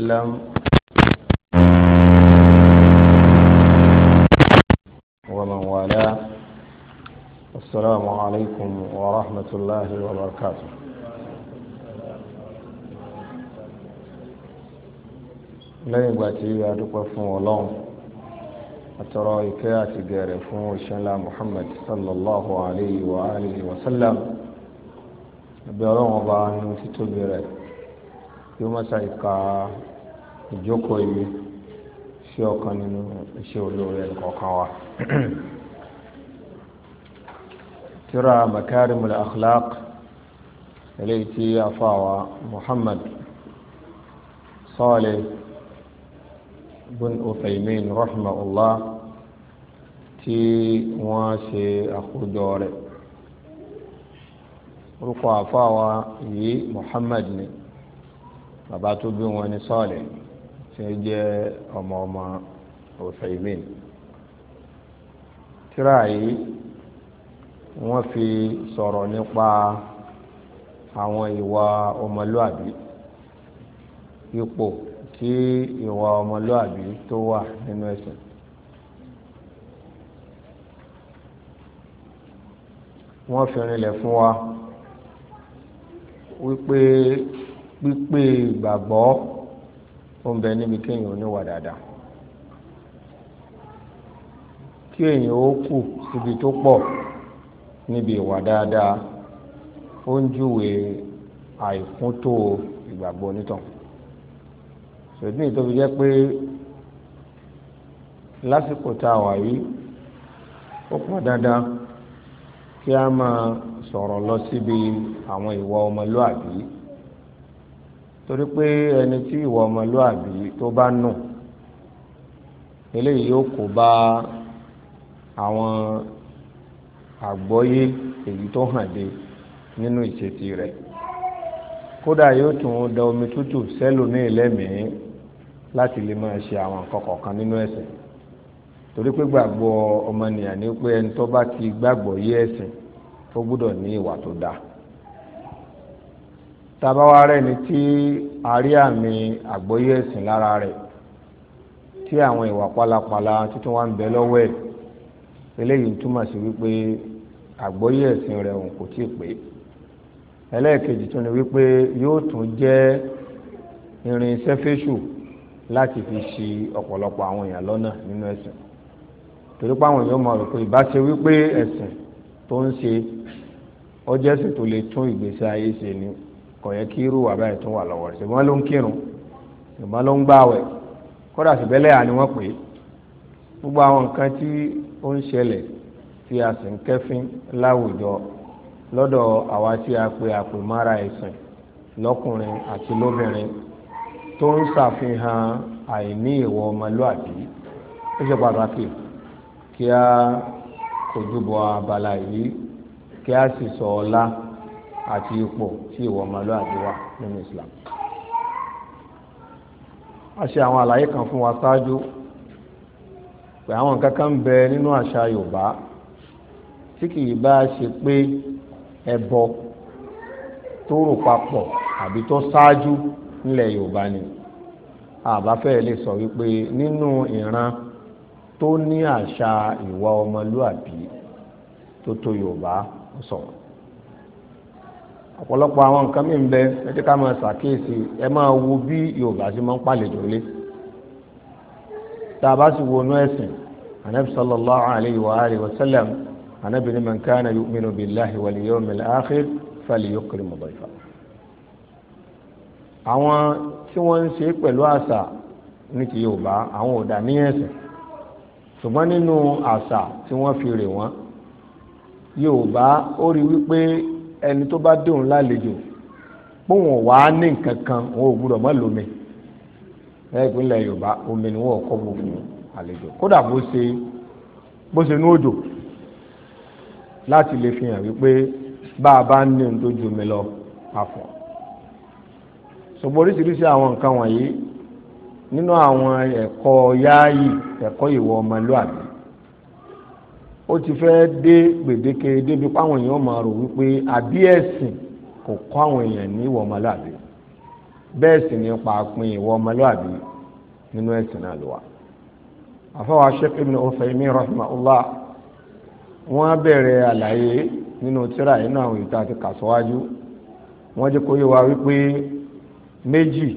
وسلم ومن والاه السلام عليكم ورحمة الله وبركاته lẹ́yìn ìgbà tí a dúpẹ́ fún ọlọ́run àtọrọ ìkẹ́ àti gẹ̀rẹ̀ fún òṣèlá muhammad sallallahu alayhi wa alihi wa sallam ẹgbẹ́ ọlọ́run ọba nínú títóbi rẹ̀ yóò mọ́ta ìka ìjókòó ibi sí ọ̀kan nínú iṣẹ́ olóore ẹnìkọ̀ọ̀kan wa. tírà makarimul akhlaq eléyìí tí a fà wá muhammad salih bin uthaymin rahmaullah tí wọ́n ṣe àkójọ rẹ̀ orúkọ àfà yìí muhammad ni bàbá tó bí wọn ní salih tí ó jẹ́ ọmọ ọmọ Uthaymin tíra yìí wọ́n fi sọ̀rọ̀ nípa àwọn ìwà ọmọlúàbí ipò tí ìwà ọmọlúàbí tó wà nínú ẹ̀sìn. wọ́n fi rinlẹ̀ fún wa wípé pípé ìgbàgbọ́ ó ń bẹ níbi kéèyàn oníwà dáadáa kí èèyàn ó kù ibi tó pọ̀ níbi ìwà dáadáa ó ń júwe àìkúntó ìgbàgbọ́ onítàn ṣèdí ìtòbi jẹ́ pé lásìkò tá a wà yìí ó pọn dandan kí a máa sọ̀rọ̀ lọ síbi àwọn ìwà ọmọlúàbí torí pé ẹni tí ìwà ọmọlúàbí tó bá nù eléyìí yóò kó bá àwọn àgbọ́yé èyí tó hàn dé nínú ìṣètì rẹ̀ kódà yóò tún da omi tútù sẹ́lòmíì lẹ́mìí láti lè máa ṣe àwọn nǹkan kọ̀ọ̀kan nínú ẹ̀sìn torí pé gbàgbọ́ ọmọnìyàn ni pé ẹni tó bá ti gbàgbọ́ yé ẹ̀sìn ó gbúdọ̀ ní ìwà tó dáa tabawa rẹ̀ ni tí àrí àmì àgbóyé ẹ̀sìn lára rẹ̀ tí àwọn ìwà pálapàla títún wá ń bẹ lọ́wọ́ ẹ̀ eléyìí túmọ̀ sí wípé àgbóyé ẹ̀sìn rẹ̀ òun kò tí ì pé ẹlẹ́ẹ̀kejì tún ni wípé yóò tún jẹ́ irinṣẹ́ fésù láti fi ṣi ọ̀pọ̀lọpọ̀ àwọn èèyàn lọ́nà nínú ẹ̀sìn torí pé èèyàn mọ̀ pé ìbáṣe wípé ẹ̀sìn tó ń ṣe ó ẹ̀sìn tó lè tún ìgbésí ayé ṣe ni kò yẹ kí irú wà báyìí tún wà lọ́wọ́ rẹ̀ ṣùgbọ́n ló ń kírun ṣùgbọ́n ló ń gbààwẹ̀ kódà ṣùgbẹ́lẹ̀ àni wọ́n pè é gbogbo àwọn nǹkan tí ó ń ṣẹlẹ̀ tí a sì ń kẹ́fín láwùjọ lọ́dọ̀ àwa tí a pe àpèmọ́ra ẹ̀sìn lọ́kùnrin àti lóbìnrin tó ń ṣàfihàn àìní ìwọ ọmọlúàbí ó ṣe pàtàkì kí a kojú bọ abala yìí kí a sì sọ ọlá. So àti ipò tí ìwọ ọmọlúwàbí wà nínú Islam a ṣe àwọn àlàyé kan fún wa ṣáájú pé àwọn nǹkan kan ń bẹ nínú àṣà Yorùbá tí kì í bá ṣe pé ẹbọ tó rò papọ̀ àbí tó ṣáájú nílẹ̀ Yorùbá ni àbáfẹ́ lè sọ wípé nínú ìran tó ní àṣà ìwà ọmọlúàbí tó tó Yorùbá sọ̀rọ̀ ọ̀pọ̀lọpọ̀ àwọn nǹkan mí ń bẹ ẹ jẹ́ ká máa ṣàkíyèsí ẹ máa wo bí yorùbá ṣe máa ń pàlejò lé tá a bá sì wo inú ẹ̀sìn anabi sallallahu alayhi wa alayhi wa sallam anabi ni man kana yu'minu billahi wal yawmil akhir falyukrim dayfa. àwọn tí wọ́n ń ṣe pẹ̀lú àṣà ní ti yorùbá àwọn ò dá ní ẹ̀sìn ṣùgbọ́n nínú àṣà tí wọ́n fi rè wọ́n yorùbá ó rí wípé ẹni tó bá dé òun lálejò póun wà á ní nǹkan kan òun ò gbúdọ̀ mọ́ lómi ní ìpínlẹ̀ Yorùbá omi ni wọ́n kọ́ bò fún àlejò kódà bó ṣe bó ṣe ní òjò láti lè fi hàn wípé bá a bá ń ní ohun tó ju omi lọ àfọ̀ ṣùgbọ́n oríṣiríṣi àwọn nǹkan wọ̀nyí nínú àwọn ẹ̀kọ́ yááyì ẹ̀kọ́ ìwọ ọmọlúwàbí ó ti fẹ́ dé gbèdéke débi páwọn èèyàn máa rò wípé àbí ẹ̀sìn kò kọ́ àwọn èèyàn ní ìwà ọmọlúàbí bẹ́ẹ̀ sì ni paapin ìwà ọmọlúàbí nínú ẹ̀sìn náà ló wà. àfọwọ́ Sheikh Ibn Uthaymeen rahimahullah wọ́n bẹ̀rẹ̀ àlàyé nínú tírà wípé méjì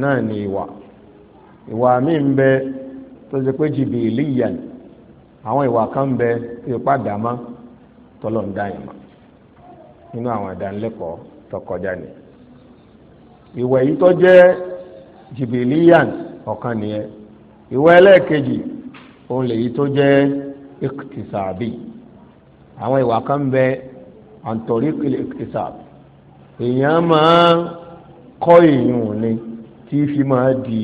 náà ni ìwà ìwà ń bẹ tó ṣe àwọn ìwà kan ń bẹ ipá dàmá tọ́lọ̀ ń dá nínú àwọn ìdánilẹ́kọ̀ọ́ ni ìwà yìí tó jẹ́ jìbìlíyàn ọ̀kan nìyẹn ìwẹ̀ ẹlẹ́ẹ̀kejì òun lèyí tó jẹ́ ìkìtìsàbì àwọn ìwà kan ń bẹ àǹtọ̀rí ìkìtìsàbì èèyàn máa ni tí fi máa di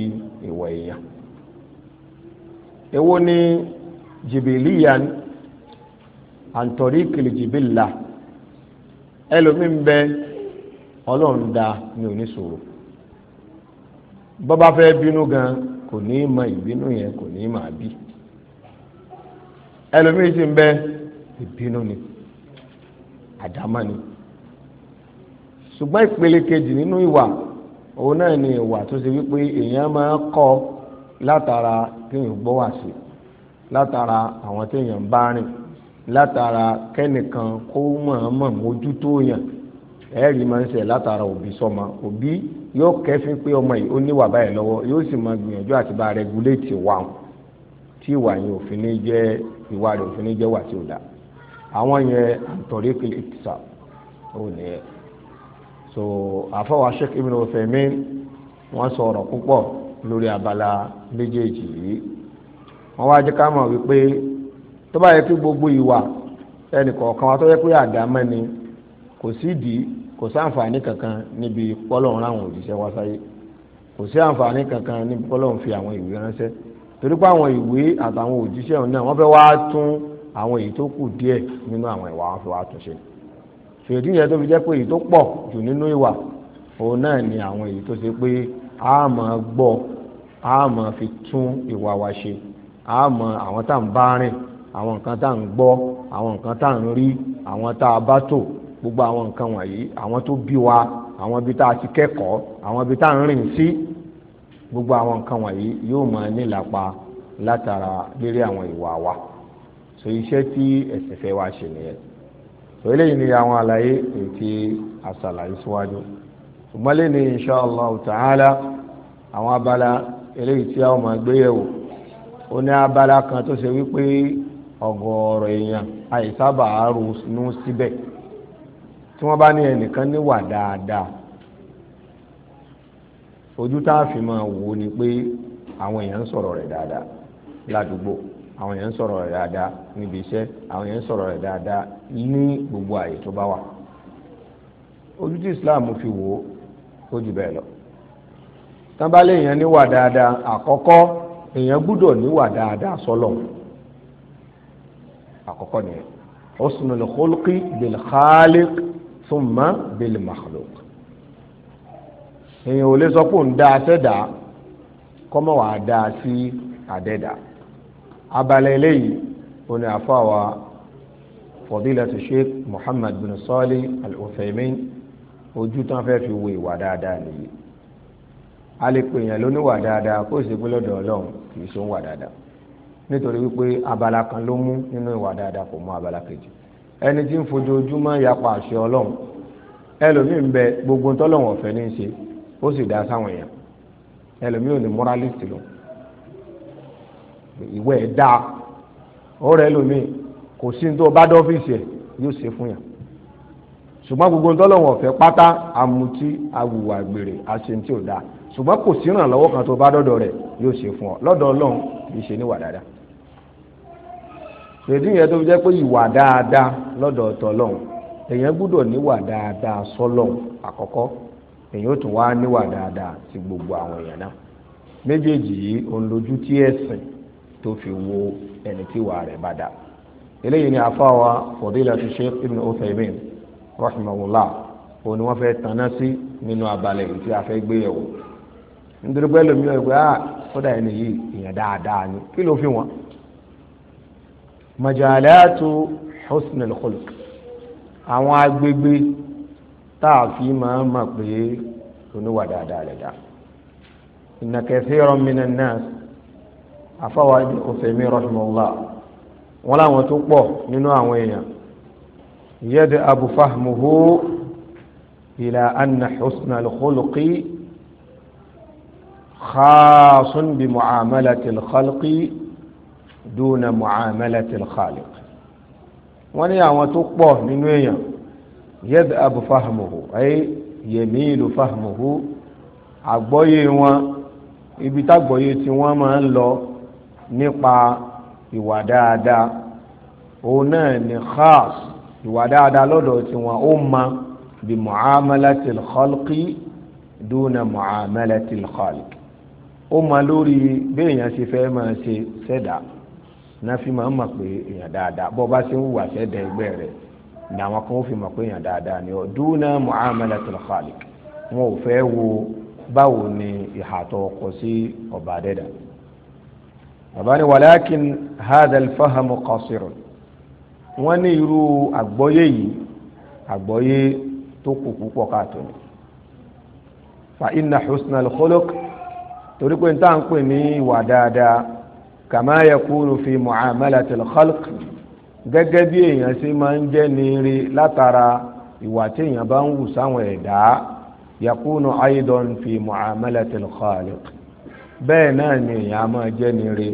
jìbìlíyan àǹtọ̀rí kìlì jìbìlà ẹlòmíì ń bẹ ọlọ́run dá ní gan kò ní í mọ ìbínú yẹn kò ní í máa bí ẹlòmíì ni ṣùgbọ́n ìpele kejì nínú ìwà ni ìwà tó ṣe wípé èèyàn máa látara gbọ́ sí látara àwọn téèyàn bá rìn látara kẹ́nìkan kó mọ̀ọ́mọ̀ mójútó yàn ẹ̀rí máa ń ṣe látara òbí sọmọ òbí yóò kẹ́fín pé ọmọ yìí ó níwà báyìí lọ́wọ́ yóò sì máa gbìyànjú àti bá rẹ́gúléètì wà wọn tí ìwà yẹn òfin ní jẹ́ ìwà rẹ̀ òfin ní jẹ́ wà tí ò dáa àwọn yẹn àtọ̀rí kìlì tìṣà ó nìyẹn so àfọwọ́ Sheikh Ibn Uthaymeen wọ́n sọ̀rọ̀ púpọ̀ lórí abala méjèèjì yìí wọ́n wá jẹ́ ká mọ̀ wípé tó bá yẹ kí gbogbo ìwà ẹnìkọ̀ọ̀kan wa tó yẹ pé àdámọ́ ni kò sí ìdí kò sí àǹfààní kankan níbi pọ́lọ́run ráwọn òjíṣẹ́ wá sáyé kò sí àǹfààní kankan níbi pọ́lọ́run fi àwọn ìwé ránṣẹ́ torí pé àwọn ìwé àtàwọn òjíṣẹ́ òun náà wọ́n fẹ́ wá tún àwọn èyí tó kù díẹ̀ nínú àwọn ìwà wọn fi wá tún ṣe fèrèdí yẹn tó fi jẹ́ pé èyí tó pọ̀ jù nínú ìwà òun náà ni àwọn èyí tó ṣe pé a máa gbọ́ a máa fi tún ìwà wa ṣe a mọ àwọn tá à ń bá rìn àwọn nǹkan tá à ń gbọ́ àwọn nǹkan tá à ń rí àwọn tá a bá tò gbogbo àwọn nǹkan wọ̀nyí àwọn tó bí wa àwọn ibi tá a ti kẹ́kọ̀ọ́ àwọn ibi tá à ń rìn sí gbogbo àwọn nǹkan wọ̀nyí yóò máa nílapa látara lérí àwọn ìwà wa so iṣẹ́ tí ẹ̀sìn fẹ́ wa ṣe nìyẹn so eléyìí ni àwọn àlàyé èyí tí a ṣàlàyé síwájú ṣùgbọ́n lẹ́nu insha Allah ta'ala àwọn abala eléyìí tí a ó máa gbé yẹ̀wò ó ní abala kan tó ṣe wípé ọ̀gọ̀ọ̀rọ̀ èèyàn àìsábà ronú síbẹ̀ tí wọ́n bá ní ẹnìkan níwà dáadáa ojú tá a fi máa wò ni pé àwọn èèyàn ń sọ̀rọ̀ rẹ̀ dáadáa ládùúgbò àwọn èèyàn ń sọ̀rọ̀ rẹ̀ dáadáa níbi iṣẹ́ àwọn èèyàn ń sọ̀rọ̀ rẹ̀ dáadáa ní gbogbo àyè tó bá wà ojú tí Islam fi wò ó jù bẹ́ẹ̀ lọ tán bá níwà dáadáa àkọ́kọ́ èèyàn gbúdọ̀ níwà dáadáa sọ́lọ̀ àkọ́kọ́ nìyẹn husnul khulqi bil khaliq thumma bil makhluq èèyàn ò lè sọ pé òun dá aṣẹ́dá kọ́mọ̀ wà á dá sí àdẹ́dá abalẹ̀ eléyìí ó ní àfọwà fadilatu sheikh muhammad bin salih al-uthaymin ojú tán fẹ́ fi wo ìwà dáadáa nìyí a lè pè yàn lóníwà dáadáa kó sì gbọ́lọ́dọ̀ ọlọ́run kì í ṣe ń wà dáadáa nítorí wípé abala kan ló mú nínú ìwà dáadáa kò mú abala kejì ẹni tí ń fojoojúmọ́ yapa àṣẹ ọlọ́run ẹlòmíì ń bẹ gbogbo tọ́lọ́wọ̀n ọ̀fẹ́ ní í ṣe ó sì dá sáwọn èèyàn ẹlòmíì ò ní moralist lọ ìwé ẹ̀ dáa ọ̀rẹ́ ẹlòmíì kò sí ní tó bá dọ́fíìsì ẹ̀ yóò ṣe fún yàn ṣùgbọ́n gbogbo tọ́lọ́wọ̀n ọ̀fẹ́ pátá àmutí awùwà gbèrè àṣẹ tí ò dáa ṣùgbọ́n kò sí ìrànlọ́wọ́ kan tó bá dọ́dọ̀ rẹ̀ yóò ṣe fún ọ lọ́dọ̀ ọlọ́run kì í ṣe níwà dáadáa ṣèdí yẹn tó fi jẹ́ pé ìwà dáadáa lọ́dọ̀ ọ̀tọ̀ ọlọ́run èèyàn gbúdọ̀ níwà dáadáa sọ́lọ́run àkọ́kọ́ èèyàn ó tún wá níwà dáadáa sí gbogbo àwọn èèyàn náà méjèèjì yìí òun lójú tí ẹ̀sìn tó fi wo ẹni tí ìwà rẹ̀ bá dáa eléyìí ni àfáwa fadilatu Sheikh Ibn Uthaymin rahimahullah nítorí pé ẹlòmíì ọ̀ pé ah kódà ẹni yìí èèyàn dáadáa ni kí ló fi wọn. majalatu husnul khuluq àwọn agbègbè tá a fi máa mọ̀ pé oníwà dáadáa lè dá. inna kathiran minan nas afáwa Uthaymin rahimahullah wọn làwọn tó pọ̀ nínú àwọn èèyàn yad'abu fahmuhu ila anna husnul khuluqi. خاص بمعاملة الخلق دون معاملة الخالق wọ́n ní àwọn tó pọ̀ nínú èèyàn yadhab fahmuhu ay yamilu fahmuhu àgbọ́yé wọn ibi tágbọ́yé tí wọ́n máa ń lọ nípa ìwà dáadáa òun náà ni khas ìwà dáadáa lọ́dọ̀ tí wọ́n ó ma bi muamalatil khalqi duna muamalatil khaliq ó ma lórí béèyàn ṣe fẹ́ máa ṣe sẹ́dá náà fi máa ń mọ̀ pé èèyàn dáadáa bọ́ bá ṣe ń wà sẹ́dá ẹgbẹ́ rẹ̀ ni àwọn kan ó fi mọ̀ pé èèyàn dáadáa ni ọ́ dúnà muamalatul khaliq wọn ò fẹ́ wo báwo ni ìhàtọ̀ ọkọ̀ sí ọba adẹ́dà bàbá ni wàlákin hadal fahamu qasirun wọ́n ní irú àgbọ́yé yìí àgbọ́yé tó kù púpọ̀ káàtó ni fa inna husnal khuluq torí pé níta ń pè ní ìwà dáadáa kama yakunu fi muamalatil khalq gẹ́gẹ́ bí èèyàn ṣe máa ń jẹ́ nírí látara ìwà tí èèyàn bá ń wù sáwọn ẹ̀dá yakunu aidan fi muamalatil khaliq bẹ́ẹ̀ náà ni èèyàn á máa jẹ́ nírí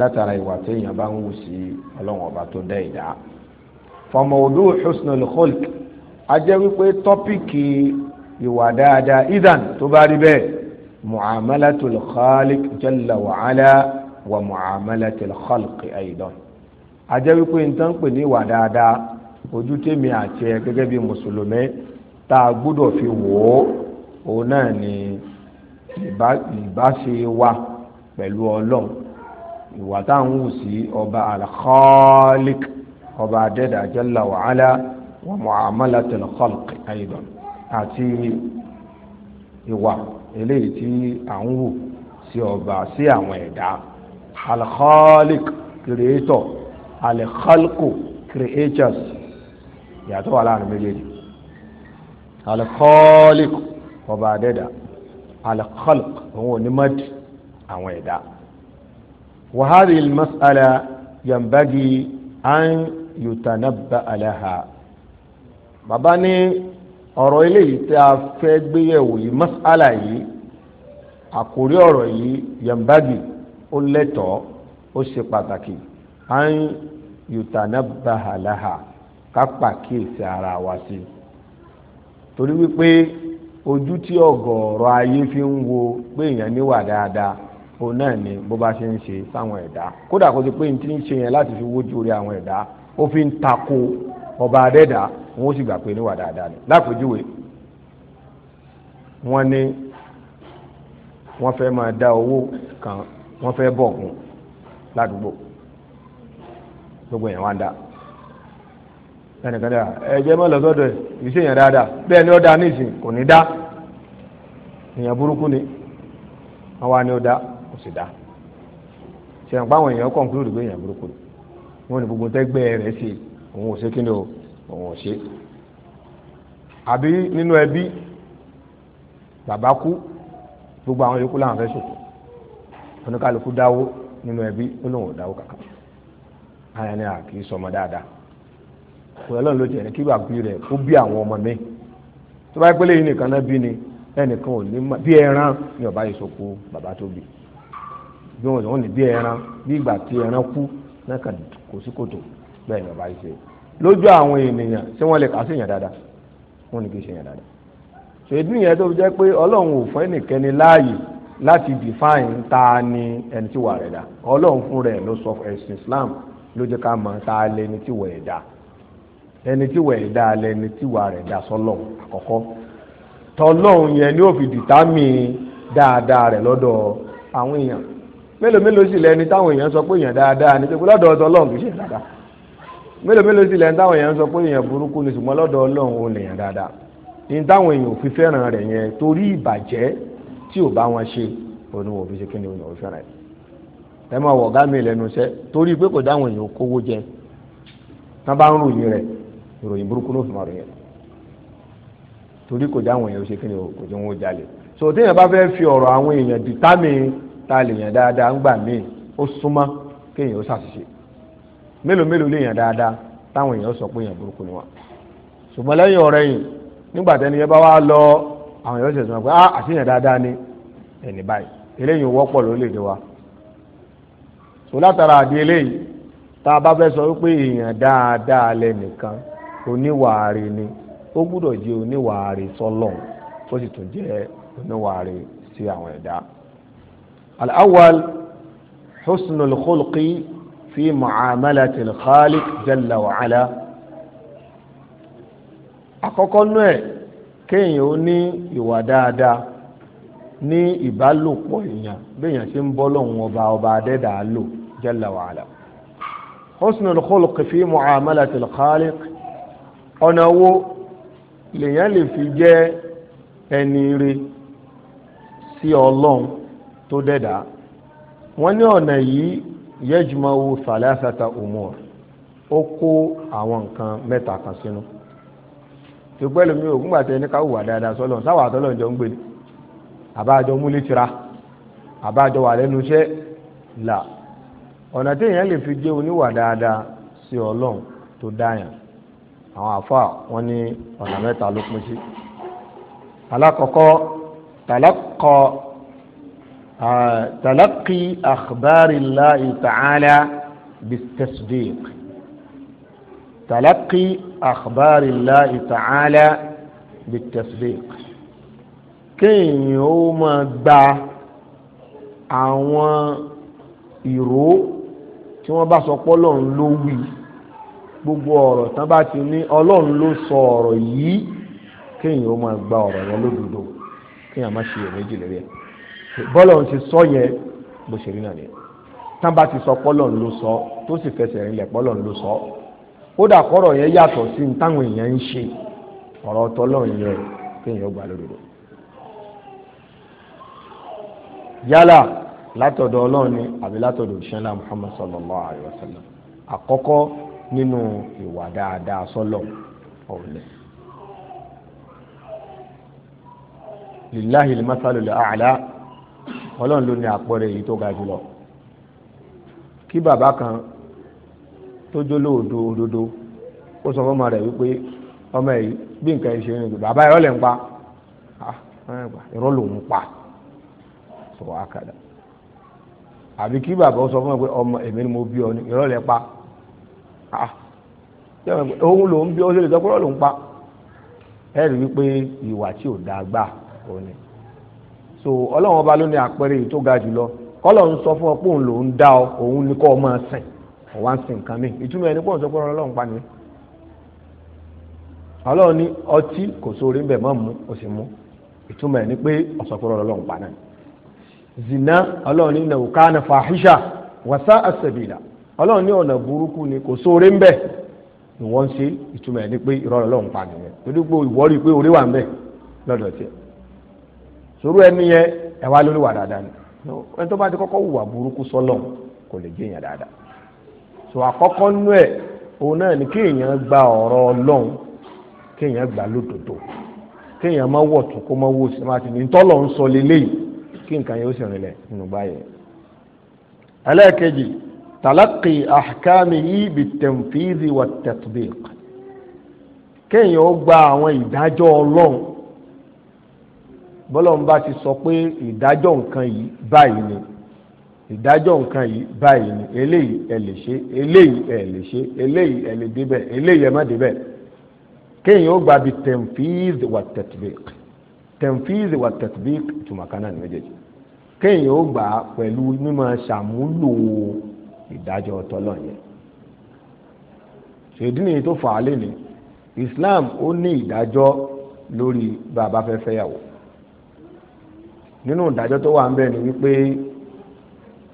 látara ìwà tí èèyàn bá ń wù sí ọlọ́run ọba tó dá ìdá. fọmọdún husnul khulq a jẹ́ wípé tọ́pìkì ìwà dáadáa idan tó bá rí bẹ́ẹ̀ معاملة الخالق جل وعلا ومعاملة الخلق أيضا ajabi pé تنقني ودادا pè ní ìwà dáadáa ojú tèmi àti ẹ gẹ́gẹ́ bí mùsùlùmí tá a gbọ́dọ̀ fi wò ó òun náà ni ìbáṣe wa pẹ̀lú ọlọ́run ìwà tá à ń wù sí ọba alkhalik ọba adẹ́dà jalla wa ala wa muamalatil khalq aidan àti ìwà eléyìí tí à ń wò sí ọba sí àwọn ẹ̀dá alkhalik creator alkhalko creators ìyàtọ̀ wà láàrin méjèèjì alkhalik ọba adẹ́dà alkhalk òun ò ní mọ́tì àwọn ẹ̀dá wàhálì masala yambagi an yutanabba alaha baba ní. ọ̀rọ̀ eléyìí tí a fẹ́ gbéyẹ̀wò yìí mas'ala yìí àkórí ọ̀rọ̀ yìí yambagi ó lẹ́tọ̀ọ́ ó ṣe pàtàkì an yutanabbaha laha ká pàkíyèsí ara wa sí i torí wípé ojú tí ọ̀gọ̀ọ̀rọ̀ ayé fi ń wo pé èèyàn níwà dáadáa òun náà ni bó bá ṣe ń ṣe sáwọn ẹ̀dá kódà kó láti fi wójú orí àwọn ẹ̀dá ó fi ń ọba adẹ́dà wọn ó sì gbà pé níwà dáadáa ni lápèjúwe wọn ní wọn fẹ́ máa dá owó kan wọn fẹ́ bọ̀ kún ládùúgbò gbogbo èèyàn wá ń dá ẹnìkan dá ẹ̀jẹ̀ mọ́ lọ́sọ́dọ̀ yìí ṣèyàn dáadáa bẹ́ẹ̀ ni ó dá nísìn kò ní dá èèyàn burúkú ni wọn wá ní ó dá kò sì dá ṣèyàn pàwọn èèyàn kọ̀ǹkúrò pé èèyàn burúkú ni wọn ní gbogbo tẹ́gbẹ́ rẹ̀ ṣe òun ò ṣe kí ni o òun ò ṣe àbí nínú ẹbí bàbá kú gbogbo àwọn yòókù làwọn fẹ́ ṣòkò oníkàlùkù dáwó nínú ẹbí ó lóun ò dáwó kàkà ara ni a kì í sọmọ dáadáa òun ọlọ́run ló jẹ́ ní kí bàbá bí rẹ̀ ó bí àwọn ọmọ mi tó bá pélé yìí nìkan náà bí ni ẹnìkan ò ní bí ẹran ni ọba yìí ṣòkò bàbá tó bí bí wọn ò ní bí ẹran bí ìgbà tí ẹran kú náà kàn kò sí kòtò bẹ́ẹ̀ ni ọba yìí ṣe lójú àwọn ènìyàn tí wọ́n lè kà sí yẹn dáadáa wọ́n ní kí ṣe yẹn dáadáa ṣèdú yẹn tó fi jẹ́ pé ọlọ́run ò fún ẹnìkẹ́ni láàyè láti define ta ni ẹni tí wà rẹ̀ dá ọlọ́run fún rẹ̀ ló sọ ẹ̀sìn Islam ló jẹ́ ká mọ̀ ta lẹni tí wà ẹ̀ dá ẹni tí wà ẹ̀ dá lẹni tí wà rẹ̀ dá sọlọ́run àkọ́kọ́ tọlọ́run yẹn ni ó fi dìtámì dáadáa rẹ̀ lọ́dọ̀ àwọn èèyàn mélòó mélòó sì lẹni táwọn èèyàn sọ pé èèyàn dáadáa ni pé lọ́dọ̀ ọ̀tọ̀ ọlọ́run kì í ṣe dáadáa mélòó mélòó sì lẹ́yìn táwọn èèyàn sọ pé èèyàn burúkú ni ṣùgbọ́n lọ́dọ̀ ọlọ́run ò lèèyàn dáadáa ní táwọn èèyàn ò fi fẹ́ràn rẹ̀ yẹn torí ìbàjẹ́ tí ò bá wọn ṣe òun ò fi ṣe kí ni òun ò fẹ́ràn rẹ̀ ẹ máa wọ̀ ọ̀gá mi lẹ́nu iṣẹ́ torí pé kò dáwọn èèyàn kówó jẹ tán bá ń ròyìn rẹ̀ ìròyìn burúkú ló fi máa ròyìn rẹ̀ torí kò dáwọn èèyàn ṣe kí kò jẹ́ wọn jalè so téèyàn bá fẹ́ fi ọ̀rọ̀ àwọn èèyàn dìtámì ta lèèyàn dáadáa ń gbà míì ó súnmọ́ kéèyàn ó ṣàṣìṣe mélòó mélòó lè yàn dáadáa táwọn èèyàn sọ pé èèyàn burúkú ni wọn ṣùgbọ́n lẹ́yìn ọ̀rẹ́ yìí nígbà tẹ́ni yẹn bá wá lọ àwọn èèyàn ṣẹ̀ṣẹ̀ pé ah àti èèyàn dáadáa ni ẹni báyìí eléyìí wọ́pọ̀ lórílẹ̀‐èdè wa ṣò látara àdé eléyìí tá a bá fẹ́ sọ wípé èèyàn dáadáa lẹ́nìkan oníwàárí ni ó gbúdọ̀ jẹ́ oníwàárí sọ́lọ̀ ó sì tún jẹ́ oníwàárí sí àwọn ẹ̀dá. al في معاملة الخالق جل وعلا àkọ́kọ́ nú ẹ̀ kéèyàn ó ní ìwà dáadáa ní ìbálòpọ̀ èèyàn béèyàn ṣe ń bọ́ lọ́hùn ọba ọba adẹ́dàá lò jalla wa ala husnul khuluq fi muamalatil khaliq ọ̀nà wo lèèyàn lè fi jẹ́ ẹni ire sí ọlọ́run tó dẹ́dàá wọ́n ní ọ̀nà yìí yẹ́jùmọ́wó sàlẹ́sàtà umur ó kó àwọn nǹkan mẹ́ta kan sínú ṣùgbọ́n ẹlòmí ògùn gbàtẹ ní ká hùwà dáadáa sọ́lọ̀ sáwà àtọ́lọ̀ jọ ń gbé ni àbájọ múlé tira àbájọ wà lẹ́nu iṣẹ́ là ọ̀nà tí èèyàn lè fi jẹ́ oníwà dáadáa sí ọlọ́run tó dáyàn àwọn àfa wọn ní ọ̀nà mẹ́ta ló pín sí alákọ̀ọ́kọ́ tàlákọ̀ọ́ تلقي أخبار الله تعالى بالتصديق تلقي أخبار الله تعالى بالتصديق كين ó máa gba àwọn ìró tí wọ́n bá sọ pé ọlọ́run ló wí gbogbo ọ̀rọ̀ tán bá ti ní ọlọ́run ló sọ ọ̀rọ̀ yìí kéèyàn ó máa gba ọ̀rọ̀ yẹn lódodo kéèyàn má ṣe iyèméjì lórí ẹ̀. bọ́lọ̀ ń ṣe sọ yẹn bó ṣe rí náà ni ti sọ pọ́lọ̀ ń sọ tó sì fẹsẹ̀ rinlẹ̀ pọ́lọ̀ ń sọ ó dà kọ́rọ̀ yẹn yàtọ̀ sí ní táwọn èèyàn ń ṣe ni àbí látọ̀dọ̀ òṣìṣẹ́lá Muhammad sallallahu alayhi wa sallam àkọ́kọ́ nínú ìwà dáadáa sọ́lọ̀ ọ̀lẹ́ masalu ala ọlọ́run ló ní àpẹẹrẹ èyí tó ga jùlọ kí bàbá kan tó jó lóòdo òdodo ó sọ fọmọ rẹ̀ wípé ọmọ yìí bí nǹkan ẹ ṣe ń rìn bàbá ìrọ̀lẹ́ ń pa ìrọ̀ ah, lòún pa sọ àkàdà àbí kí bàbá ó sọ fún mi pé ọmọ èmi ni mo bí ọ ní ìrọ̀lẹ́ pa òun ah, lòún bí ọ ṣe lè sọ pé ìrọ̀ lòún pa ẹ̀rí wípé ìwà tí ò dáa gbà òun ni. so ọlọ́run ọba ló ní àpẹẹrẹ yìí tó ga jùlọ kọ́lọ̀ sọ fún ọ pé òun ló dá ọ òun ní kọ́ ọ máa sìn ọ wá ń sìn nǹkan mi ìtumọ̀ ẹni sọ pé ọlọ́run ni ọlọ́run ní ọtí kò mu sì ìtumọ̀ ẹni pé zina ọlọ́run ní wasa ọlọ́run ni kò ni wọ́n ṣe ìtumọ̀ ẹni pé ìrọ̀lọ́run pa nìyẹn sòrò ẹni yẹn ẹ wá lórí wà dáadáa ni ẹni tó bá ti kọ́kọ́ wùwà burúkú sọ́lọ̀ kò lè jẹ́ èèyàn dáadáa so àkọ́kọ́ nú ẹ̀ òun náà ni kéèyàn gba ọ̀rọ̀ ọlọ́run kéèyàn gba lódodo kéèyàn má wọ̀ tún kó má wò sí má ti ní tọ́lọ̀ ń sọ lélẹ́yìí kí nǹkan yẹn ó sì rìnlẹ̀ nínú báyẹn. ẹlẹ́ẹ̀kejì tàlákì àkàmì yìí bi wa kéèyàn ó gba àwọn ìdájọ́ ọlọ́run bọ́lọ́run bá ti sọ pé ìdájọ́ nǹkan yìí báyìí ni ìdájọ́ nǹkan yìí báyìí ni eléyìí ẹ lè ṣe eléyìí ẹ lè ṣe eléyìí ẹ lè débẹ̀ eléyìí ẹ má débẹ̀ kéèyàn ó gba bi tẹ̀mfíìz wà tẹ̀tìbík tẹ̀mfíìz wà tẹ̀tìbík tùmọ̀kánná ni méjèèjì kéèyàn ó gbà pẹ̀lú mímọ ṣàmúlò ìdájọ́ tọ́lọ̀ yẹn ṣèdí nìyí tó fà á lé ní Islam ó ní ìdájọ́ lórí bàbá fẹ́ fẹ́yàwó nínú ìdájọ́ tó wà ń bẹ̀ ni wípé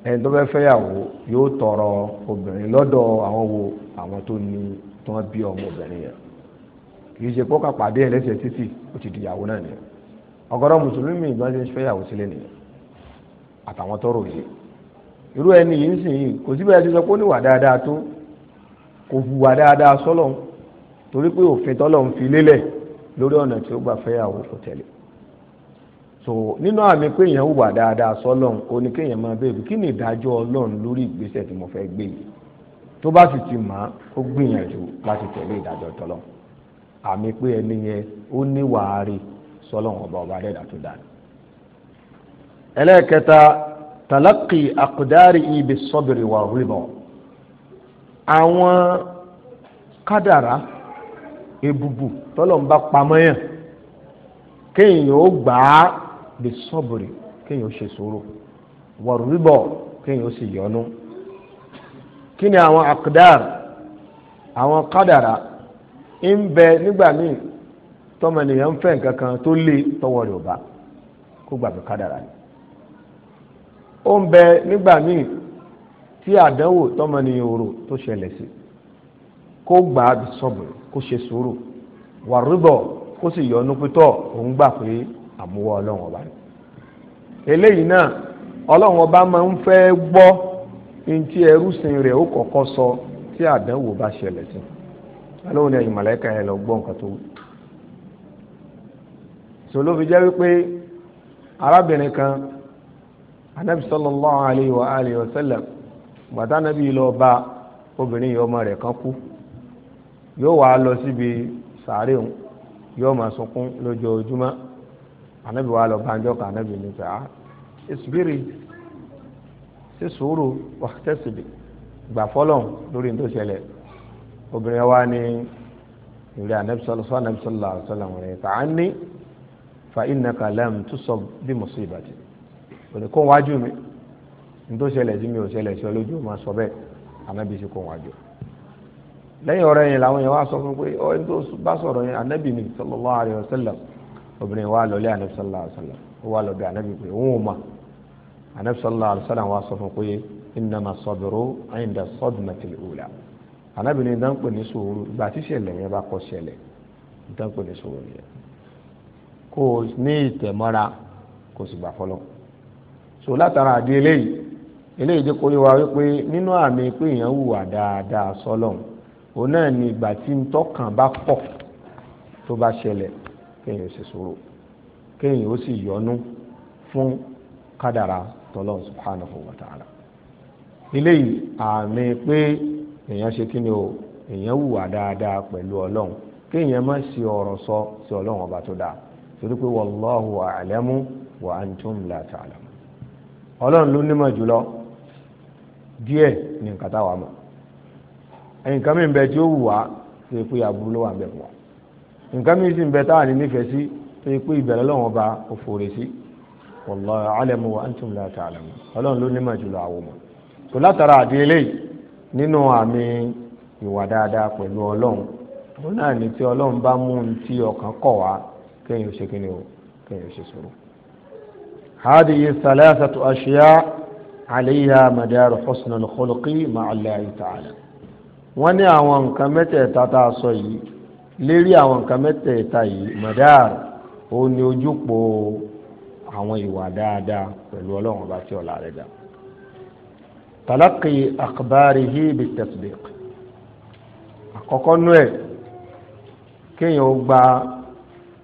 ẹni tó fẹ́ fẹ́yàwó yóò tọrọ obìnrin lọ́dọ̀ àwọn wo àwọn tó ní tí wọ́n bí ọmọ obìnrin yẹn kì í ṣe pọ́kà pàdé ẹ̀ lẹ́sẹ̀ títì ó ti dìyàwó náà nìyẹn ọ̀gọ̀rọ̀ mùsùlùmí ìgbọ́n ṣe ń fẹ́yàwó sílẹ̀ nìyẹn àtàwọn tọrọ òye irú ẹni yìí ń sìn yìí kò síbẹ̀ ẹni sọ pé ó níwà dáadáa tó kò hùwà dáadáa sọ́lọ̀ torí pé òfin tọ́lọ̀ ń fi lélẹ̀ lórí ọ̀nà tí ó gbà fẹ́yàwó kò so nínú àmì pé èèyàn wà dáadáa sọ́lọ́run ó ní kéèyàn máa bẹ̀rù kí ni ìdájọ́ ọlọ́run lórí ìgbésẹ̀ tí mo fẹ́ gbé yìí tó bá sì ti mà á ó gbìyànjú láti tẹ̀lé ìdájọ́ tọ́lọ́ àmì pé ẹni yẹn ó ní wàárí sọ́lọ́run ọba ọba bí sọ́bùrì kéèyàn ṣe sùúrù wàrúbọ̀ kéèyàn sì yọnu kí ni àwọn àkàdàr àwọn kádàrà ń bẹ nígbà míì tọmọnìyàn ń fẹ́ nǹkan tó lé tọwọ́ rẹ̀ ò kó gbàgbé kádàrà ni ó ń bẹ nígbà míì tí àdánwò tọmọnìyàn òrò tó ṣẹlẹ̀ sí kó gbà bí sọ́bùrì kó ṣe sùúrù wàrúbọ̀ kó sì yọnu pé tọ́ òun gbà pé àmúwá ọlọ́run ọba ni eléyìí náà ọlọ́run ọba máa ń fẹ́ gbọ́ ntí ẹrúsìn rẹ̀ ó kọ̀kọ́ sọ tí àdánwò bá ṣẹlẹ̀ sí ọlọ́run ní ẹ̀yìn màláìka yẹn lọ gbọ́ nǹkan fi jẹ́ wípé arábìnrin kan anabi wa wa gbàtà obìnrin yìí ọmọ rẹ̀ kan kú yóò wá lọ síbi sàárè yóò máa sunkún lójoojúmọ́. ànábì wa lọ banjọ kan ànábì ní sẹ ah ìsibiri ṣe sùúrù wà tẹsíbi gbà fọlọ lórí ní tó ṣẹlẹ̀ obìnrin wa ní ìrẹ ànábì sọlọ sọ ànábì sọlọ àṣọlọ rẹ kà á ní fa iná kàlẹ́m tó sọ bí mo sọ ìbàdí òní kó wájú mi ní tó ṣẹlẹ̀ sí mi ò ṣẹlẹ̀ sí ọlójú ma sọ bẹ́ẹ̀ ànábì sì kó wájú lẹ́yìn ọ̀rẹ́ yẹn làwọn yẹn wá sọ fún pé ọ ẹni bá sọ̀rọ̀ yẹn ànábì ni sallallahu alaihi wasallam obìnrin wa lọlé anabi sallallahu alayhi wa sallam ó wà lọ́dọ̀ anabi pé òun ò mà anabi sallallahu alayhi wa sallam wa sọ fún pé innama sabru inda sadmatil ula anabi ní dáńpẹ ní sòwòrò ìgbà tí ṣẹlẹ̀ yẹn bá kọ ṣẹlẹ̀ dáńpẹ ní sòwòrò yẹn kò ní ìtẹ̀mọ́ra kò sì gbà fọlọ́ so látara àdé eléyìí eléyìí jẹ́ kó yé wípé nínú àmì pé èèyàn hùwà dáadáa sọ́lọ́hún òun náà ni ìgbà tí ń tọ́kàn bá pọ̀ tó bá ṣẹlẹ̀ kéèyàn sì sọ̀rọ̀ kéèyàn ó sì yọnu fún kádàrà tọ́lọ́ subhanahu wa ta'ala eléyìí àmì pé èèyàn ṣe kí ni o èèyàn hùwà dáadáa pẹ̀lú ọlọ́run kéèyàn má ṣe ọ̀rọ̀ sọ sí ọlọ́run ọba tó dáa torí pé wallahu a'lamu wa antum la ta'lamu ọlọ́run ló nímọ̀ jùlọ díẹ̀ ní nǹkan táwa mọ̀ nǹkan mìíràn bẹ tí ó wù ṣe pé aburú ló wà ń bẹ̀ fún wa nǹkan mi sì ń bẹ táwọn ní nífẹ̀ẹ́ sí tó yẹ pé ìbẹ̀rẹ̀ lọ́wọ́ ba òfòrè sí wallahu alamu wa antum la ta'lamu ọlọ́run ló nímọ̀ jùlọ àwọn ọmọ tó látara àdéhélé nínú àmì ìwà dáadáa pẹ̀lú ọlọ́run òun náà ní tí ọlọ́run bá mú un tí ọkàn kọ̀ wá kéèyàn ṣe kíni o kéèyàn ṣe sùúrù. هذه ثلاثة أشياء عليها مدار حسن الخلق مع الله تعالى wọ́n ní àwọn nǹkan mẹ́tẹ̀ẹ̀ta tá a sọ yìí lérí àwọn nǹkan mẹ́tẹ̀ẹ̀ta yìí madar ó ní ojúpọ̀ àwọn ìwà dáadáa pẹ̀lú ọlọ́run ọba tí ọ̀la rẹ̀ dá talaqi akhbarihi bitasbiq àkọ́kọ́ nú ẹ̀ kéèyàn ó gba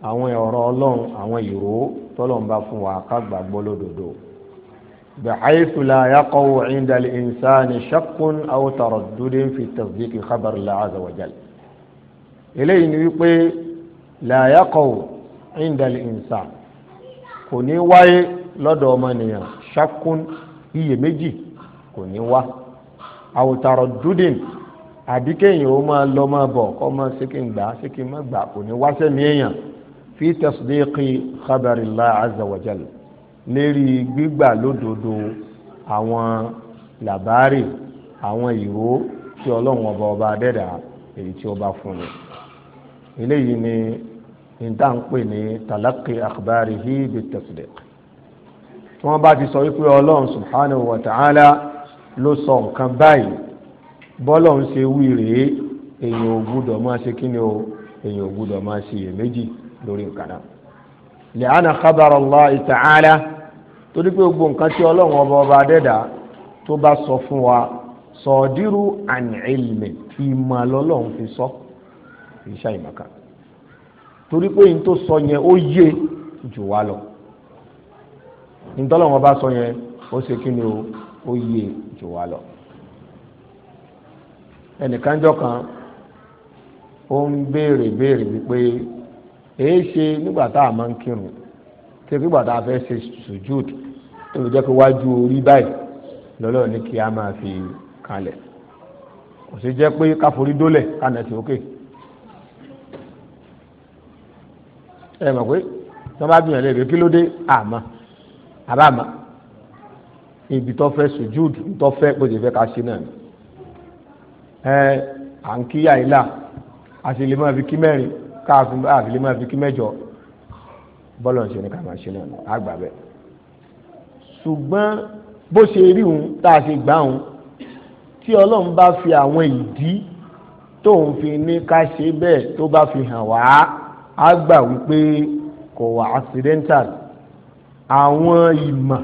àwọn ọ̀rọ̀ ọlọ́run àwọn ìró tọ́lọ́run bá fún wa ká lódodo bàáyìsù la yaqaw inda al-insani shakkun aw taraddudin fi tasdiqi khabar la azza eléyìí ni wípé làyàkọ̀ ìndàlẹ̀ ìnsà kò ní wáyé lọ́dọ̀ ọmọnìyàn ṣakún iyèméjì kò ní wá àwòtàrọ̀ dúdìn àbí kéèyàn ó máa lọ máa bọ̀ kọ́ máa ṣé kí n gbà ṣé kí n má gbà kò ní wá sẹ́mi èèyàn fi tasdiqi khabarillahi azza wa jalla lérí gbígbà lódodo àwọn làbárì àwọn ìró tí ọlọ́run ọba ọba adẹ́dà èyí tí ó bá fún mi eléyìí ni níta ń pè ní talaki akhbari hi bi tasdiq tí wọ́n bá ti sọ wípé ọlọ́run subhanahu wa ta'ala ló sọ nǹkan báyìí bọ́lọ̀ ń ṣe wí rèé èèyàn ò gbúdọ̀ máa ṣe kí ni o èèyàn ò gbúdọ̀ máa ṣe iyèméjì lórí nǹkan náà lẹ́hànà khabar Allah ta'ala torí pé gbogbo nǹkan tí ọlọ́run ọba ọba adẹ́dà tó bá sọ fún wa sọ̀dírù àní ilmi ìmọ̀ lọ́lọ́run fi sọ kì í ṣàìmọ̀kan torí pé n tó sọ yẹn ó yé jù wá lọ ntọ́lọ́wọ́n bá sọ yẹn ó ṣe kí ni o ó yé jù wá lọ ẹnìkanjọ́ kan ó ń béèrè béèrè wípé èé ṣe nígbà tá a máa ń kírun ṣe nígbà tá a fẹ́ ṣe sùjúd tó lè jẹ́ pé wájú orí báyìí lọ́lọ́ ní kí a máa fi kalẹ̀ kò sí jẹ́ pé káforí dólẹ̀ kánà ti òkè. Okay ẹ mọ̀ pé tí wọ́n bá bìyànjú ẹ̀ kí ló dé àmọ́ àbámọ́ ibi tó fẹ́ sùjúd tó fẹ́ bó ti fẹ́ ká ṣe náà ẹ à ń kíyà ilà àti lè máa fi kí mẹ́rin káàfin àfi lè máa fi kí mẹ́jọ bọ́lọ̀ ń ṣe ní ká máa ṣe náà àgbà bẹ́ẹ̀ ṣùgbọ́n bó ṣe rí òun tá a ṣe gbà òun tí ọlọ́run bá fi àwọn ìdí tóun fi ní ká ṣe bẹ́ẹ̀ tó bá fi hàn wá á gbà wípé kò wà accidental àwọn ìmọ̀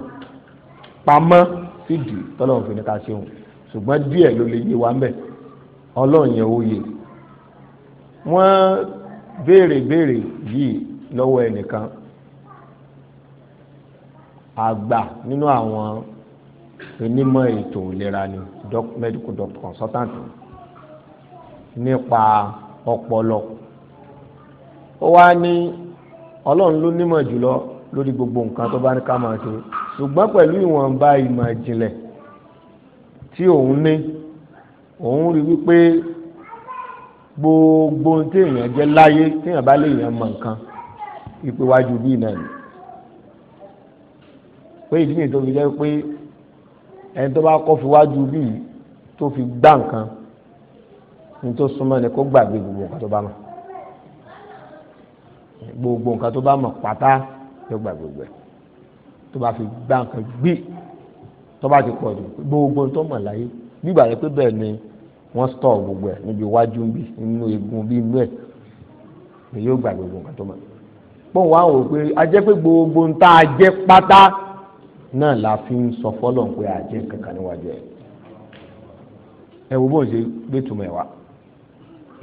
pamọ́ fìdí tọ́lọ́run fi ní ká ṣeun ṣùgbọ́n díẹ̀ ló lè yé wa ń bẹ̀ ọlọ́run yẹn ó yẹ wọ́n béèrè béèrè yìí lọ́wọ́ ẹnìkan àgbà nínú àwọn onímọ̀ ètò ìlera ni medical doctor consultant nípa ọpọlọ ó wá ní ọlọ́run ló nímọ̀ jùlọ lórí gbogbo nǹkan tó bá ní ká máa ṣe ṣùgbọ́n pẹ̀lú ìwọ̀nba ìmọ̀ ìjìnlẹ̀ tí òun ní òun rí wípé gbogbo téèyàn jẹ́ láyé téèyàn bá lè yàn mọ̀ nǹkan ìpéwájú bíi náà ni pé ìdí nìyí tó fi jẹ́ pé ẹni tó bá kọ́ fi wájú bíi tó fi gbá nǹkan ní tó súnmọ́ ni kó gbàgbé gbogbo nǹkan tó bá mọ̀ gbogbo nǹkan tó bá mọ̀ pátá yóò gba gbogbo ẹ̀ tó bá fi gbá nǹkan gbé tó bá ti pọ̀ jù gbogbo tó mọ̀ láyé nígbà yẹn pé bẹ́ẹ̀ ni wọ́n stọ̀ gbogbo ẹ̀ níbi iwájú bí inú egun bí inú ẹ̀ ni yóò gba gbogbo nǹkan tó mọ̀ pọ̀n wá wò pé a jẹ́ pé gbogbo ń tá a jẹ́ pátá náà la fi ń sọ fọ́lọ̀ pé a jẹ́ kankan níwájú ẹ̀ ẹ wo bó ń ṣe gbé tùmọ̀ ẹ̀ wá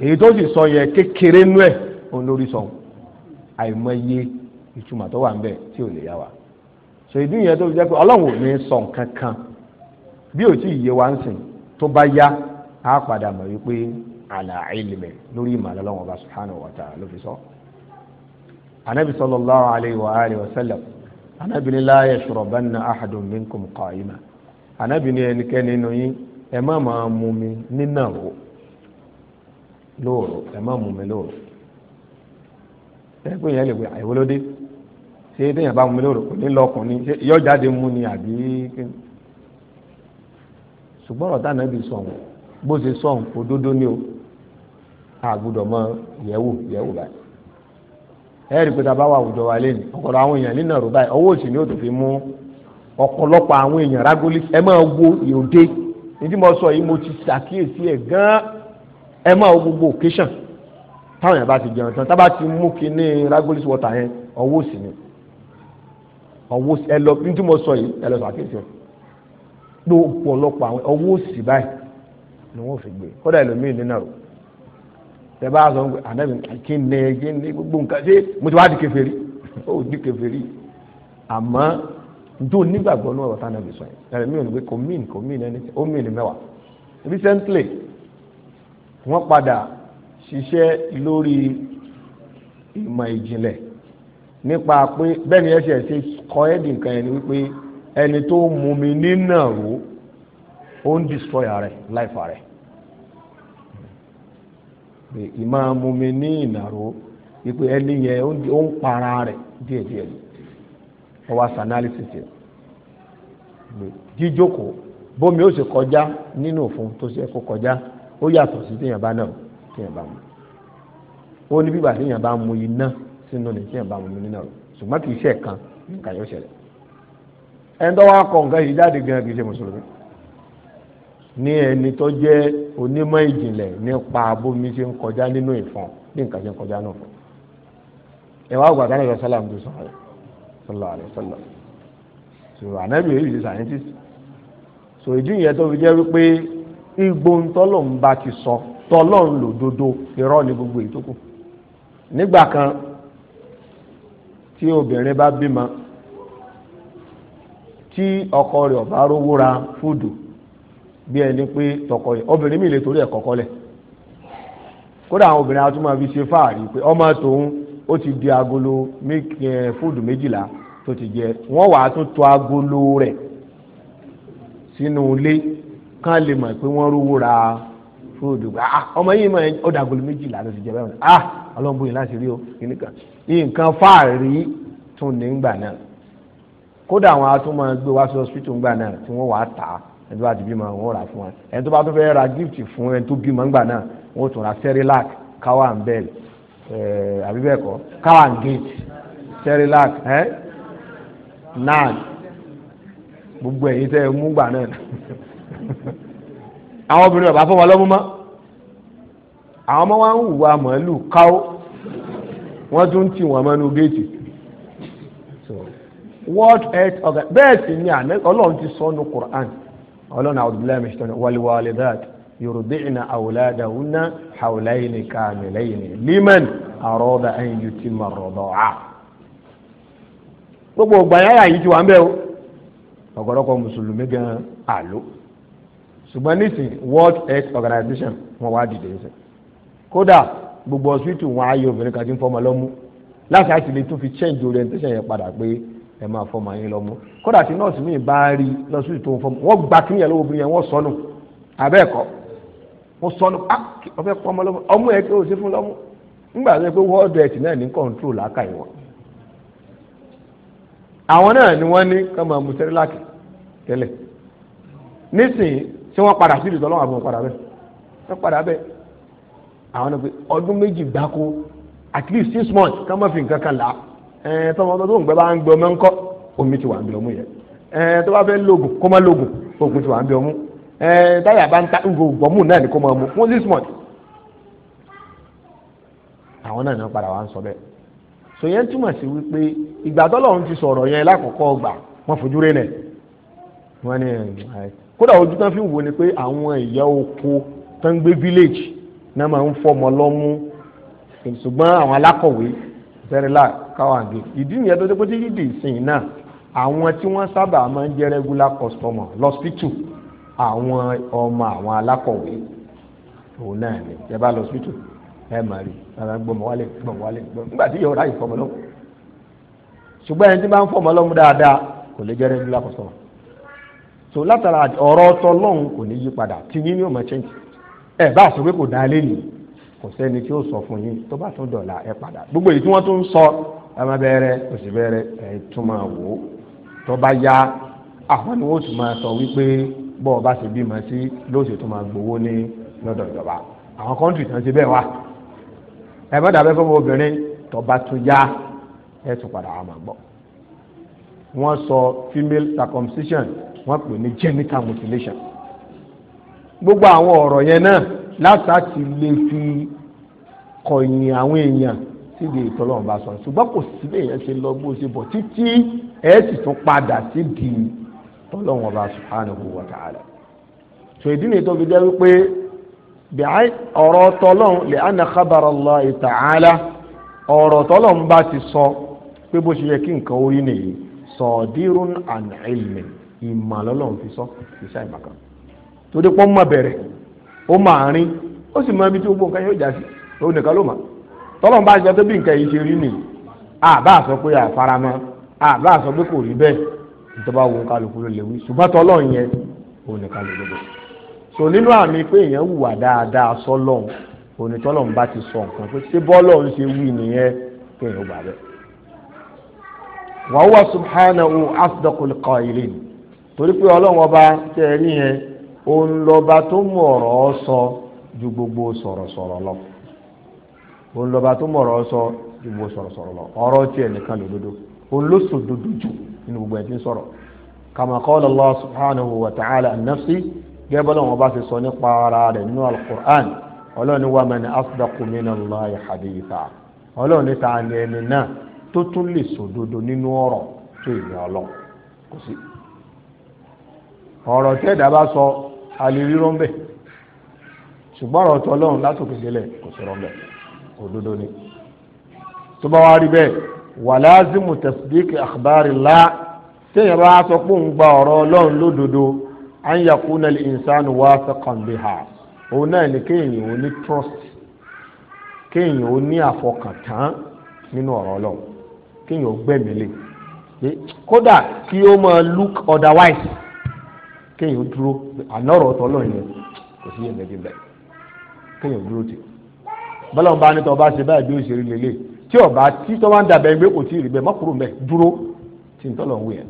èyí tó sì sọ yẹn kékeré nú ẹ̀ òun lórí sọ̀hún àìmọye ìtumọ̀ tó wà ń bẹ̀ tí ò lè yá wa so ìdí yẹn tó fi jẹ́ pé ọlọ́run ò ní sọ nǹkan kan bí ò tí ì yé wa ń sìn tó bá yá á padà mọ̀ wípé àlà ilmẹ̀ lórí ìmọ̀ ọlọ́run ọba subhanahu wa ló fi sọ. anabi sallallahu alayhi wa alihi wa sallam anabi ni la yashrabanna ahadun minkum qa'ima anabi ni ẹnikẹ́ni nínú yín ẹ má máa mú mi nínà o lóòrò ẹ má mú mi lóòrò ẹgbẹ́ yẹn lè wẹ àyẹ̀wò lóde ṣé téèyàn bá mú mi lóru kò ní lọkùnrin ṣé yọ jáde mú ni àbí ṣùgbọ́n ọ̀rọ̀ táwọn ẹbí sọ̀hún bó ṣe sọ̀hún òdodo ni o àgùdọ̀ mọ yẹ̀wò yẹ̀wò báyìí ẹ rí i pé tá a bá wà àwùjọ wa lẹ́nu ọ̀pọ̀lọpọ̀ àwọn èèyàn nínú ọ̀rọ̀ báyìí ọwọ́ òsì ni ó tó fi mú ọ̀pọ̀lọpọ̀ àwọn èèyàn rágólí ẹ máa wo yòóde ní tí mo sọ yìí mo ti ṣàkíyèsí ẹ̀ gan-an ẹ máa wo gbogbo occasion táwọn yẹn bá ti jẹun tán tábà ti mú kinní ragolis water yẹn ọwọ́ sí ni ọwọ́ sí ẹ lọ ní tí mo sọ yìí ẹ lọ sọ àkíyèsí ló pọ̀lọpọ̀ àwọn ọwọ́ sí báyìí ni wọ́n fi gbé kódà ẹlòmíì nínà rò tẹ bá sọ pé ànábì kíni kíni gbogbo nǹkan ṣé mo ti wá di kèfèrí ó di kèfèrí àmọ́ ntó nígbàgbọ́ ní ọ̀rọ̀ tánàbì sọ yẹn ẹlòmíì ò ní pé kò míìn kò míìn ẹni ó míìn mẹ́wàá recently wọ́n padà ṣiṣẹ́ lórí ìmọ̀ ìjìnlẹ̀ nípa pé bẹ́ẹ̀ ni ẹ ṣe kọ́ ẹ́dì nǹkan yẹn ni wípé ẹni tó mú destroy life ààrẹ ìmọ̀ mú mi ní ìnàró wípé ẹni yẹn ó ń para rẹ̀ díẹ̀díẹ̀ ọwọ́ àṣà analysis jíjókòó bómi ó sì kọjá nínú òfin tó ṣe kó kọjá ó yàtọ̀ sí téèyàn tí yẹn bá mu ó ní bíbà tí yẹn bá mu iná sínú ni tí yẹn bá mu iná rẹ ṣùgbọ́n kì í ṣe kan nǹkan yóò ṣẹlẹ̀ ẹni tó wá kọ nǹkan yìí jáde gan kì í ṣe mùsùlùmí ní ẹni tó jẹ́ onímọ̀ ìjìnlẹ̀ nípa bómi ṣe ń kọjá nínú ìfọ̀n bí nǹkan ṣe ń kọjá náà fún ẹ wá gbàgbá náà sálàm tó sọ̀rọ̀ sọlọ àlẹ sọlọ sọ̀rọ̀ ànábì èyí ṣe scientist sọ ìdí ìyẹn tó fi jẹ́ wípé igbó ntọ́lọ̀ ń bá ti sọ. So, tọlọ́run lòdodo irọ́ ni gbogbo ìtókù nígbà kan tí obìnrin bá bímọ tí ọkọ rẹ̀ ọba rówó ra fúdù bí ẹni pé tọkọ rẹ̀ obìnrin mi lè torí ẹ̀ kọ́kọ́ lẹ̀ kódà àwọn obìnrin atúmọ̀ fi ṣe fáàrí pé ọmọ tòun ó ti di agolo fúdù méjìlá tó ti jẹ wọ́n wàá tún tò agolo rẹ̀ sínú ilé kán lè mọ̀ pé wọ́n rówó ra fúdù fúdù ah ọmọ yìí mọ ọ dàgọlù méjìlá ló ti jẹ ah ọlọ́run láti rí o nìkan nǹkan fáàrí tún ní gbà náà kódà àwọn atúmọ̀ gbé wá sí hospital gbà náà tí wọ́n wàá tà á ẹni tó bá ti bímọ wọn rà fún ra gift fún ẹni tó bímọ gbà náà wọ́n tún ra cowan bell cowan gate gbogbo ẹ̀yin tẹ́ ẹ mú àwọn obìnrin bàbá fún wọn lọ́mú mọ́ àwọn ọmọ wa ń hùwà màálù káwó wọ́n tún tì wọ́n mọ́nú géètì world health organ bẹ́ẹ̀ sì ni àná ọlọ́run ti sọ nu Quran ọlọ́run àwọn ọdún lẹ́yìn ṣẹ́ni wàlúwàlúdàd yorùbíìnà àwòládàwùnà hàwùláyìn kàmìlẹ́yìn liman àròdà ẹ̀yìn yóò ti mọ̀ rọ̀dọ̀ gbogbo ògbà yàrá yìí ti wà ń bẹ́ẹ̀ o ọ̀gọ́dọ̀kọ̀ mùsùlùmí gan-an àlò. ṣùgbọ́n nísìn world health organization wọn wá dìde ẹsẹ̀ gbogbo hospital wọn á obìnrin kan tí ń fọmọ lọ́mú láti àti lè tún fi change orientation yẹn padà pé ẹ máa fọmọ yín lọ́mú kódà tí nọ́ọ̀sì mi bá rí lọ́sùn tó ń fọmọ wọ́n gba kí lọ́wọ́ obìnrin yẹn wọ́n sọnù abẹ́ẹ̀kọ́ wọ́n sọnù ah, ọ̀fẹ́ fọmọ world health náà ní control wọn àwọn náà ni wọ́n ní tẹ́lẹ̀ ṣé wọ́n padà sí ìdìtọ́ lọ́wọ́ àbọ̀ padà bẹ́ẹ̀ wọ́n padà bẹ́ẹ̀ àwọn ọ̀nà pé ọdún méjì gbáko at least six months ká má fi nǹkan kan là ẹ̀ tọ́mọ tó ń gbẹ bá ń gbẹ ọmọ omi ti wà ń bẹ ọmú yẹn ẹ̀ tó bá fẹ́ lóògùn kó má lóògùn oògùn ti wà ń bẹ ọmú táyà bá fún six months àwọn náà padà ń sọ yẹn túmọ̀ sí wípé ìgbà tọ́lọ́run ti kódà ojú tán fi wò ni pé àwọn ìyá oko tó ń gbé village náà máa ń fọmọ lọ́mú ṣùgbọ́n àwọn alákọ̀wé sẹ́rìlá káwáǹgé ìdí nìyẹn tó dé pé títí di ìsìn náà àwọn tí wọ́n sábà máa ń jẹ́ regular customer lọ́spítù àwọn ọmọ àwọn alákọ̀wé òun náà ni ẹ bá lọ́spítù ẹ máa rí ara gbọmọ wálé gbọmọ wálé gbọmọ nígbà tí yóò ráyè fọmọ lọ́mú ṣùgbọ́n ẹni tí bá ń fọmọ lọ́mú dáadáa kò lè jẹ́ regular customer so látara ọ̀rọ̀ tọlọ́hún kò ní yí padà tí yín ní ò máa change ẹ bá sọ pé kò dá lé nìyí kò sẹ́ni tí ó sọ fún yín tó bá tún dọ̀la ẹ padà gbogbo èyí tí wọ́n tún sọ ẹ má bẹ̀rẹ̀ kò sì bẹ̀rẹ̀ ẹ tún máa wò ó tó bá yá àwọn ni wọ́n tún máa sọ wípé bọ́ ọ bá ṣe bímọ sí lóṣù tó máa gbowó ní lọ́dọ̀ ìjọba àwọn kọ́ńtì tán ṣe bẹ́ẹ̀ wá ẹ má dàbẹ́ fún obìnrin tó bá tún yá ẹ tún padà wà máa gbọ́ wọ́n sọ female circumcision wọ́n pè ní genital mutilation gbogbo àwọn ọ̀rọ̀ yẹn náà látàtì lè fi kọ̀yìn àwọn èèyàn síbi ìtọ́lọ́run bá sọ ṣùgbọ́n kò sí bẹ́ẹ̀ yẹn ṣe lọ bó ṣe bọ̀ títí ẹ̀ sì tún padà síbi ìtọ́lọ́run ọba subhanahu wa ta'ala so ìdí nìyí tó fi jẹ́ wípé bíi ọ̀rọ̀ tọ́lọ́run lè ana khabara Allah ta'ala ọ̀rọ̀ tọ́lọ́run ti sọ pé bó ṣe yẹ kí nǹkan orí nìyí sọ̀dírún an ilmin ìmọ̀ lọ́lọ́run fi sọ fi í ṣe àìmọ̀ kan torí pọ́n mọ̀ bẹ̀rẹ̀ ó mọ̀ àárín ó sì ibi tí gbogbo nǹkan yóò já sí nìkan ló mọ̀ bá ṣe tó bí nǹkan yìí ṣe rí nìyí àbá sọ pé àfaramọ́ àbá sọ pé kò rí bẹ́ẹ̀ ìjọba wo kálukú ló léwu ṣùgbọ́n so nínú àmì pé èèyàn dáadáa sọ́lọ́run ti sọ nǹkan pé ṣé subhanahu asdaqul qailin torí pé ọlọ́run ọba tẹ́ ẹ rí yẹn òun lọ́ba tó mú ọ̀rọ̀ ọ sọ ju gbogbo sọ̀rọ̀sọ̀rọ̀ lọ òun lọ́ba tó mú ọ̀rọ̀ ọ sọ ju gbogbo sọ̀rọ̀sọ̀rọ̀ lọ ọ̀rọ̀ tiẹ̀ nìkan lòdodo òun ló sọ dodo jù nínú gbogbo ẹ̀ sọ̀rọ̀ kama qala Allah subhanahu wa ta'ala an-nafsi gẹ́gẹ́ bọ́lá wọn bá ti sọ nípa ara rẹ̀ nínú al-Qur'an ọlọ́run ní wa man asdaqu haditha ọlọ́run ní ta ni ẹni náà tó ọ̀rọ̀ tí ẹ̀dá bá sọ alìrírọ́ ń bẹ̀ ṣùgbọ́n ọ̀rọ̀ tí ọlọ́run látòkè délẹ̀ kò sọ̀rọ̀ ń bẹ̀ òdodo ni tó bá wá rí bẹ́ẹ̀ wà láàzìmù tẹ̀sídíkì àkàbárì lá téèyàn bá sọ pé òun gba ọ̀rọ̀ ọlọ́run lódodo à ń yà kúnà ìsánù wá sẹ́kàn bí ha òun náà ni kéèyàn ò ní trust kéèyàn ò ní àfọkàntán nínú ọ̀rọ̀ ọlọ́run kéèyàn ò gbẹ̀mí lé kódà kí ó máa look otherwise kéèyàn dúró ànọ́rọ̀ ọ̀tọ̀ ọlọ́run yẹn kò sí yẹn lẹ́bí bẹ́ẹ̀ kéèyàn dúró tì bọ́lá wọn bá ní tọ́ bá ṣe báyìí bí ó ṣe rí lélẹ̀ tí ọba tí tọ́ bá ń dàbẹ̀ gbé kò tí ì rí bẹ́ẹ̀ mọ́kúrò mẹ́ dúró tí ń tọ́lọ̀ ń wù yẹn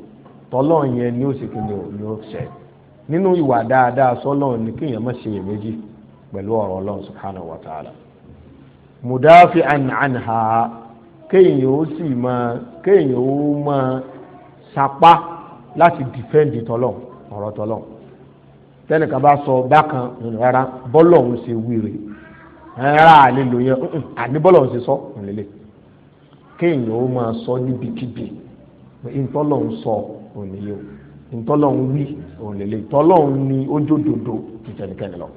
tọ́lọ̀ yẹn ni ó ṣe kí ni ó ṣẹ nínú ìwà dáadáa sọ́lọ́run ni kéèyàn má ṣe iyèméjì pẹ̀lú ọ̀rọ̀ ọlọ́run subhanahu wa ta'ala mudafi anha kéèyàn ó sì máa kéèyàn ó máa sapá láti dìfẹ́ǹdì tọ́lọ́run ọ̀rọ̀ tọ́lọ̀ tẹ́nìkan bá sọ bákan rárá bọ́lọ̀ ń ṣe wíire rárá àlelò yẹn àní bọ́lọ̀ ń ṣe sọ òǹlẹ̀lẹ̀ kéèyàn ó máa sọ níbikíbi ìtọ́lọ̀ ń sọ òǹlẹ̀lẹ̀ ìtọ́lọ̀ ń wí òǹlẹ̀lẹ̀ ìtọ́lọ̀ ń ní ojódodo ìtẹ̀nìkẹ́ni lọ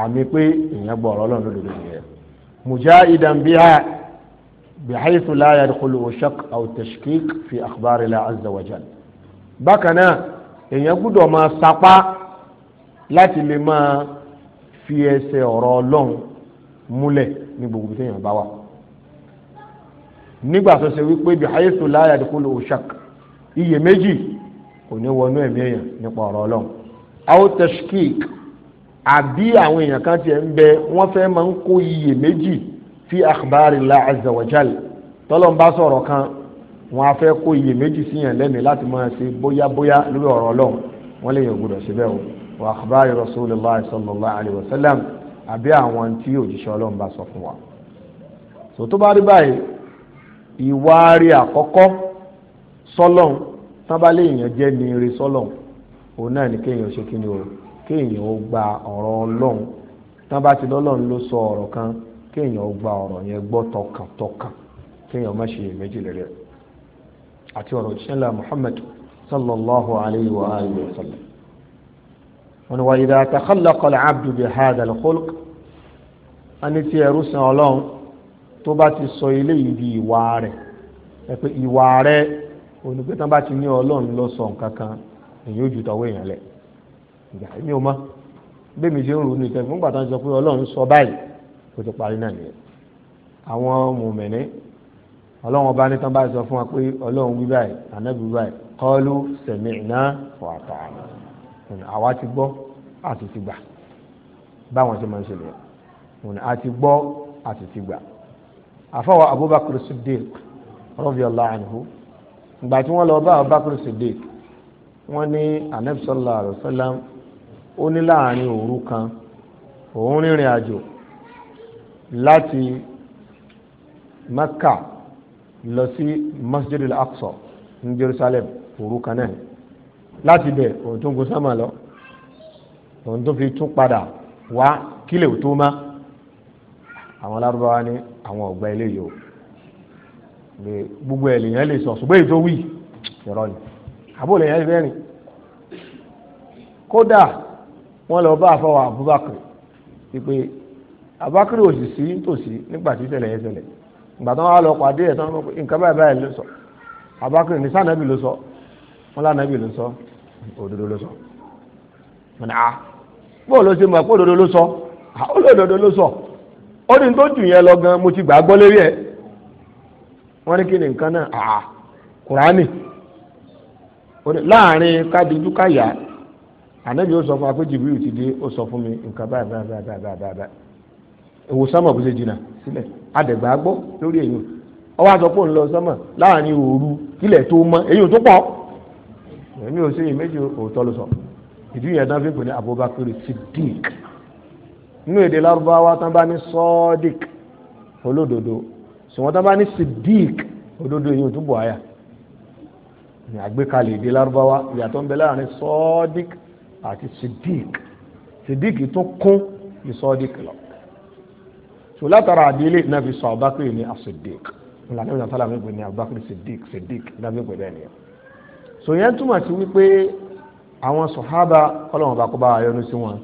àmì pé èèyàn gbọ́ ọ̀rọ̀ ọlọ́run lódodo nìyẹn mujahidan biha bihaythu la yadkhulu shakk aw tashkik fi akhbarillah azza wa jal bákan náà èèyàn gbúdọ̀ máa sapá láti lè máa fi ẹsẹ̀ ọ̀rọ̀ ọlọ́run múlẹ̀ ní gbogbo ibi téèyàn bá wà nígbà tó ṣe wípé bí hayéṣu láyà dìkú lò ṣak iyèméjì kò ní wọnú ẹ̀mí èèyàn nípa ọ̀rọ̀ ọlọ́run outashkik àbí àwọn èèyàn kan tiẹ̀ ń bẹ wọ́n fẹ́ máa ń kó iyèméjì fi akhbari la tọ́lọ́mbá sọ̀rọ̀ kan wọn á fẹ́ kó iyèméjì sí yàn lẹ́mìí láti máa ṣe bóyá bóyá lórí ọ̀rọ̀ ọlọ́run wọn lè yàn gbọdọ̀ síbẹ̀ o wa akhbari rasulillah sallallahu alayhi wa sallam àbí àwọn tí òjíṣẹ́ ọlọ́run bá sọ fún wa. sọ tó bá rí báyìí ìwárí àkọ́kọ́ sọ́lọ́n tábàlì èèyàn jẹ́ ní eré sọ́lọ́n òun náà ni kéèyàn ṣe kí ni o kéèyàn ó gba ọ̀rọ̀ ọlọ́run tábà ti lọ́lọ́run ló sọ ọ̀rọ̀ kan kéèyàn ó gba ọ̀rọ̀ yẹn gbọ́ tọkàntọkàn kéèyàn má ṣe iyèméjì lẹ́rẹ̀ẹ́ àti ọ̀rọ̀ ìṣẹ́lá Muhammad sallallahu alayhi wa alihi wa sallam wọn wà yìí dáa takhallaqa al-abdu bi hadha al-khulq ẹni tí ẹrú sin ọlọ́run tó bá ti sọ ilé yìí di ìwà rẹ̀ ẹ pé ìwà rẹ̀ onígbé bá ti ní ọlọ́run lọ sọ nǹkan kan èyí ò ju tọwọ́ èèyàn lẹ̀ ìgbà èmi ò mọ̀ bẹ́ẹ̀ mi ṣe ń ronú ìtẹ́fún gbàtà sọ pé ọlọ́run sọ báyìí kó ti parí náà nìyẹn àwọn mùmẹ̀ní ọlọ́run ọba ní tán bá sọ fún wa pé ọlọ́run wí báyìí ànábì wí báyìí kọ́ọ́lù sẹ̀mìnà fún àtàrà àwa ti gbọ́ àti ti gbà báwọn ṣe máa ń ṣẹlẹ̀ òun àti gbọ́ àti ti gbà àfọwọ́ Abubakar Siddiq radiyallahu anhu ìgbà tí wọ́n lọ bá Abubakar Siddiq wọ́n ní anabi sallallahu alayhi ó ní láàrin òru kan òun rìnrìn àjò láti Mẹ́kà lọ sí masjid al-aqsa ní jerusalem òru kan náà láti bẹ̀ òun tó ń gun sámà lọ òun tó fi tún padà wá kílẹ̀ tó má àwọn lárúbáwá ní àwọn ọ̀gbà ilé yìí o gbogbo ènìyàn lè sọ ṣùgbọ́n èyí tó wí irọ́ ni àbúrò lèyàn lè fẹ́rìn kódà wọ́n lọ bá àfọwọ́ abubakar wípé abubakar ò sì sí nítòsí nígbà tí ìṣẹ̀lẹ̀ yẹn ṣẹlẹ̀ ìgbà tó wà lọ pàdé ẹ̀ tán nǹkan báyìí báyìí ló sọ abakiri ní sànàbì ló sọ wọn lànàbì ló sọ òdodo ló sọ wọn ni a ah, bó ló ṣe mọ̀ pé òdodo ló sọ olódodo ah, ló sọ ó ní tó jù yẹn lọ gan mo ti gbà gbọ́ lérí ẹ̀ wọ́n ní kí ni nǹkan náà àà ah, kùránì láàrin kádìjú káyà ànábì ó sọ fún mi nǹkan báyìí báyìí báyìí báyìí báyìí bó ṣe adẹ̀gbà gbọ́ lórí èyí ọwọ́ àtọ́pọ̀ ńlọ sọ́mọ̀ láàrin òru kílẹ̀ tó mọ́ èyí ò tó pọ̀ èmi ò sẹ́yìn méjì òótọ́ ló sọ ìdí yẹn tán fi pè ní Abubakar Siddiq nínú èdè lárúbáwá tán bá ní sọ́ọ́dìk olódodo ṣùgbọ́n tán bá ní Siddiq olódodo èyí ò tó bọ̀ àyà ní àgbékalẹ̀ èdè lárúbáwá ìyàtọ̀ ń bẹ láàrin sọ́ọ́dìk àti Siddiq Siddiq tó kún ní sọ́ọ́dìk lọ so látara nabi náà fi abakiri ní asidik nígbà tí wọn sọlá mi pè ní abakiri sidik sidik náà fi pè bẹ́ẹ̀ nìyẹn so yẹn túmọ̀ sí wípé àwọn sọ̀hábà ọlọ́run bá kó bá yọ́nú sí wọn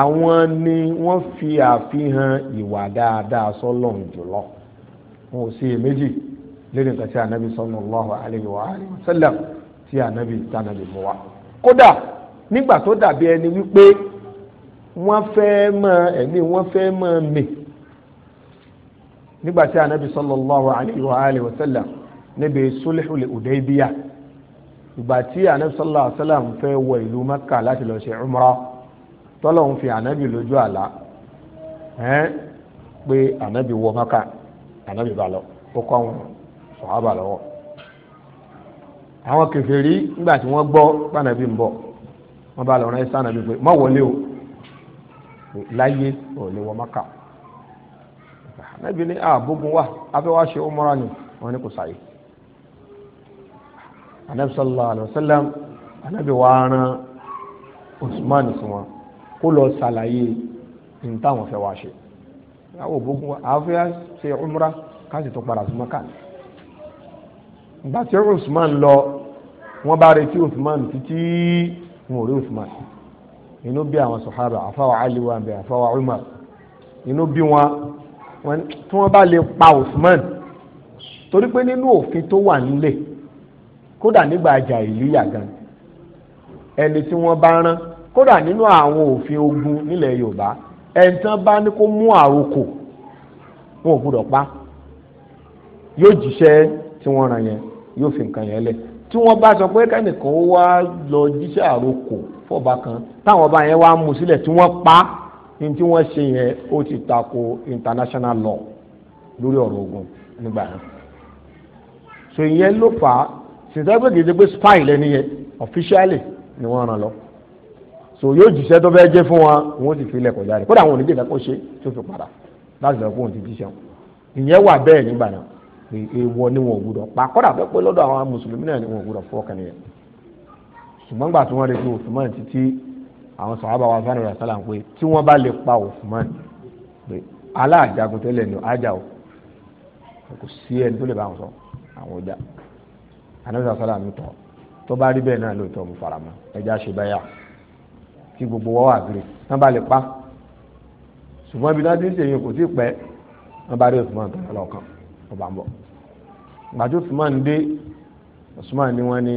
àwọn ni wọ́n fi àfihàn ìwà dáadáa sọ́lọ́run jùlọ wọn ò sí èméjì lórí nǹkan tí anabi sallallahu alayhi wa alihi wa sallam tí anabi tànàbí mú wa. kódà nígbà tó dàbí ẹni wípé wọ́n fẹ́ mọ ẹ̀mí wọ́n fẹ́ mọ mè nígbà tí anabi sallallahu alayhi wa alayhi wa sallam níbi sulhu li udaybiya ìgbà tí anabi sallallahu alayhi wa sallam fẹ́ wọ ìlú makka láti lọ ṣe umra tọ́lọ̀ ń fi anabi lójú àlá ẹ́n pé anabi wọ makka anabi bá lọ ó kọ́ àwọn sọ̀hábà lọ́wọ́ àwọn kèfèrí nígbà tí wọ́n gbọ́ pànàbí ń bọ̀ wọ́n bá lọ rán ẹ́ sànàbí pé má o láyé ò lè wọ makka ànábì ní àbógun ah, wà afẹ́ wá ṣe umra ni wọ́n ní kò sáyé ànábì sallallahu alaihi wasallam ànábì wá rán Usman sí wọn kó lọ ṣàlàyé ní táwọn fẹ́ wá ṣe àwọn òbógun wà afẹ́ ṣe umra káṣí tó padà sí Mákà ìgbà tí Usman lọ wọ́n bá retí Usman títí wọn ò rí Usman inú bí àwọn sàhábà àfáwà Ali wà bẹ àfáwà Umar inú bí wọn wọ́n tí wọ́n bá lè pa Usman torí pé nínú òfin tó wà nílẹ̀ kódà nígbà jàhílíyà gan ẹni tí wọ́n bá rán kódà nínú àwọn òfin ogun nílẹ̀ Yorùbá ẹni tí wọ́n bá ní kó mú àrokò wọn ò gbúdọ̀ pa yóò jíṣẹ́ tí wọ́n rán yẹn yóò fi nǹkan yẹn lẹ̀ tí wọ́n bá sọ pé kẹ́nìkan ó wá lọ jíṣẹ́ àrokò fọ́ọ̀bá kan táwọn ọba yẹn wá mú sílẹ̀ tí wọ́n pa á ní tí wọ́n ṣe yẹn ó ti tako international law lórí ọ̀rọ̀ ogun nígbà yẹn so ìyẹn ló fà á sinzẹ́ pé kì í spy lẹ́ni yẹn officially ni wọ́n ràn lọ so yóò jíṣẹ́ tó fẹ́ jẹ́ fún wa wọ́n sì fi ilẹ̀ kọjá rẹ̀ kódà àwọn onídìí kẹ́kọ̀ọ́ ṣe tó fi padà láti lọ fún òun ti jíṣẹ́ wọn ìyẹn wà bẹ́ẹ̀ nígbà náà pé èèwọ̀ ni wọn ò gbúdọ̀ pa kódà fẹ́ pé lọ́dọ̀ àwọn mùsùlùmí náà ni wọn ò gbúdọ̀ fọ́ ọkàn yẹn ṣùgbọ́n gbà tí wọ́n retí òṣùmọ́ àwọn sàhábà wa sáré rẹ̀ sálà ń pé tí wọ́n bá lè pa Usman pé aláàjagun tẹ́lẹ̀ ni ájà o kò sí ẹni tó lè bá wọn sọ àwọn ọjà anábìsà sálà mi tọ̀ tó bá rí bẹ́ẹ̀ náà lóòótọ́ mo fara mọ́ ẹja ṣe báyà kí gbogbo wa wà gírè wọ́n bá lè pa ṣùgbọ́n ibi náà ti ń ṣe yẹn kò tí ì pẹ́ wọ́n bá rí Usman tó lọ́kàn ọba ń bọ̀ gbàdúrà Usman dé Usman ni wọ́n ní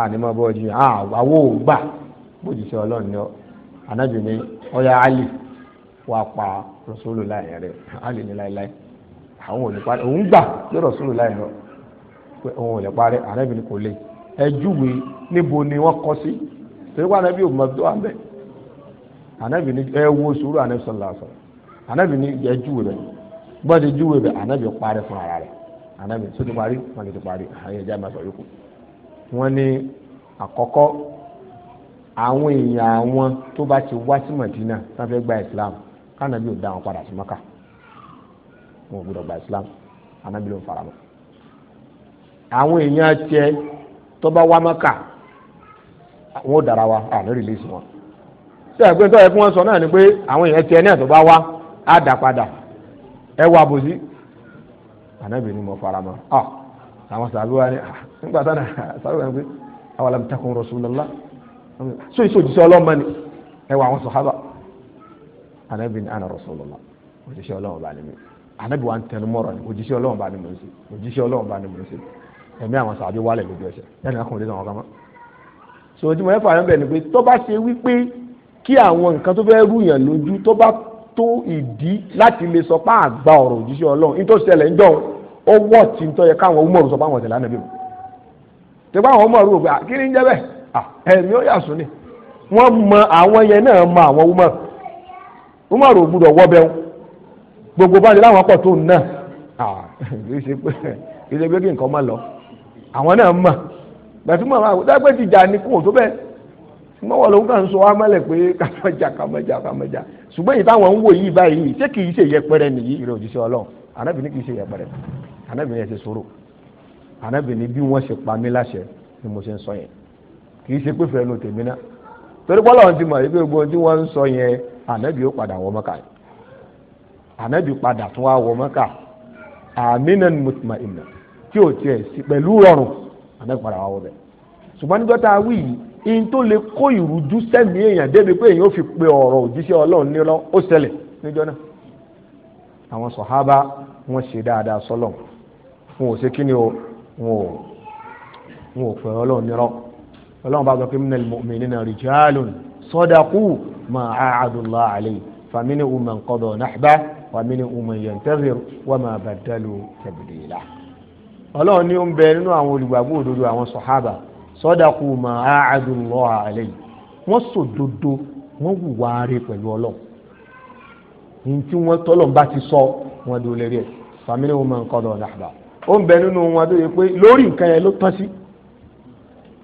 ànímọ̀ bọ́ ju ah, àwọ̀ gbà bójú sí ọlọ́run ni ọ anábì ni ọyá ali wà pa rọ̀ṣọ́lù láyìn rẹ̀ ali ni láéláé àwọn ò lè parí òun gbà ló rọ̀ṣọ́lù láyìn rẹ̀ pé òun ò lè parí anábì ni kò lè ẹ júwe níbo ni wọ́n kọ́ sí torí pé anábì ò mọ̀ tó wà bẹ́ẹ̀ anábì ni ẹ wo sùúrù anábì sọ̀rọ̀ làásọ̀ anábì ni ẹ júwe rẹ̀ bọ́ọ̀dì júwe rẹ̀ anábì parí fún ara rẹ̀ anábì tó ti parí wọn ti parí àyè ìjà máa sọ yòókù wọ́n ní àkọ́kọ́ àwọn èèyàn àwọn tó bá ti wá sí Madina tá fẹ́ gba Islam kánàbí ò dá wọn padà sí Maka wọn ò gbọdọ̀ gba Islam anábì ló ń fara mọ́ àwọn èèyàn tiẹ̀ tó bá wá Maka wọn ò dára wa àná rìlíìsì wọn ṣé ẹgbẹ́ tó yẹ kí wọ́n sọ náà ni pé àwọn èèyàn tiẹ̀ náà tó bá wá á dá padà ẹ wá bòsí anábì ni mo fara mọ́ ah àwọn sàlùwà ni ah, nígbà tá a sàlùwà ni pé àwọn alam takun rasulullah so èso òjíṣẹ́ ọlọ́mọ ni ẹ wọ àwọn sọ̀hábà anabi ni ana rasulullah òjíṣẹ́ ọlọ́mọ bá ní mi anabi wa ń tẹnu mọ́rọ̀ ni òjíṣẹ́ ọlọ́mọ bá ní mò ń ṣe òjíṣẹ́ ọlọ́mọ bá ní mò ń ṣe ẹ̀mí àwọn sàbí wálẹ̀ lójú ẹsẹ̀ yẹn ni a kò lè sọ àwọn kan mọ́ so ojúmọ́ ẹ̀fọ́ àwọn bẹ̀ ni pé tó bá ṣe wípé kí àwọn nǹkan tó fẹ́ rúyàn lójú tó bá tó ìdí ọwọ́ tí ń tọ́ yẹ káwọn Umaru sọ fáwọn ọ̀tẹ̀lá nàbí mu tẹ́gbà àwọn Umaru rò pé kí ni ń jẹ́ bẹ́ẹ̀ ẹ̀mí ó yà sùn ni wọ́n mọ àwọn yẹn náà mọ àwọn Umaru Umaru ò gbúdọ̀ wọ́ bẹ́ẹ̀ gbogbo bá ní láwọn pọ̀ tó ń ná kì í ṣe pé kì í ṣe pé kí nǹkan má lọ àwọn náà mọ̀ gbàtí mọ̀ àwọn dápẹ́ ti jà ní kò tó bẹ́ẹ̀ mọ́wọ́ lòun kàn ń sọ amálẹ̀ pé kàmọ́jà kàmọ́jà kàmọ́jà ṣùgbọ́n ìtàwọn ń wò yìí báyìí ṣé kì í ṣe yẹpẹrẹ nìyí ìròjìṣẹ́ Ọlọ́run ànábì ní kì í ṣe yẹpẹrẹ ànábì ní ẹ ṣe sùúrù ànábì ní bí wọ́n ṣe pa mí láṣẹ ni mo ṣe ń sọ yẹn kì í ṣe pé fẹ́ẹ́ ló tèmi ná torí pọ́lọ́ ti mọ̀ wípé gbogbo ohun tí wọ́n ń sọ yẹn ànábì ó padà wọ mọ́kà ànábì padà tún wá wọ mọ́kà àmínàn mutma'inna tí ò tiẹ̀ sí pẹ̀lú rọrùn ànábì padà wá bẹ̀ ṣùgbọ́n nígbà tá a wí yìí in tó lè kó ìrújú sẹ́mi èèyàn débi pé èèyàn ó fi pe ọ̀rọ̀ òjíṣẹ́ ọlọ́run ní ọlọ́ ó níjọ́ náà àwọn sọ̀hábà wọ́n ṣe dáadáa sọ́lọ̀ wọn ò ṣe kí ni o wọn ò wọn ò pẹ̀rọ ọlọ́run nírọ́ ọlọ́run bá sọ pé minal mu'minina rijalun sadaqu ma ahadu Allah alayhi faminhum man qada nahba wa minhum man yantazir wa ma baddalu tabdila ọlọ́run ní ó ń bẹ nínú àwọn olùgbàgbọ́ òdodo àwọn sọ̀hábà sọ́dàkù mà á àdùnlọ́ àlẹ́ yìí wọ́n sòdodo wọ́n wùwà rẹ̀ pẹ̀lú ọlọ́run ní tí wọ́n tọ́lọ̀ bá ti sọ wọn dúró lérí ẹ̀ fàmílì wọn máa ń kọ́dọ̀ làbà ó ń bẹ nínú wọn tó yẹ pé lórí nǹkan yẹn ló tán sí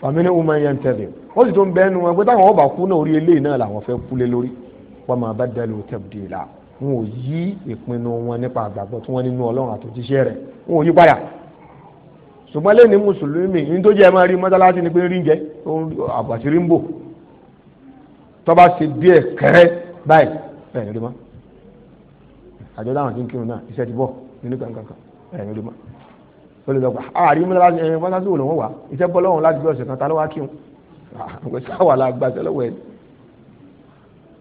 fàmílì wọn máa ń yẹn tẹ̀lé ó sì tó ń bẹ nínú wọn pé táwọn ọba kú náà orí eléyìí náà làwọn fẹ́ kú lé lórí wọn máa bá dẹ́lu tẹ̀bùdì là wọn ò yí ìpinnu wọn nípa àgbàgbọ́ tí wọ́n nínú ọlọ́run àtòjíṣẹ́ rẹ̀ wọn ò yí padà ṣùgbọ́n lẹ́ni mùsùlùmí ní tó jẹ́ ẹ máa rí mọ́tálásí ni pé rí ń jẹ́ àbàtì rí ń bò tọ́ba ṣe díẹ̀ kẹ́rẹ́ báyìí ẹ̀ rí mọ́ àjọ dáhùn tí ń kírun náà iṣẹ́ ti bọ̀ nínú kankan ẹ̀yìn ló mọ̀ ó lè lọ gbà á ah, àrí múlá láti ẹ̀yìn mọ́tà sí òòlù wọn wà iṣẹ́ bọ́ lọ́wọ́ láti bí ọ̀sẹ̀ kan ta kírun àwọn sáwà la gba iṣẹ́ lọ́wọ́ ẹ̀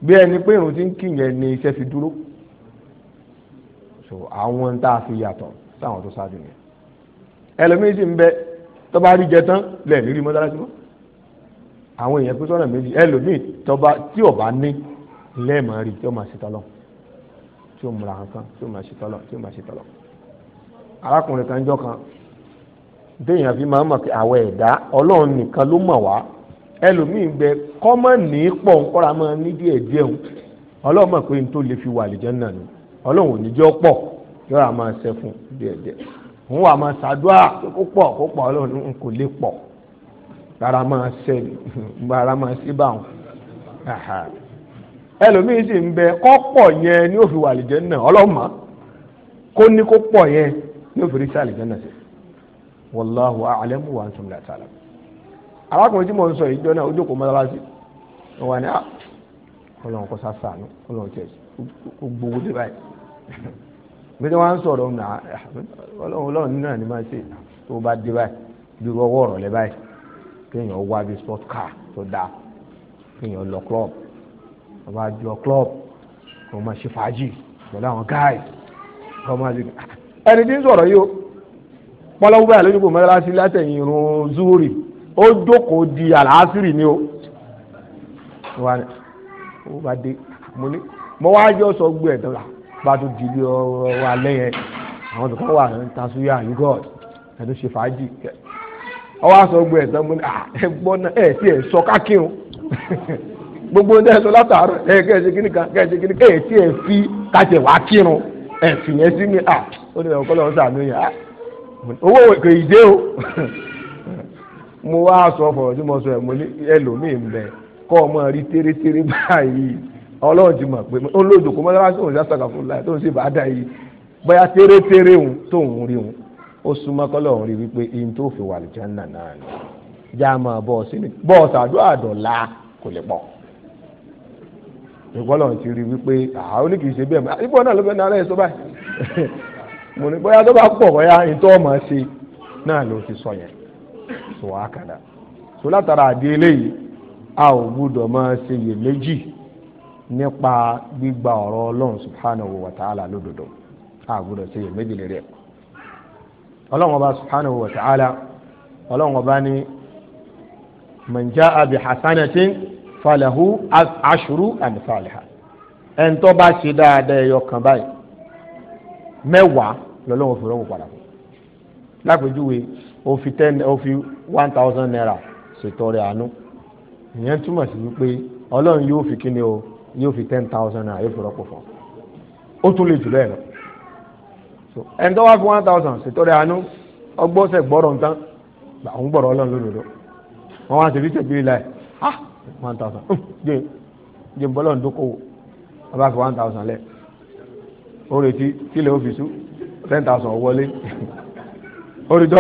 bí ẹni pé irun tí ń kí yẹn ni iṣẹ́ fi dúró so àwọn tá a fi yàtọ̀ sáwọn tó ṣáájú yẹn ẹlòmíín sì ń bẹ tó bá rí jẹ tán lẹ́ẹ̀mí rí mọ́tàlásí mọ́ àwọn èèyàn pé sọ́nà méjì ẹlòmíín tí ọba ní lẹ́ẹ̀mọ́ rí tí ó máa ṣe tọ́lọ́mù tí o múra kankan tí o máa ṣe tí máa ṣe arákùnrin kan jọ kan déèyàn fi máa ń pé ẹ̀dá ọlọ́run nìkan ló mọ̀ wá ẹlòmíín bẹ kọ́mọ̀ ní pọ̀ nkọ́ra máa ní díẹ̀ díẹ̀ ń ọlọ́run mọ̀ pé n tó lè fi wà ni ọlọ́run ò ní pọ̀ yọ̀rọ̀ máa ṣẹ́ fún díẹ̀ díẹ̀ wà máa ṣàdúrà kó pọ̀ kó ẹlòmíín sì ń bẹ kọ́pọ̀ yẹn ní òfin wà àlìjẹ́ náà ọlọ́mọ kó ní kó pọ̀ yẹn ní òfin rí sí àlìjẹ́ náà sí wa ń sọ mílíọ̀tà àlẹ́ arákùnrin tí mo ń sọ ìjọ náà ojú kò mọ́ sí gbogbo dé báyìí wọ́n á sọ̀rọ̀ ah, ọ̀nà ọlọ́run nínú máa ṣe tó bá dé báyìí ọwọ́ ọ̀rọ̀ lẹ́ báyìí kéèyàn wá bí ọba àjọ club kò máa ṣe fàájì pẹ̀lú àwọn guys kò máa ṣe ẹni tí ń sọ̀rọ̀ yìí o pọ́lọ́wọ́ báyìí lójú kò mẹ́ta sí látẹ̀yìn irun zuhuri ó jókòó di àlàásìrì ni o ó bá dé mo ní mo wá yọ sọ gbé ẹ̀dọ́ la bá tún di ilé ọ̀rọ̀ wa lẹ́yìn àwọn tó kọ́ wà ní tasuya you god ẹ̀dọ́ ṣe fàájì ọ wá sọ gbé ẹ̀dọ́ mo ní ah, ẹ̀ gbọ́ náà ẹ̀ sí ẹ̀ sọ kákírun. gbogbo ń tẹ́sán látàárọ̀ ẹ kẹ́sì kìíní kan kẹ́sì kìíní kan èyí tí ẹ fi kàtẹ́ wá kírun ẹ fi yẹn sí mi ah ó ní ọkọ lọ́wọ́ sàánú ah owó kò ì dé o mo wá sọ fọ̀rọ̀ tí mo sọ ẹ̀ mo ní ẹlòmíì ń bẹ kọ́ ọmọ rí térétéré báyìí ọlọ́run ti mọ̀ pé ó lóòjò kó mọ́tàlásí òun sàkà fún láì tóun sì bá dá yìí bóyá térétéré òun tóun rí òun ó súnmọ́ kọ́lọ́run rí wípé ihun tó fi wà lìjánà náà ni já máa bọ́ ọ sínú bọ́ ọ sàdúrà dọ̀la kò lè pọ̀. ìgbọ́lọ̀ ti rí wípé àwọn ní kì í ṣe bẹ́ẹ̀ mọ́ náà ló fẹ́ náà rẹ̀ sọ mo ní bóyá tó bá pọ̀ bóyá ìtọ́ ọmọ ṣe náà ló ti sọ yẹn sọ àkàdá látara àdé a ò gbúdọ̀ máa ṣe iyè méjì nípa gbígba ọ̀rọ̀ ọlọ́run subhanahu wa ta'ala lódodo a ò gbúdọ̀ ṣe iyè méjì lérí ẹ̀ ọlọ́run ọba subhanahu wa ta'ala ọlọ́run ọba n'i falahu ashuru amsalha ẹni tó bá ṣe dáadáa ẹyọ kan báyìí mẹ́wàá lọ́lọ́wọ́ fún ọlọ́wọ́ padà fún lápèjúwe ó fi ten ó fi one thousand naira ṣètọrẹ àánú ìyẹn túmọ̀ sí wípé ọlọ́run yóò fi kíni o yóò fi ten thousand naira yóò fi rọ́pò fún ọ ó tún lè jùlọ ẹ̀ lọ so ẹni wá fi one thousand ṣètọrẹ àánú ọgbọ́sẹ̀ gbọ́rọ̀ nǹkan gbà ń gbọ́rọ̀ ọlọ́run lódodo wọ́n wá ṣe fi ṣèbí ilẹ̀ ah one thousand jẹ jẹ bọ́lọ̀ ń dókòwò ọba fi one thousand lẹ̀ ó retí kílẹ̀ ọ́fíìsù ten thousand wọlé ó retí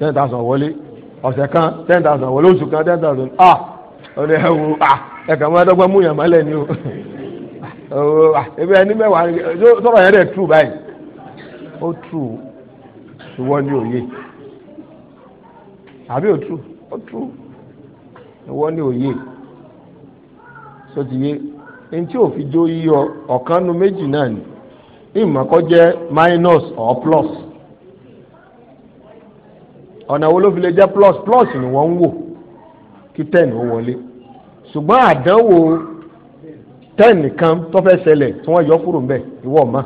ten thousand wọlé ọ̀sẹ̀ kan ten thousand wọlé oṣù kan ten thousand ah ọ̀rẹ́ ẹ wo ah ẹ̀ka máa dọ́gbọ́n mú yàn mọ́lẹ̀ ni o ah! ebi ẹni mẹ́wàá sọ̀rọ̀ yẹn dẹ̀ tú báyìí ó tú ìwọ ni òye àbí ó tú ó tú ìwọ ni òye sotiye ntí òfin jó yíyọ ọ̀kan nu méjì náà ni ìmọ̀kọ́ jẹ́ minus or plus ọ̀nà wo ló fi lè jẹ́ plus plus ni wọ́n ń wò kí ten ó wọlé ṣùgbọ́n àdánwò ten nìkan tó fẹ́ ṣẹlẹ̀ tí wọ́n yọ kúrò mbẹ̀ ìwọ ma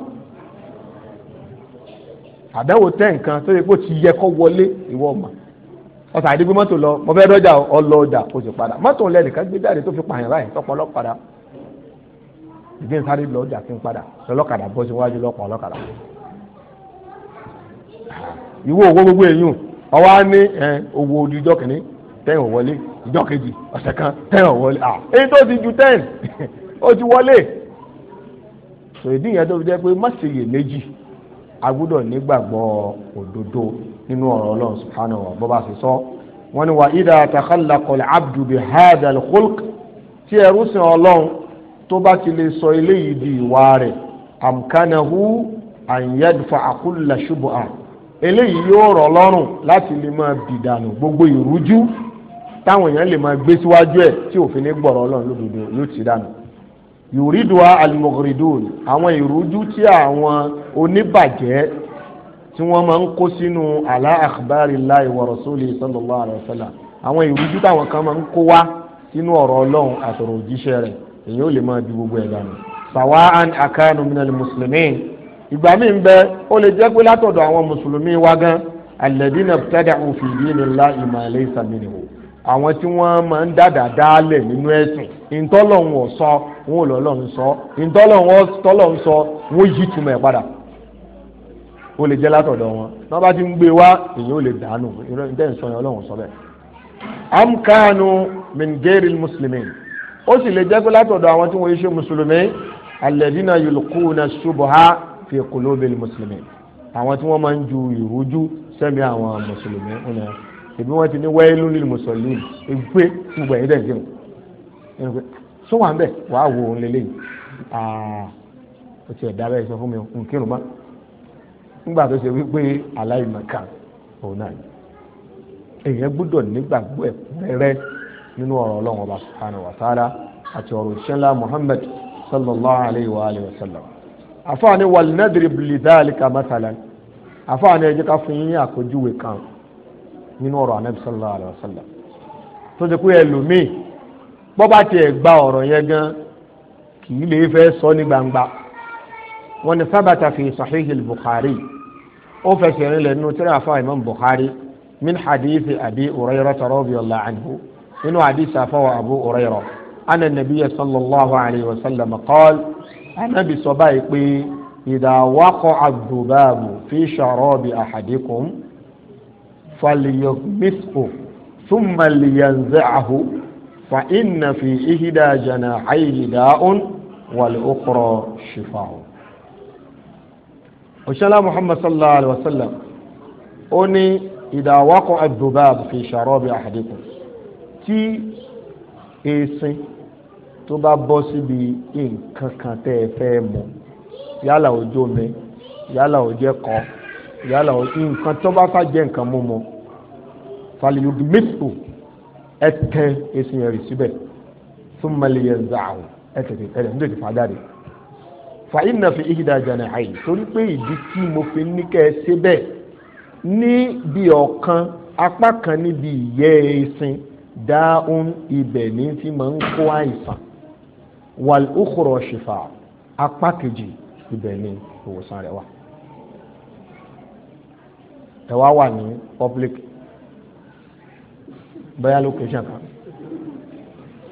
àdánwò ten kan tó yẹ kó ti yẹ kó wọlé ìwọ ma ọ̀sà àdìgbò mọ́tò lọ mo fẹ́ dọ́jà ọlọ ọjà o sì padà mọ́tò ńlẹ̀ nìkan gbé jáde tó fi pààyàn báyìí tọpọ̀ ọlọ́kadà ìdí nsáré lọ ọjà kí n padà lọ́lọ́kadà bọ́ síwájú lọ́pọ̀ ọlọ́kadà. ìwọ owó gbogbo èèyàn ọwọ́ á ní owó ojú ìjọ kìíní ten ò wọlé ìjọ kejì ọ̀sẹ̀ kan ten ò wọlé ah èyí tó ti ju ten ó ti wọlé. sọ ìdí ìyẹn tó fi jẹ́ pé má ṣe iyèméjì a gbọ́dọ̀ nígbàgbọ́ òdodo nínú ọ̀rọ̀ ọlọ́run subhanahu wa bọ́ba sì sọ wọ́n ní wa idha takhallaqa al-abdu bi hadha al-khulq tí ẹrú sìn ọlọ́run tó bá ti lè sọ eléyìí di ìwà rẹ̀ amkanahu an yadfa'a kulla shubha eléyìí yóò rọ̀ lọ́rùn láti lè máa bìdànù gbogbo ìrújú táwọn èèyàn lè máa gbé síwájú ẹ̀ tí òfin ní gbọ̀rọ̀ ọlọ́run lódodo yóò ti dànù yorùdùá alimọ̀gìrìdùn àwọn ìrújú tí àwọn oníbàjẹ́ tí wọ́n máa ń kó sínú àlá àkàbárì láì wa rasuli sallallahu alaihi wasallam àwọn ìrújú táwọn kan máa ń kó wá sínú ọ̀rọ̀ ọlọ́run àtọ̀rọ̀ òjíṣẹ́ rẹ̀ èyí ò lè máa ju gbogbo ẹ̀ dànù. sawa'an akanu minal muslimin ìgbà mi ń bẹ ó lè jẹ́ pé látọ̀dọ̀ àwọn mùsùlùmí wá gan alladina ibtada'u fi dinillahi ma laysa minhu àwọn tí wọ́n máa ń dàdà dálẹ̀ nínú ẹ̀sìn ìtọ́lọ́hún ọ̀sọ́ wọn ò lọ́lọ́hún sọ ìtọ́lọ́hún ọ̀sọ́ wọn yìí túmọ̀ ẹ̀ padà ó lè jẹ́ látọ̀dọ̀ wọn náà bá ti ń gbé wá èyàn ó lè dànù ìrọ̀ ìdẹ́ ìsọ yẹn ọlọ́run sọ bẹ́ẹ̀. amkanu mingeri muslimin ó sì lè jẹ́ pé látọ̀dọ̀ àwọn tí wọ́n ṣe mùsùlùmí alladina yulquna subha fi qulubil muslimin àwọn tí wọ́n máa ń ju ìrújú sẹ́mi àwọn mùsùlùmí ọ̀nà ìbí wọ́n ti ní wailun lil muslimin ìgbé gbogbo ẹ̀yìn dẹ̀jẹ̀ wọn sọ wà ń bẹ̀ wàá wo ó ti ẹ̀ nígbà tó ṣe wípé aláìmọ̀ká òun náà ni èèyàn gbúdọ̀ nígbàgbọ́ ẹ̀kúnrẹ́rẹ́ nínú ọ̀rọ̀ ọlọ́run ọba subhanahu wa ta'ala àti ọ̀rọ̀ ìṣẹ́lá muhammad sallallahu alayhi wa alayhi wa sallam àfààní wal nadrib li dhalika mathalan àfààní ẹ̀jẹ̀ ká fún yín àkójúwe kan nínú ọ̀rọ̀ anabi sallallahu alayhi wa sallam tó ti kú ẹlòmíì bọ́ bá tiẹ̀ gba ọ̀rọ̀ yẹn gan kì í lè fẹ́ sọ ní gbangba wọn ni sábàtà fi sahih bukhari ó fẹsẹ̀ rìn lẹ́nu tí wọ́n afọ́ imam bukhari min hadith abi urayrata radiyallahu anhu nínú hadith afọ́ abu urayra ana nabiyya sallallahu alayhi wa sallam qaal anabi sọ báyìí pé idha waqa'a adh-dhubabu fi sharabi ahadikum falyughmishu thumma liyanzi'ahu fa inna fi ihda janahayhi da'un wal ukhra shifa'un òṣèlá muhammad sallallahu alayhi wa sallam ó ní ìdáwákọ̀ adubab fi ṣàrọ́bì ahadikum tí èsìn tó bá bọ́ síbi nǹkan kan tẹ́ ẹ fẹ́ mu yálà ojú omi yálà ojú ẹ̀kọ́ yálà nǹkan tó bá fà jẹ́ nǹkan mímu falyudmithu ẹ tẹ èsìn yẹn rì síbẹ̀ fún maliyẹ̀ zaahu ẹ tètè ẹ tètè fàdáre fàyín náà fi ìhìdá jàǹdà àyè torí pé ìdí tí mo fi ní kẹ́ ẹ ṣe bẹ́ẹ̀ ní bí ọ̀kan apá kan níbi ìyẹ́ ẹ̀sìn dáhùn ibẹ̀ ní ti máa ń kó àìsàn wàl ukhra shifa apá kejì ibẹ̀ ní ìwòsàn rẹ̀ wà. ẹ wá wà ní public bóyá kan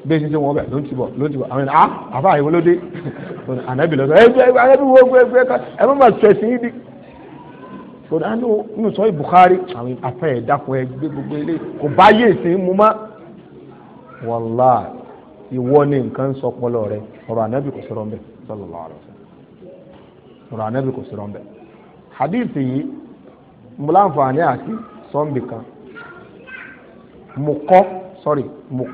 bẹ́ẹ̀ ṣe ṣe wọn bẹ̀ ló ń tibọ̀ ló ń tibọ̀ àwọn ènìyàn àfa ah, àyẹ̀wò ló dé ànábì lọ sọ ẹ ẹ ẹ bí wọ́n gbé ẹ ẹ má máa stress yín bí. sọdọ àánú nínú sọ yìí Bukhari àwọn afẹ́ ẹ̀ dákun ẹ gbé gbogbo ilé kò bá yé ìsìn mu má. wàllá ìwọ ni nǹkan sọ pọlọ rẹ ọ̀rọ̀ ànábì kò sọ̀rọ̀ mbẹ sallallahu alaihi wasallam ọ̀rọ̀ ànábì kò sọ̀rọ̀ mo láǹfààní àti mo kọ́ sorry mo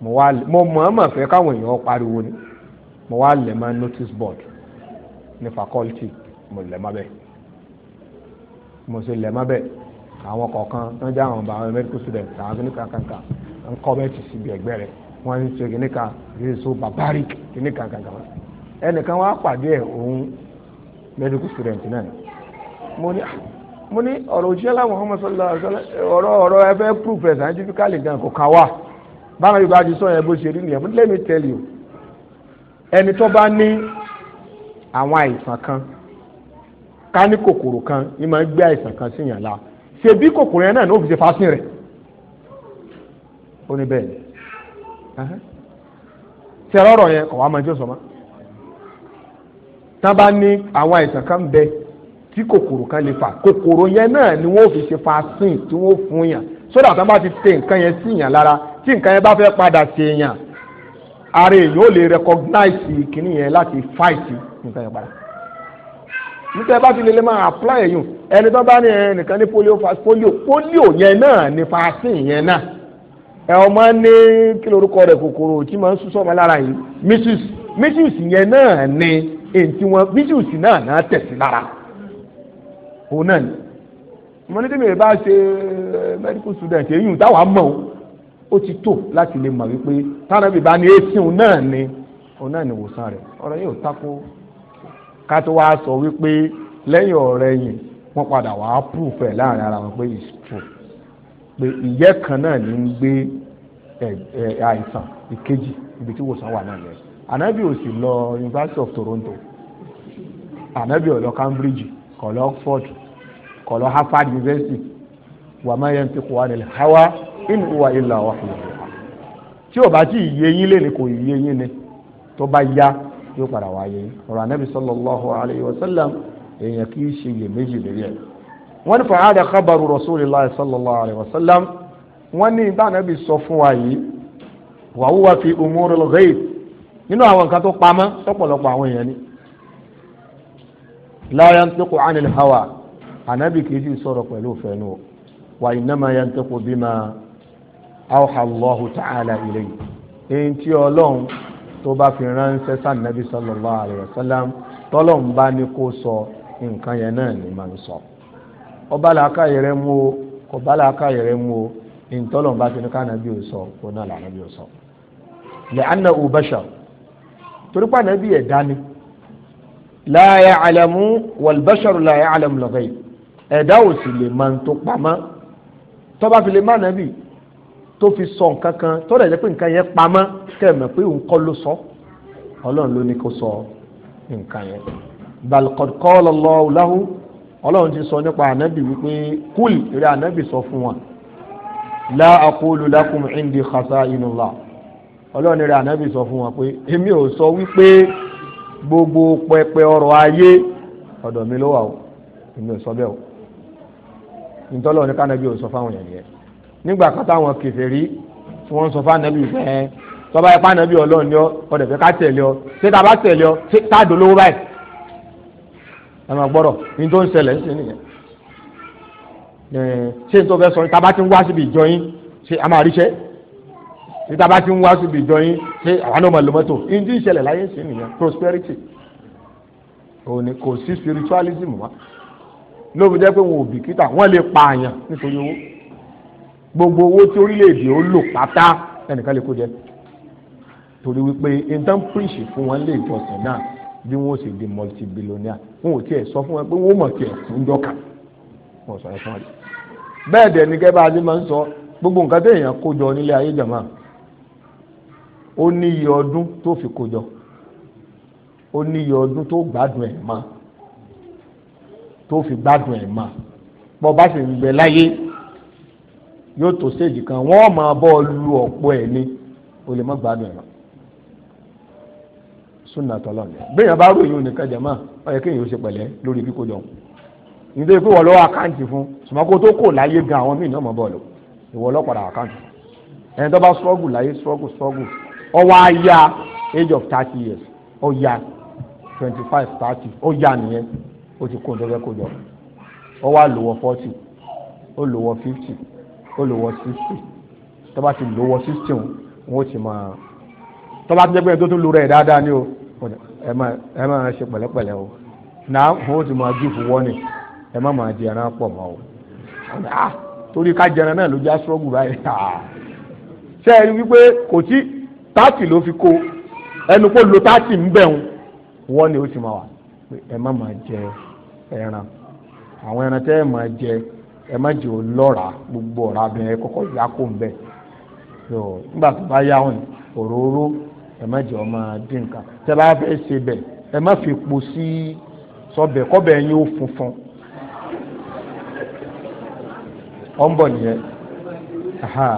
mo wá mo mọ̀ọ́mọ̀ fẹ́ káwọn èèyàn pariwo ni mo wá lẹ̀ mọ́ notice board ní faculty mo lẹ̀ mọ́ bẹ́ẹ̀ mo sì lẹ̀ mọ́ bẹ́ẹ̀ àwọn kọ̀ọ̀kan tó ń jẹ́ àwọn bàbá medical students àwọn kìíní kankanka ń kọ́mẹ́tì síbi ẹ̀gbẹ́ rẹ̀ wọ́n ń ṣe kìíní kan kìíní so barbaric kìíní kankanka ẹnìkan wá pàdé ẹ̀ òun medical student náà mo ní ah, mo ní ọ̀rọ̀ òṣìṣẹ́ láwọn ọmọ sọ́lá ọ̀rọ̀ ọ̀rọ̀ ẹ fẹ́ proof ẹ̀ scientifically gan kò ká wá báwọn yorùbá ti sọ yẹn bó ṣe rí nìyẹn but let me tell you ẹni tó bá ní àwọn àìsàn kan ká ní kòkòrò kan ní máa ń gbé àìsàn kan sí yàn la ṣe bí kòkòrò yẹn náà ní ó fi ṣe fásìn rẹ̀ ó ní bẹ́ẹ̀ ṣe rọrọ yẹn kọ̀ wá máa jẹ́ sọ́mọ́ tá a bá ní àwọn àìsàn kan bẹ tí kòkòrò kan lè fà kòkòrò yẹn náà ni wọ́n fi ṣe fásìn tí wọ́n fún yàn sódà tá bá ti tẹ nǹkan yẹn sí yàn lára tí nǹkan yẹn bá fẹ́ padà sí èèyàn ara èèyàn ò lè recognize kìíní yẹn láti fight nǹkan yẹn padà nítorí bá ti lè máa apply èèyàn ẹni tó bá ní ẹ nìkan ní polio polio polio yẹn náà ní vaccine yẹn náà ẹ ọmọ ní kí lorúkọ rẹ kòkòrò tí máa ń sún sọmọ lára yìí measles measles yẹn náà ní èyí tí wọn measles náà náà tẹ̀sí lára òun náà ni mo ní tí mi bá ṣe medical student èyí ń táwa mọ̀ o ó ti tó láti lè mọ̀ wípé tánàbì bá ní etí òun náà ni òun náà ni ìwòsàn rẹ̀ ọ̀rọ̀ yóò tako ká tó wá sọ wípé lẹ́yìn ọ̀rẹ́ yìí wọ́n padà wá proof ẹ̀ láàrin ara wọn pé it's true pé ìyẹ́ kan náà ní ń gbé àìsàn ìkejì ibi tí ìwòsàn wà náà yẹn ànábì ò sì lọ University of Toronto ànábì ò lọ Cambridge kò lọ Oxford kò lọ Harvard University wàmáyé ń ti kó wá nílẹ̀ hawa in huwa illa wahyu tí ò bá tí ì yé yín lé ní kò yé yín ni tó bá yá yóò padà wá yé ọ̀rọ̀ anábì sallallahu alayhi wa sallam èèyàn kì í ṣe iyèméjì lórí ẹ̀ wọ́n ní fàáda kábàrú rasulillah sallallahu alayhi wa sallam wọ́n ní bá anábì sọ fún wa yìí wa huwa fi umuril ghaib nínú àwọn nǹkan tó pamọ́ tọ́pọ̀lọpọ̀ àwọn èèyàn ni la yantiqu anil hawa anábì kì í sì sọ̀rọ̀ pẹ̀lú ìfẹ́ nù wa yantiqu bima awha Allahu ta'ala ilayhi èyí tí ọlọ́run tó bá fi ránṣẹ́ sànàbí sallallahu alayhi wa sallam tọ́lọ́run bá ní kó sọ nǹkan yẹn náà ní máa ń sọ ọba làákàyè rẹ mú o kò bá làákàyè rẹ mú o ìtọ́lọ̀ bá ti ní ká nàbí ò sọ kò náà lànàbí ò sọ. lè anna u torí pa nàbí ẹ̀dá ni la ya'lamu wal bashar la ya'lamu al-ghaib ò sì lè máa tó pamọ́ tọ́ba fi lè má nàbí tó fi sọ nǹkan kan tó dẹ̀ jẹ́ pé nǹkan yẹn pamọ́ tẹ̀ mọ̀ pé òun kọ́ ló sọ ọlọ́run ló ní kó sọ nǹkan yẹn balqad qala Allahu lahu ọlọ́run ti sọ nípa ànábì wípé kúl ìrẹ́ ànábì sọ fún wọn la aqulu lakum indi khaza'inullah ọlọ́run ìrẹ́ ànábì sọ fún wọn pé èmi ò sọ wípé gbogbo pẹpẹ ọrọ̀ ayé ọ̀dọ̀ mi ló wà o èmi ò sọ bẹ́ẹ̀ o ntọ́lọ́run ní kánábì ò sọ fáwọn èèyàn yẹn nígbà kan táwọn kèfèrí tí wọ́n sọ fáànàbí fẹ́ tọ́ba ẹ̀ fáànàbí ọlọ́run ni ọ́ ọ̀dẹ̀ fẹ́ ká tẹ̀lé ọ ṣé tá a bá tẹ̀lé ọ ṣé tá a dò lówó báyìí ẹ máa gbọ́dọ̀ ní tó ń ṣẹlẹ̀ ń ṣe nìyẹn ṣé tó fẹ́ sọ ní tá a ń wá síbi ìjọ yín ṣé a máa ríṣẹ́ ní tá a ń wá síbi ìjọ yín ṣé àwọn náà máa lo mọ́tò ní tí ń ṣẹlẹ̀ láyé ṣe nìyẹn prosperity òní kò sí spiritualism wa ló fi pé wọn ò bìkítà wọ́n lè pààyàn nítorí owó gbogbo owó tí orílẹ̀-èdè ó lò pátá ẹnìkan lè kó jẹ torí wípé intan preach fún wọn lè jọsìn náà bí wọn ò sì di multi-billionaire wọn ò tiẹ̀ sọ fún wọn pé wọn ò mọ̀ tiẹ̀ fún dọ́kà wọn ò sọ yẹn fún wọn. bẹ́ẹ̀ dẹ̀ ni gẹ́gẹ́ adé máa ń sọ gbogbo nǹkan tó èèyàn kó jọ nílé ayé jàmá ó ní iye ọdún tó fi kó jọ ó ní iye ọdún tó gbádùn ẹ̀ máa tó fi gbádùn ẹ̀ máa bọ́ bá sì ń gbẹ láyé yóò tó séèjì kan wọ́n máa bọ́ ọ lu ọ̀pọ̀ ẹ̀ ni o lè mọ́ gbádùn ẹ̀rọ súnà tọ́lọ̀ ni bẹ́ẹ̀ bá ròyìn onìkan jẹ̀mọ́ ọ yẹ kéèyàn ó ṣe pẹ̀lẹ́ lórí kíkó jọ nítorí pé wọ́n lọ́wọ́ àkáǹtì fún sùmọ́kó tó kò láyé gan àwọn míì náà mọ̀ bọ́ọ̀lù ìwọ lọ́pàdà àkáǹtì ẹni tó bá struggle láyé struggle struggle ọwọ́ aya age of thirty years ọya twenty five thirty ọya nìyẹn ó ti kó ìjọba kó jọ ọwọ́ àlòwọ̀ forty ó lòwọ̀ fifty ó lò wọ sixty tó bá ti lò wọ sixty wọn ó ti máa tó bá ti jẹ́ pé tó tún lu rẹ̀ dáadáa ni o ẹ máa ẹ máa ṣe pẹ̀lẹ́pẹ̀lẹ́ o náà wọn ó ti máa jù fún wọ́nì ẹ má máa jẹ ẹran pọ̀ mọ́ o ah, torí ká jẹran náà ló já sọ́ọ̀gù báyìí ṣe é wípé kò tí táàtì ló fi kó ẹnu kó lo táàtì ń bẹ̀ ń wọ́nì ó ti máa wà ẹ má máa jẹ ẹran àwọn ẹran tẹ́ ẹ máa jẹ ẹ má jẹ́ ò lọ́ra gbogbo ọ̀rọ̀ abẹ́rẹ́ kọ́kọ́ ìyá kò ń bẹ̀ so nígbà tó bá yáwọn òróró ẹ má jẹ́ ọmọ dín nǹkan tẹ́ bá fẹ́ ṣe ẹ má fi po sí funfun ọ ń Aha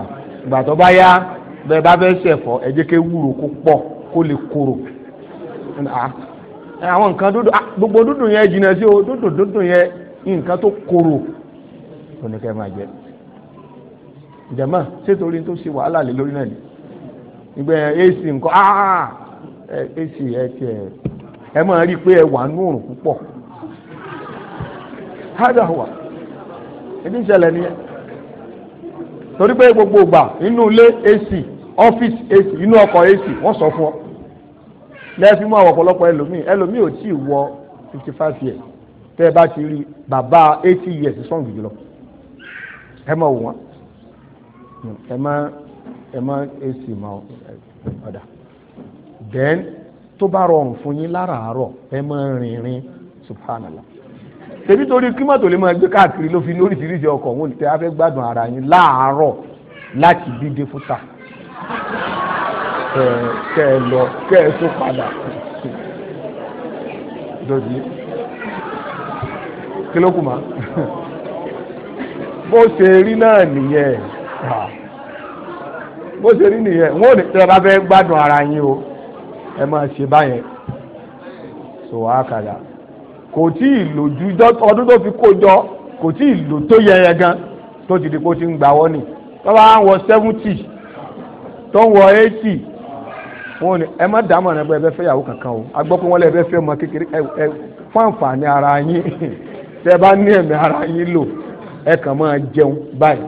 nìyẹn ìgbà bá yá bá ẹ kí kó kó lè àwọn nǹkan ah, gbogbo dúdú yẹn jìnnà sí o dúdú dúdú yẹn nǹkan tó tó ní kẹ́ máa jẹ ìjàmá sétorí tó ṣe wàhálà lé lórí náà ni ìgbẹ́ ac nǹkan ac ah, ẹ tiẹ̀ ẹ máa rí i pé ẹ wà ní òòrùn púpọ̀ hádà wà ẹni ìṣẹ̀lẹ̀ nìyẹn torí pé gbogbo ìgbà inú ilé ac ọ́fíìsì ac inú ọkọ̀ ac wọ́n sọ fún ọ lẹ́ẹ̀fí mú àwọn ọ̀pọ̀lọpọ̀ ẹlòmíì ẹlòmíì ò tí ì wọ fifty five years tẹ́ ẹ bá ti rí bàbá eighty years sọ̀rọ̀ jùlọ ẹ má wò wọn ẹ má ẹ má èsì má ọ̀dà then tó bá rọrùn fún yín láràárọ̀ ẹ má rìnrìn subhanallah tèmi torí kí mọ́tò lè máa gbé káàkiri ló fi lóríṣiríṣi ọkọ̀ òun tẹ afẹ́ gbádùn ara yín láàárọ̀ láti dídé fúta kẹ ẹ lọ kẹ ẹ tó padà kí ló kù mọ́. bó ṣe rí náà nìyẹn bó ṣe rí nìyẹn wọn ò ní bá gbádùn ara yín o ẹ máa ṣe báyẹn so àkàdà kò tí ì lò ọdún tó fi kó jọ kò tí ì lò tó gan tó ti di kó ti ń gbà wọ́n nì tó bá ń wọ seventy tó ń wọ eighty wọn ò ní ẹ má o a gbọ́ pé wọ́n bẹ ọmọ kékeré ẹ fún àǹfààní ara yín ara yín lò. ẹ kàn máa jẹun báyìí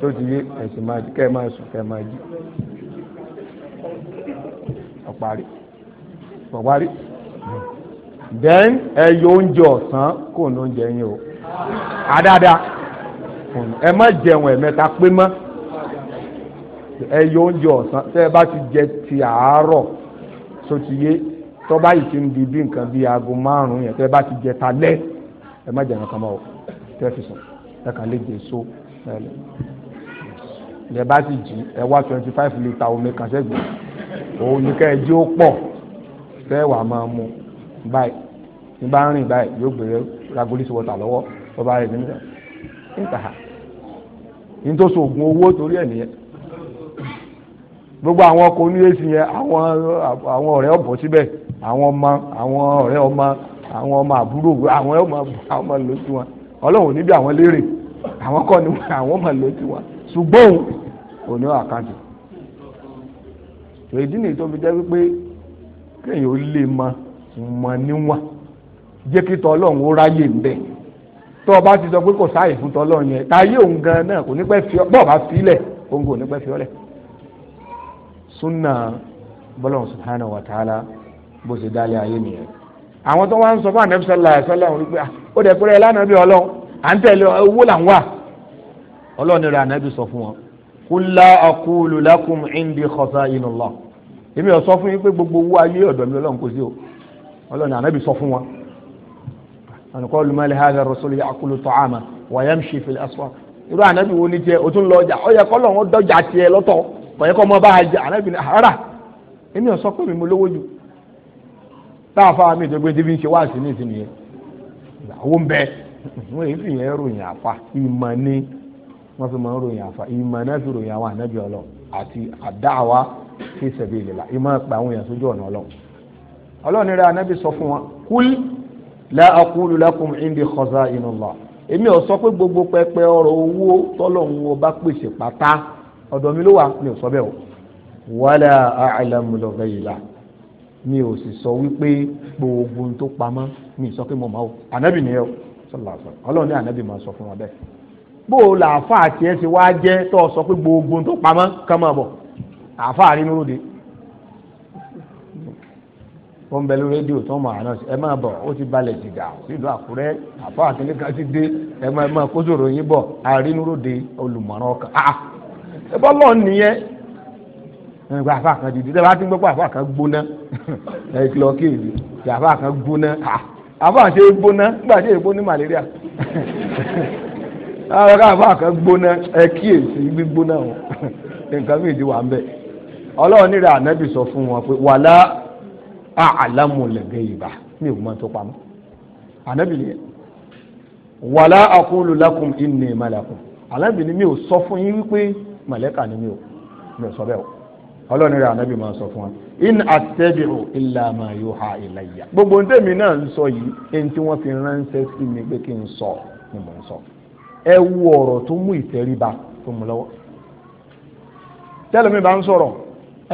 tó ti yé ẹ̀sìn máa kẹ́ ẹ máa sùn kẹ́ ẹ máa jí ọ̀parí ọ̀parí then ẹ yọ oúnjẹ ọ̀sán kò ní oúnjẹ yín o àdáadáa ẹ má jẹun ẹ̀mẹ́ta pé mọ́ ẹ yọ oúnjẹ ọ̀sán tẹ́ ẹ bá ti jẹ ti àárọ̀ tó ti yé tọ́ba yìí ti ń di bí nǹkan bíi aago márùn-ún yẹn tẹ́ ẹ bá ti jẹ talẹ́ ẹ má jẹun kan mọ́ o tẹ́ ẹ fi sùn ẹ̀ka lè gbé so ẹ̀lẹ̀ lẹ́ bá ti jí ẹ wá twenty five litre omi kan sẹ́gbẹ̀ òun ní ká ẹ jí ó pọ̀ fẹ́ wà máa mu báyìí ní bá ń rìn báyìí yóò gbé ragolisi water lọ́wọ́ ọba rẹ̀ nígbà níta ní tó so oògùn owó torí ẹ̀ nìyẹn gbogbo àwọn ọkọ̀ oníyèsí yẹn àwọn àwọn ọ̀rẹ́ ọ̀bọ̀ síbẹ̀ àwọn ọmọ àwọn ọ̀rẹ́ ọmọ àwọn ọmọ àbúrò àwọn ọmọ àwọn ọmọ lójú ọlọ́run níbi àwọn lérè àwọn kọ́ ni àwọn mọ̀ ló ti wá ṣùgbọ́n òní àkáǹtì èdè nìyí tó fi jẹ́ wípé kéèyàn ó lè mọ mọ níwọ̀n jẹ́ kí tọ́lọ́run ó ráyè ń bẹ̀ tó o bá ti sọ pé kò sáàyè fún tọ́lọ́run yẹn táyé òun gan náà kò ní pẹ́ fi bọ́ọ̀ bá filẹ̀ òun kò ní pẹ́ fi ọlẹ̀ súnà bọ́lọ́run subhanahu wa ta'ala bó ṣe dálé ayé nìyẹn. àwọn tó wá ń sọ fún anabi sallallahu alayhi wa sallam wípé ah, ó dẹ̀ pẹ́rẹ́ lánàá bí ọlọ́run à ń tẹ̀lé owó là ń wà ọlọ́run rẹ̀ anabi sọ fún wọn qul la aqulu lakum indi khaza'inullah èmi ò sọ fún yín pé gbogbo owó ayé ọ̀dọ̀ mi ọlọ́run kò sí o ọlọ́run anabi sọ fún wọn àwọn kọ́ lùmọ́ lè hàgà rasul ya'kulu ta'ama wa yamshi fil aswaq irú anabi wo ni tiẹ̀ o tún lọ ọjà ọ táàfà mi tó gbé débi ń ṣe wáàsí ní ìsìn nìyẹn ìyàwó ń bẹ wọn èyí fi yẹn ròyìn àfa ìmọ̀ ni wọ́n fi máa ń ròyìn àfa ìmọ̀ náà fi ròyìn àwọn ànábì ọlọ àti àdáwa fi ṣẹ̀bi ìlera ìmọ̀ pa àwọn èèyàn sójú ọ̀nà ọlọ ọlọ́ọ̀ni rẹ ànábì sọ fún wọn kúl la aqulu lakum indi khazainullah èmi ò sọ pé gbogbo pẹpẹ ọrọ̀ owó tọ́lọ́hún ọba pèsè pátá ọ̀dọ̀ mi ló wà mi ò sọ bẹ́ẹ̀ o wala a'lamu lọ́gẹ́yìí láà mi ò sì sọ wípé gbogbo tó pamọ́ mi sọ pé mo máa wò ànábì nìyẹn o sọlá sọ ọlọ́run ní ànábì máa sọ fún wa bẹ́ẹ̀ bó o là àfa àti ẹ ti wá jẹ́ tó o sọ pé gbogbo tó pamọ́ kán máa bọ̀ àfa àrínú ròde wọ́n bẹ lórí rédíò tó ń mọ àná ẹ máa bọ̀ ó ti balẹ̀ jìgà sílùú àkúrẹ́ àfa àkíní kan ti dé ẹ máa kó sòrò yín bọ̀ àrínú ròde olùmọ̀ràn ọkàn ah! ẹ bọ́ lọ́ọ̀ nìyẹn gba afa kan dìde tẹ bá ti ń gbọ́ pé afa kan gbóná ẹ kìlọ̀ kéèdè tí afa kan gbóná afa ṣe é gbóná nígbà tí èèpo ní malaria àwọn ká afa kan gbóná ẹ kíyèsí gbígbóná wọn nǹkan mi ìdí wà ń bẹ ọlọ́run nílẹ̀ ànábì sọ fún wọn pé wàlá àlámùlẹ̀gẹ̀ ìbá mi ò mọ tó pamọ́ ànábì nìyẹn wàlá àkúlù lakum ìnìyàn malakun ànábì ni mi ò sọ fún yín wípé màlẹ́kà ni mi ò mi ò sọ bẹ́ẹ̀ o ọlọ́run rẹ̀ ànábì máa sọ fún wa in attabi'u illa ma yuha ilayya gbogbo ntẹ́mi náà ń sọ yìí ẹni tí wọ́n fi ránṣẹ́ sí mi pé kí n sọ ni mò ń sọ ẹ wo ọ̀rọ̀ tó mú ìtẹríba tó mú lọ́wọ́ tẹ́lẹ̀mí bá ń sọ̀rọ̀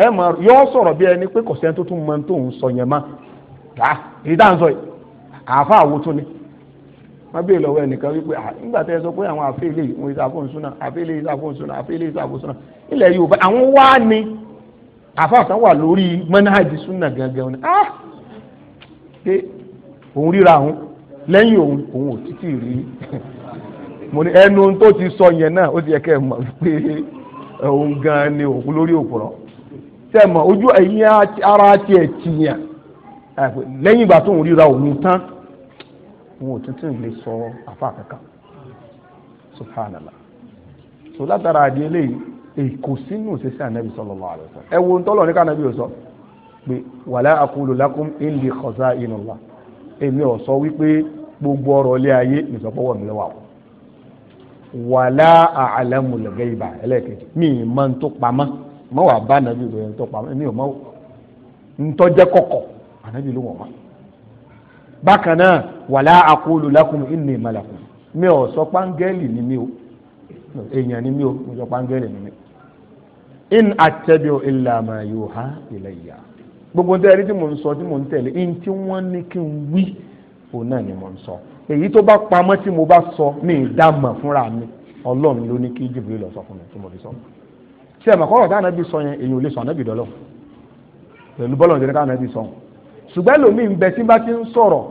ẹ máa yọ sọ̀rọ̀ bí ẹni pé kọ̀sẹ́ tó tún máa tó ń sọ yẹn má ká èyí ń sọ yìí àáfà àwo tún ni wọ́n bèèrè lọ́wọ́ ẹnìkan wípé nígbà tẹ́ ẹ sọ pé àwọn àfẹ́ ilé ìwọ̀n ìsàfóhùn súnà àfẹ́ ilẹ̀ Yorùbá àwọn wá ni àfàkàn wà lórí mọ́náhàjì súnà gangan ni ah pé òun ríra òun lẹ́yìn òun òun ò títí rí mo ní ẹnu tó ti sọ yẹn náà ó ti yẹ kẹ́ ẹ mọ̀ pé òun gan ni òun lórí òpùrọ̀ tẹ́ mọ̀ ojú ẹ̀yìn ara tiẹ̀ tìyàn lẹ́yìn ìgbà tó òun ríra òun tán òun ò títí lè sọ àfàkàn kan subhanallah so látara àdìẹ lẹ́yìn. kò sínú ṣẹṣẹ ànábì sallallahu alaihi wasallam ẹ wo ntọ́lọ̀ ní kánábì ò sọ pé wala aqulu lakum indi khaza'inullah èmi ò sọ wípé gbogbo ọrọ̀ ilé ayé nìsọ̀pọ̀wọ̀ mi lọ́wọ́ àwọn wàlá a'lamul ghaiba ẹlẹ́ẹ̀kejì mi ì mọ ntó pamọ́ mọ wà bá ànábì ìròyìn ntó pamọ́ mi ò mọ ntọ́jẹ́ kọ̀kọ̀ ànábì ló wọ̀ mọ́ bákan náà wàlá aqulu lakum inni malakun mi ò sọ pángẹ́lì ni mi o èèyàn ni mi o mo sọ pángẹ́lì ni mi o in attabi'u illa ma yuha ilayya gbogbo ntẹ ẹni tí mò ń sọ tí mò ń tẹ̀lé in tí wọ́n ní kí n wí òun náà ni mò ń sọ èyí tó bá pamọ́ tí mo bá sọ ní ìdámọ̀ fúnra mi ọlọ́run ló ní kí Jibril lọ sọ fún mi tí mo fi sọ ṣé ẹ̀ mọ̀kọ́rọ̀ táwọn ẹbí sọ yẹn èyí ò lè sọ ànábì dọ́lọ́ pẹ̀lú bọ́lọ̀ ìjọba táwọn ẹbí sọ ṣùgbọ́n ẹlòmíì ń bẹ tí bá ti ń sọ̀rọ̀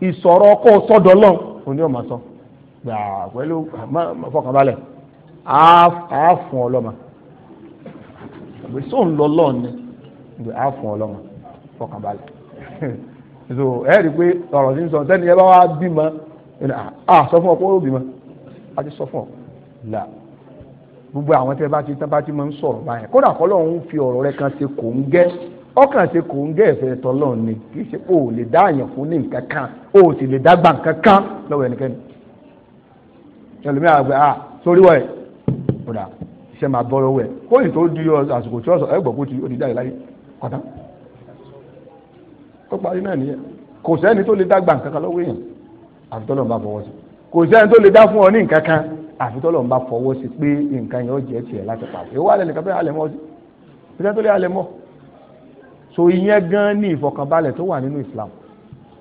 ìsọ̀rọ̀ ọkọ̀ sọ́dọ̀lọ́ òun ni sọ gbà pẹ̀lú fọkànbalẹ̀ àá fún ọlọ́mọ ìgbé sóun lọ lọ́ọ̀ ni ìgbé á fún ọlọ́run fọkànbalẹ̀ so ẹ rí i pé ọ̀rọ̀ sí ń sọ sẹ́ni ẹ bá wá bímọ à ah, sọ fún ọ pé ó bímọ a ti sọ fún ọ là gbogbo àwọn tẹ bá ti tán bá ti máa ń sọ̀rọ̀ báyẹn kódà kọ́lọ́hún fi ọ̀rọ̀ rẹ kan ṣe kò ń gẹ́ ọkàn ṣe kò ń gẹ́ ẹ̀fẹ́ tọ́lọ́ọ̀ ni kì í ṣe pé ò lè dá àyàn fún ní nǹkan kan ò sì lè dá gbà nǹkan kan lọ́wọ́ ẹnikẹ́ni ẹlòmíràn àgbẹ̀ à ah, sórí ẹ̀ kódà ṣe máa bọ́ lọ́wọ́ ẹ̀ kó yìí tó di àsìkò tí ó sọ ẹgbọ̀n kó ti ó ti jáde láyé kọ̀dá ó parí náà nìyẹn kò sẹ́ni tó lè dá gbà nǹkan kan lọ́wọ́ èèyàn àfi tọ́lọ́run bá fọwọ́ sí kò sẹ́ni tó lè dá fún ọ ní nǹkan kan àfi tọ́lọ́run bá fọwọ́ sí pé nǹkan yẹn ó jẹ́ tiẹ̀ láti pàṣẹ ó wà lẹ́nu kan fẹ́ alẹ́ mọ́ sí tó lè alẹ́ mọ́ Islam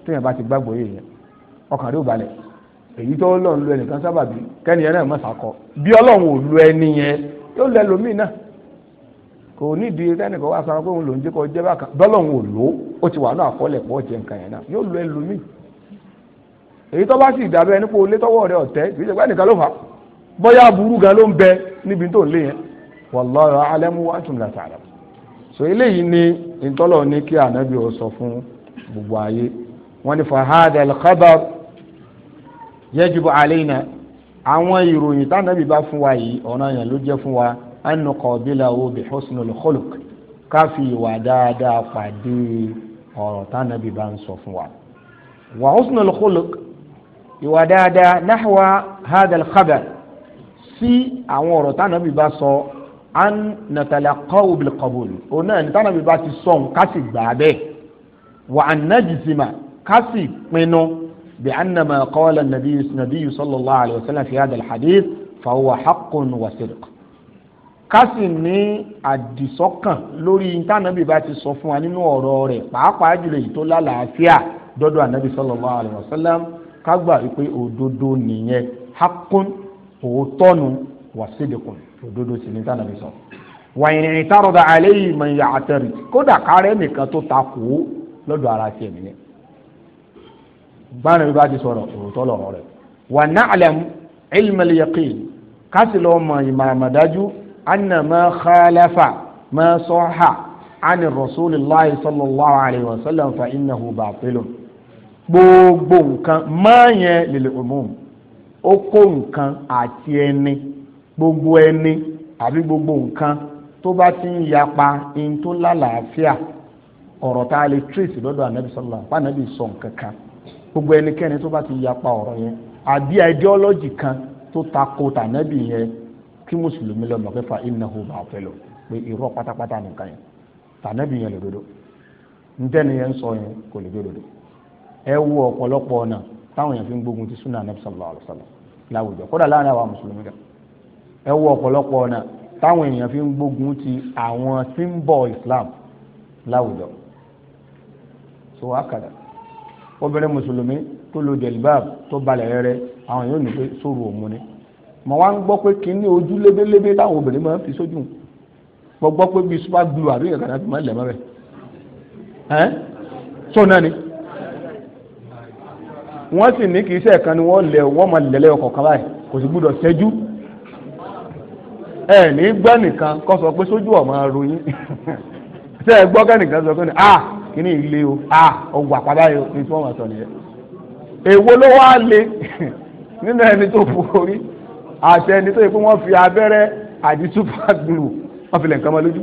téèyàn bá ti gbàgbọ́ yé yẹn ọkàn rẹ̀ ò balẹ̀ èyí tó lọ́n lu ẹnìkan sábàbí kẹ́niyẹn náà mọ̀ sàkọ bí Ọlọ́run ò lu ẹni yẹn yóò lẹ lómìn náà kò nídìí sẹ́nìkan wá sọ pé òun lòún jẹ́ kó bọ́lọ̀ òun ò lò ó ti wà náà àkọọ́lẹ̀ pọ̀ jẹ́ nǹkan yẹn náà yóò lọ èyí tó bá sì dàbẹ́ nípa olé tọ́wọ́ rẹ ọ̀tẹ́ kì í ṣe pé ló a'lamu la ta'lamu so eléyìí ni ìtọ́lọ̀ ní kí ànábì sọ fún gbogbo ayé alayna àwọn ìròyìn tánàbí bá fún wa yìí ọ̀nà yẹn ló jẹ́ fún wa ẹnu kọ̀ọ̀bílà wo bi husnul khuluq ká fi ìwà dáadáa pàdé ọ̀rọ̀ tánàbí bá ń sọ fún wa. wà husnul khuluq ìwà dáadáa nahwa hadal khabar sí àwọn ọ̀rọ̀ tánàbí bá sọ an natalaqahu bil qabul òun náà tánàbí bá ti sọ̀n ká sì wà an najzima pinnu. بأن ما قال النبي النبي صلى الله عليه وسلم في هذا الحديث فهو حق وصدق kásì ní àdìsọ́kàn lórí ìtànàbì bá ti sọ fún wa nínú ọ̀rọ̀ rẹ̀ pàápàá jùlọ èyí tó lálàáfíà dọ́dọ̀ ànábì sallallahu alaihi wasallam ká gbà wípé òdodo nìyẹn haqqun òótọ́nu wa sidqun òdodo sì ní ìtànàbì sọ. wàyìn ìrìn tàrọ̀dà alayhi man ya'tari kódà kárẹ́ nìkan tó ta kó lọ́dọ̀ ara tiẹ̀ nìyẹn gbára bí bá ti sọ̀rọ̀ òótọ́ lọ̀rọ̀ rẹ̀ wà na'lam ilmal yaqin kásì lọ́ mọ ìmàmàdájú anna ma khalafa ma sahha ani rasulillahi sallallahu alayhi wa sallam fa innahu batilun gbogbo nǹkan máa yẹn lil umum ó kó nǹkan àti ẹni gbogbo ẹni àbí gbogbo nǹkan tó bá ti ń yapa in lálàáfíà ọ̀rọ̀ tá a lè trace lọ́dọ̀ ànábì sallallahu ànábì sọ nǹkan kan gbogbo ẹnikẹ́ni tó bá ti yapa ọ̀rọ̀ yẹn àbí ideology kan tó tako tànẹ́bì yẹn kí mùsùlùmí lọ́mọ kẹfà innahu batil pé irọ́ pátápátá nìkan yẹn tànẹ́bì yẹn dodo, ntẹ́ni yẹn ń sọ yẹn kò lè lòdodo ẹ wo ọ̀pọ̀lọpọ̀ ọ̀nà táwọn yẹn fi ń gbógun ti súnà ànábì sallallahu alaihi wasallam láwùjọ kódà láàrin àwa mùsùlùmí kan ẹ wo ọ̀pọ̀lọpọ̀ ọ̀nà táwọn èèyàn fi ń gbógun ti àwọn símbọ̀ Islam láwùjọ so akada obìnrin mùsùlùmí tó lo jẹ̀lìbáàbù tó balẹ̀ rẹ́rẹ́ àwọn yóò ní pé sóru òmu ni mọ̀ wá ń gbọ́ pé kínní ojú lébélébé táwọn obìnrin máa ń fi sójú mọ̀ gbọ́ pé bíi super glue àbí ìyàgànnà fi máa ń lẹ̀ mọ́ bẹ̀ ẹ́ tó náà ni wọ́n sì ní kì í ṣe ẹ̀kan ni wọ́n lẹ̀ wọ́n máa lẹ̀lẹ́ ọkọ̀ kan báyìí kò sì gbúdọ̀ ṣẹ́jú ẹ̀ ní gbẹ́ nìkan kọ́ sọ pé sójú ọ̀ máa ro yín ṣe gbọ́ kẹ́nìkan sọ pé ah kíní ilé o a ah, ọgbà pàdá yìí ní tí wọ́n máa sọ nìyẹn. èwo ló wá le nínú ẹni tó fò orí àṣẹ ẹni tó yẹ pé wọ́n fi abẹ́rẹ́ àti super glue wọ́n fi lẹ̀ nǹkan mọ́ lójú.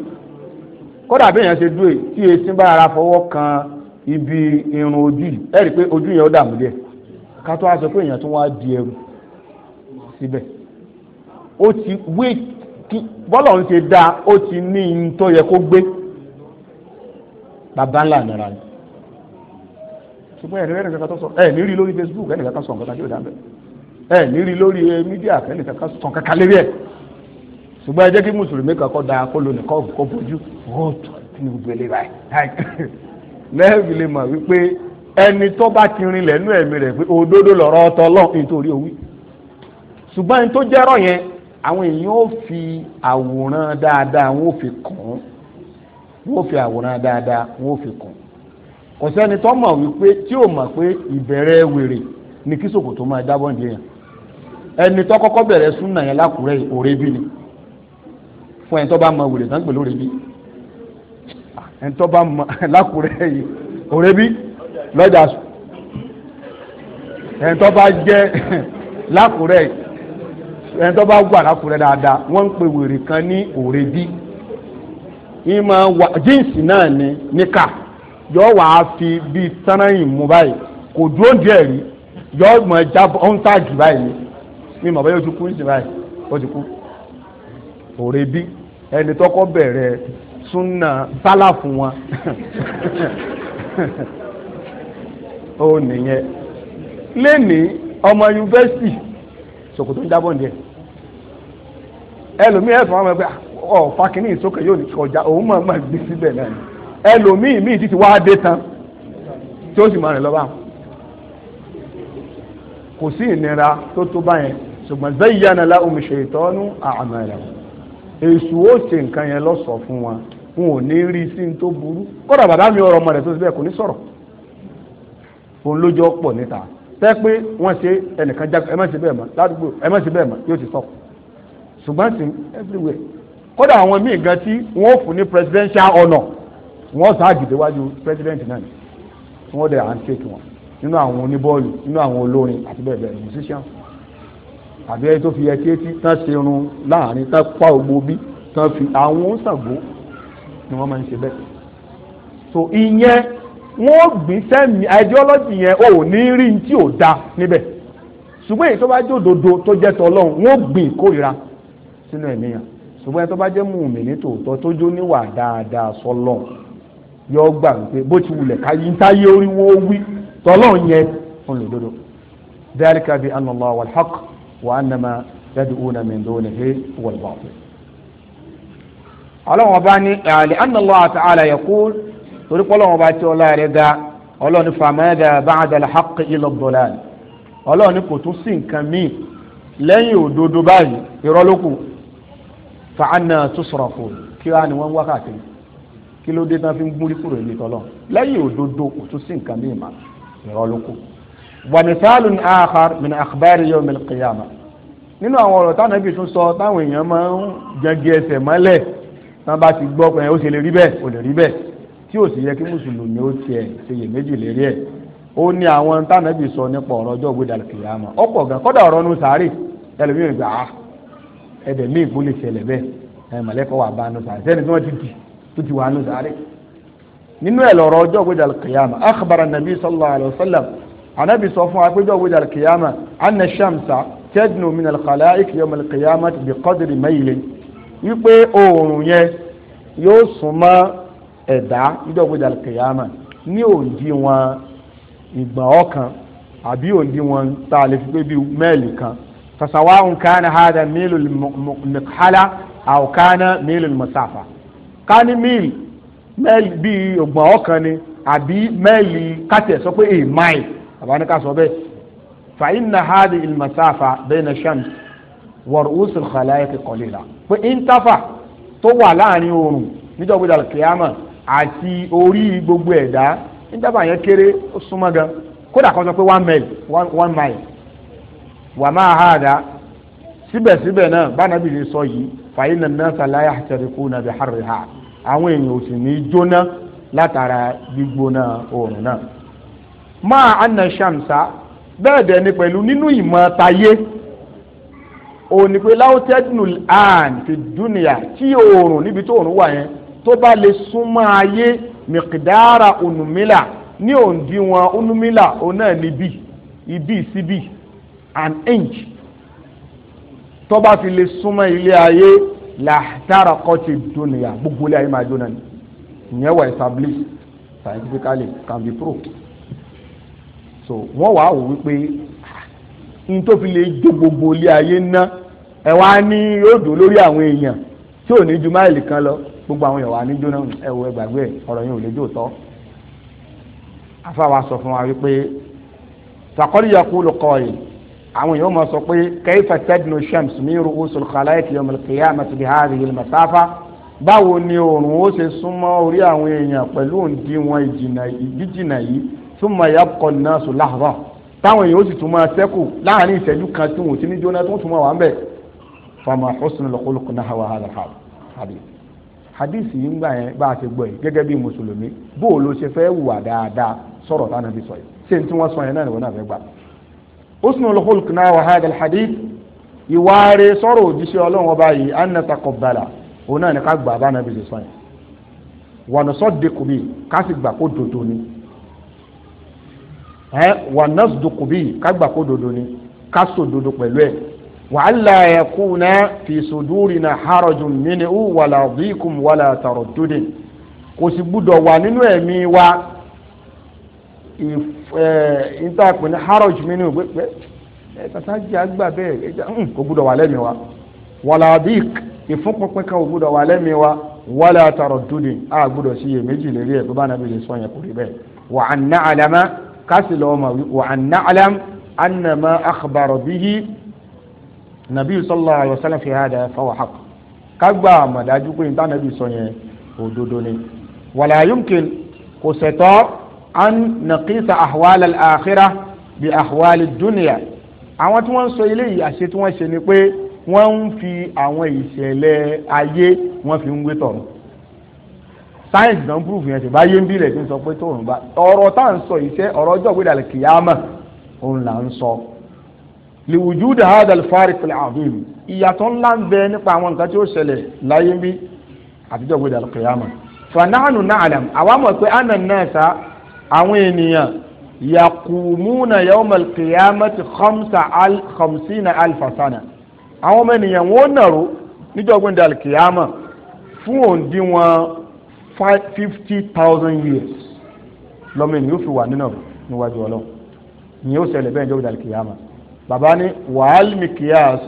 kódà bí èèyàn ṣe dúró tí etí bá ara fọwọ́ kan ibi irun ojú yìí ẹ rí i pé ojú yẹn ó dààmú díẹ̀ ká tó wá sọ pé èèyàn tún wá di ẹrù síbẹ̀ ó ti wé bọ́lọ̀ ń ṣe dáa ó ti ní in tó yẹ kó gbé bàbá ńlá nira ni ṣùgbọ́n ẹ̀rí ẹ̀rí kankan tó sọ ẹ̀ nírí lórí Facebook ẹ̀rí kankan sọ nǹkan tí ó dáa bẹ́ẹ̀ ẹ̀ nírí lórí mídíà ẹ̀rí kankan sọ kankan lérí ẹ̀ ṣùgbọ́n ẹ jẹ́ kí mùsùlùmí kankan da kóló nìkan kó bójú rọ́ọ̀tù ní gbogbo ilé rà ẹ̀ lẹ́ẹ̀bì lè mọ̀ wípé ẹni tó bá ti rin lẹ́nu ẹ̀mí rẹ̀ pé òdodo lọ̀rọ̀ ọtọ lọ́ọ̀ nítorí òwí ṣùgbọ́n ẹni tó jẹ́rọ̀ yẹn àwọn èèyàn ó fi àwòrán dáadáa wọn ó fi kàn án wọ́n fi àwòrán dáadáa wọ́n fi kàn kò sẹ́ni tó mọ̀ wípé tí ò mọ̀ pé ìbẹ̀rẹ̀ wèrè ni kí ṣòkòtò máa jábọ̀ ní èèyàn ẹni tó kọ́kọ́ bẹ̀rẹ̀ súnà yẹn lákùrẹ́ òrébí ni fún ẹni tó bá mọ wèrè tán pẹ̀lú òrébí ẹni tó bá mọ lákùrẹ́ yìí òrébí lọ́jà sùn ẹni tó bá jẹ́ lákùrẹ́ ẹni tó bá wà lákùrẹ́ dáadáa wọ́n ń pe wèrè kan ní òrébí ìmọ̀ wà jíǹsì náà ni níkà yọ wàá fi bíi tánàyìn mú báyìí kò dúró díẹ̀ rí yọ mọ̀ ẹja ọ̀hún táàgì báyìí ni mi mọ̀ báyìí ó ti kú níṣẹ́ báyìí ó ti kú. òrè bí ẹni tọkọ bẹ̀rẹ̀ súnà sálà fún wọn ó nìyẹn lẹ́nìí ọmọ yunifásitì ṣòkòtò ń jábọ̀ ní ẹ ẹlòmíì ẹ̀sùn wọn mọ̀ pé ah ọ ìsókè yóò ní ọjà òun máa máa gbé síbẹ̀ náà ni ẹlòmíì míì títí wá dé tán tí ó sì máa rìn kò sí ìnira tó tó báyẹn ṣùgbọ́n zayyana èṣù ó ṣe nǹkan yẹn lọ́sọ̀ọ́ fún wa wọn ò ní rí sí ní tó burú kódà bàbá mi ọ̀rọ̀ ọmọ rẹ̀ tó ti bẹ́ẹ̀ kò ní sọ̀rọ̀ òun lójú ọ̀pọ̀ níta tẹ́ pé wọ́n ṣe ẹnìkan jákè ẹ má ṣe bẹ́ẹ̀ mọ́ ládùúgbò ẹ má ṣe bẹ́ẹ̀ mọ́ yóò ti ṣùgbọ́n sí everywhere kódà àwọn míì gan tí wọ́n fún ní presidential honour wọ́n sáà dìde wájú president náà ni wọ́n dẹ̀ à ń tètè wọn nínú àwọn oníbọ́ọ̀lù nínú àwọn olórin àti bẹ́ẹ̀ bẹ́ẹ̀ musician àbí ẹni tó fi yẹ kéétí tán ṣe irun láàrin tán pa ògbó bí tán fi àwọn Ṣàngó ni wọ́n máa ń ṣe bẹ́ẹ̀ so ìyẹn wọ́n gbìn sẹ́mi ideology yẹn ò ní rí ní tí ò da níbẹ̀ ṣùgbọ́n èyí tó bá jódodo tó jẹ́ tọ́lọ́run wọ́n gbìn ìkórira sínú ẹ̀mí ṣùgbọ́n ẹ tó bá jẹ́ mùmíní tòótọ́ tó jó níwà dáadáa sọlọ́ yọ gbà wípé bó ti wulẹ̀ ká yín táyé orí wọn wí tọ́lọ́ yẹn fún lòdodo dhalika bi anna Allah wal haqq wa anna ma yad'una min dunihi wal batil. ọlọ́run ọba ní àlẹ́ anna Allah ta'ala yaqul torí pé ọlọ́run ọba tí ga ọlọ́run famada ba'da al haqq illa ad kò tún sí nǹkan míì lẹ́yìn òdodo báyìí irọ́ fàánà tó sọ̀rọ̀ fò kí wàá ni wọ́n ń wákàtí kí ló dé tán fi ń múrí kúrò ní tọ́lọ́ lẹ́yìn òdodo kò tún sí nǹkan bí ìmọ̀ ìrọ̀ ló kù. wa mithalun akhar min akhbari yawm al-qiyama nínú àwọn ọ̀rọ̀ táwọn ẹbí tún sọ táwọn èèyàn máa ń jẹgi ẹsẹ̀ mọ́lẹ̀ tán bá ti gbọ́ pé ó ṣe lè rí bẹ́ẹ̀ ó lè rí bẹ́ẹ̀ tí ò sì yẹ kí mùsùlùmí ó tiẹ̀ ṣeyè ẹ̀dẹ̀ mí ìgbó lè ṣẹlẹ̀ bẹ́ẹ̀ ẹ̀ mọ̀lẹ́kọ̀ wà bá nù sàárẹ̀ sẹ́ni tí wọ́n ti dì tó ti wà nù sàárẹ̀ nínú ẹ̀ lọ́rọ̀ ọjọ́ gbé dàl kìyàmà akhbara nàbí sallallahu alayhi wa sallam anabi sọ fún wa pé ọjọ́ gbé dàl kìyàmà anna shamsa tẹ́dùnú min al-khala'iq yawm al-qiyamah ti bi qadri mailin wípé oòrùn yẹn yóò sún mọ́ ẹ̀dá ọjọ́ gbé dàl kìyàmà ní òǹdíwọ̀n ìgbà ọ̀kan àbí òǹdíwọ̀n tá a lè bíi mẹ́ẹ̀lì kan فسواء كان هذا ميل المقحلة أو كان ميل المسافة كان ميل ميل بي ọgbọ̀n ọkàn ni àbí mẹ́ẹ̀lì kátẹ̀ sọ pé èyí máì àbáni ká sọ bẹ́ẹ̀ fàyínà hádì ìlmàsáfà bẹ́ẹ̀nà shams wọ̀rọ̀ òsùn khalayiq qalila pé íńtáfà tó wà láàrin oòrùn níjọba ìdàlù kìámà àti orí gbogbo ẹ̀dá íńtáfà yẹn kéré ó súnmọ́ gan kódà kan sọ pé one mile one mile wà máa ha àdá síbẹ̀síbẹ̀ náà bánabi lè sọ yìí fàyínà náà sàlàyé àtẹ̀rẹ̀kù náà bí hàrì ha àwọn èèyàn ò sì ní jóná látara gbígbóná oòrùn náà máa anna shamsa bẹ́ẹ̀ dẹ̀ ni pẹ̀lú nínú ìmọ̀ tayé òun ni pé láwùtẹ́dùnù àn fi dúnìyà tí oòrùn níbi tó oòrùn wà yẹn tó bá lè súnmọ́ ayé mìkìdára onùmílà ní òǹdíwọ̀n onùmílà òun níbí ibí síbí. Si an inch tó bá fi lè súnmọ́ ilé ayé làtàrà kọ́tì dúnìyà gbogbo ilé ayé máa jóná ni ìyẹn wà established scientifically can be proved so wọ́n wàá wò wípé ah, n tó fi lè jó gbogbo ilé ayé ná ẹ wá ní yóòdó lórí àwọn èèyàn tí ò ní ju máìlì kan lọ gbogbo àwọn èèyàn wà ní jóná ẹ wò ẹ gbàgbé yẹn ò lè jó tọ́ afáwa sọ fún wa wípé sàkọ́lì yẹ kó lọ kọ́ yìí àwọn èèyàn máa sọ pé kaifa tadnu shams min ru'usil khalaiqi yawm al-qiyamati bi hadhihi al-masafa báwo ni oòrùn ó ṣe súnmọ́ orí àwọn èèyàn pẹ̀lú òǹdíwọ̀n ìjìnà yìí thumma yabqa an-nasu lahza táwọn èèyàn ó sì tún máa sẹ́kù láàrin ìṣẹ́jú kan tí wọ́n ti ní jóná tó ń tún máa wà ń bẹ̀ fama husnul khuluq nahwa hadha hadith hadith yìí ń gbà yẹn bá a ṣe gbọ́ yìí gẹ́gẹ́ bí mùsùlùmí bó ṣe fẹ́ wà dáadáa sọ̀rọ̀ tánàbí sọ yìí ṣé ní tí wọ́n sọ yẹn náà ni wọ́n náà fẹ́ gbà husnul khulq náà wà hádàl hadith ìwáre sọ̀rọ̀ òjíṣẹ́ ọlọ́run ọba yìí anna taqabbala òun náà ní ká gbà bá nàbí sísọ yẹn wa nusaddiqu bi ká sì gbà kó dodo ni ẹ wa nasduqu bi ká gbà kó dodo ni ká sọ dodo pẹ̀lú ẹ̀ wa alla yakuna fi sudurina harajun minhu wala dhiqun wala taraddudin kò sì gbúdọ̀ wà nínú ẹ̀mí wa ìtàpín haraj mi ní òpè pé ẹ̀ẹ́dẹ́gbẹ̀ta jẹ́ àgbà bẹ́ẹ̀ ẹ̀ẹ́dẹ́ kò gbúdọ̀ wà lẹ́mìí wa wàlàdík ìfúnpínpín kan ò gbúdọ̀ wà lẹ́mìí wa wàlà àtàrọ̀ dúdì á gbúdọ̀ sí iye méjì lérí ẹ̀ bíbá nàbí lè sọ yẹn kò rí bẹ́ẹ̀ wà á ná àlámá kásì lọ́wọ́ mà wí wà á ná àlám ànàmá àkàbàrọ̀ bíyí nàbí sọlá ayọ̀sálẹ̀ an nàkísà àhwálà àkírà bí àhwálì dúnìyà àwọn tí wọ́n ń sọ eléyìí àṣẹ tí wọ́n ṣe ni pé wọ́n ń fi àwọn ìṣẹ̀lẹ̀ ayé wọ́n fi ń wé tọ̀run sáyẹ̀nsì náà ń púrùfù yẹn ṣe bá yé ń bílẹ̀ tí ń sọ pé tóun bá ọ̀rọ̀ tá à ń sọ iṣẹ́ ọ̀rọ̀ ọjọ́ ìgbédàlẹ̀ kìyàmà òun là ń sọ liwujudu hada alfariq alazim ìyàtọ̀ ńlá ń bẹ nípa àwọn nǹkan tí ó ṣẹlẹ̀ láyé ń bí àtijọ́ gbé dàlù kìyàmà fanahanu na'lam àwa mọ̀ pé anna nasa àwọn ènìyàn yakumuna yawmal qiyamati khamsa al khamsina alfasana àwọn ọmọ ènìyàn wọn nàró níjọ́ gbẹ̀ndẹ̀ alkiyama fún òǹdíwọ̀n fifty thousand years lọ́mọ ènìyàn yóò fi wà nínú níwájú ọlọ́run ni yóò ṣẹlẹ̀ bẹ́ẹ̀ níjọ́ gbẹ̀ndẹ̀ alkiyama bàbá ní wàhálì mikiyas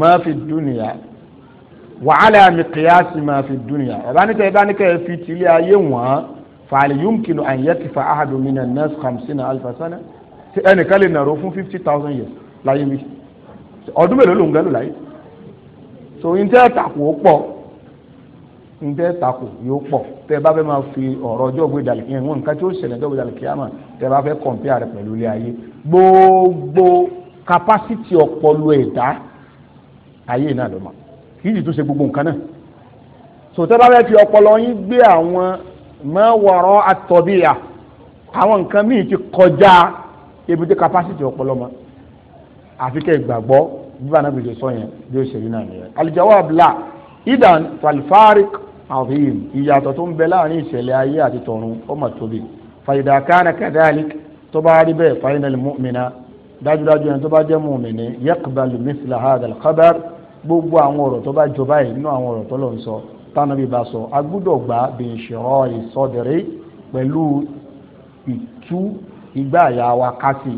máa fi dúnìyà wàhálì mikiyas máa fi dúnìyà bàbá ní tẹ̀ bá ní kẹ́ fi tìlẹ̀ ayé wọ̀n fàálì yumkinu an fa ahadu minan nas khamsina alfasana sana ẹnìkan lè nàró fún fifty thousand years láyé mi ọdún mélòó ló ń gẹ́lò láyé so ntẹ́ tako pọ̀ ntẹ́ tako yóò pọ̀ tẹ́ bá fẹ́ máa fi ọ̀rọ̀ ọjọ́ gbé dàlẹ́ kí ẹ̀wọ̀n nǹkan tí ó ṣẹlẹ̀ ọjọ́ gbé dàlẹ́ kí á mà tẹ́ bá fẹ́ kọ̀m̀pìà rẹ̀ pẹ̀lú ilé ayé gbogbo kapásítì ọpọlọ ẹ̀dá ayé náà ló mọ̀ kí ìdí tó ṣe gbogbo nǹkan náà so tẹ́ bá fẹ́ fi ọpọlọ yín gbé àwọn mọ́ wọ̀rọ̀ àtọ̀bíyà àwọn nǹkan míì ti kọjá ibi tí kapásítì ọpọlọ mọ́ àfi kẹ́ ìgbàgbọ́ bíbá náà bìí sọ yẹn bí ó ṣe rí náà nìyẹn. aljawab la idan falfarik azim ìyàtọ̀ tó ń bẹ láàrin ìṣẹ̀lẹ̀ ayé àti tọ̀run ó mà tóbi fàyidà kánà kadhalik tó bá rí bẹ́ẹ̀ fainal mu'mina dájúdájú yẹn tó bá jẹ́ mu'mini yaqbalu mithla hadha al-khabar gbogbo àwọn ọ̀rọ̀ tó bá yìí nínú àwọn ọ̀rọ̀ tó lọ tánàbí bá sọ agbúdọ̀ gbà bèṣọ́ ìsọdẹ̀rẹ́ pẹ̀lú ìtú igbá àyà wa kásì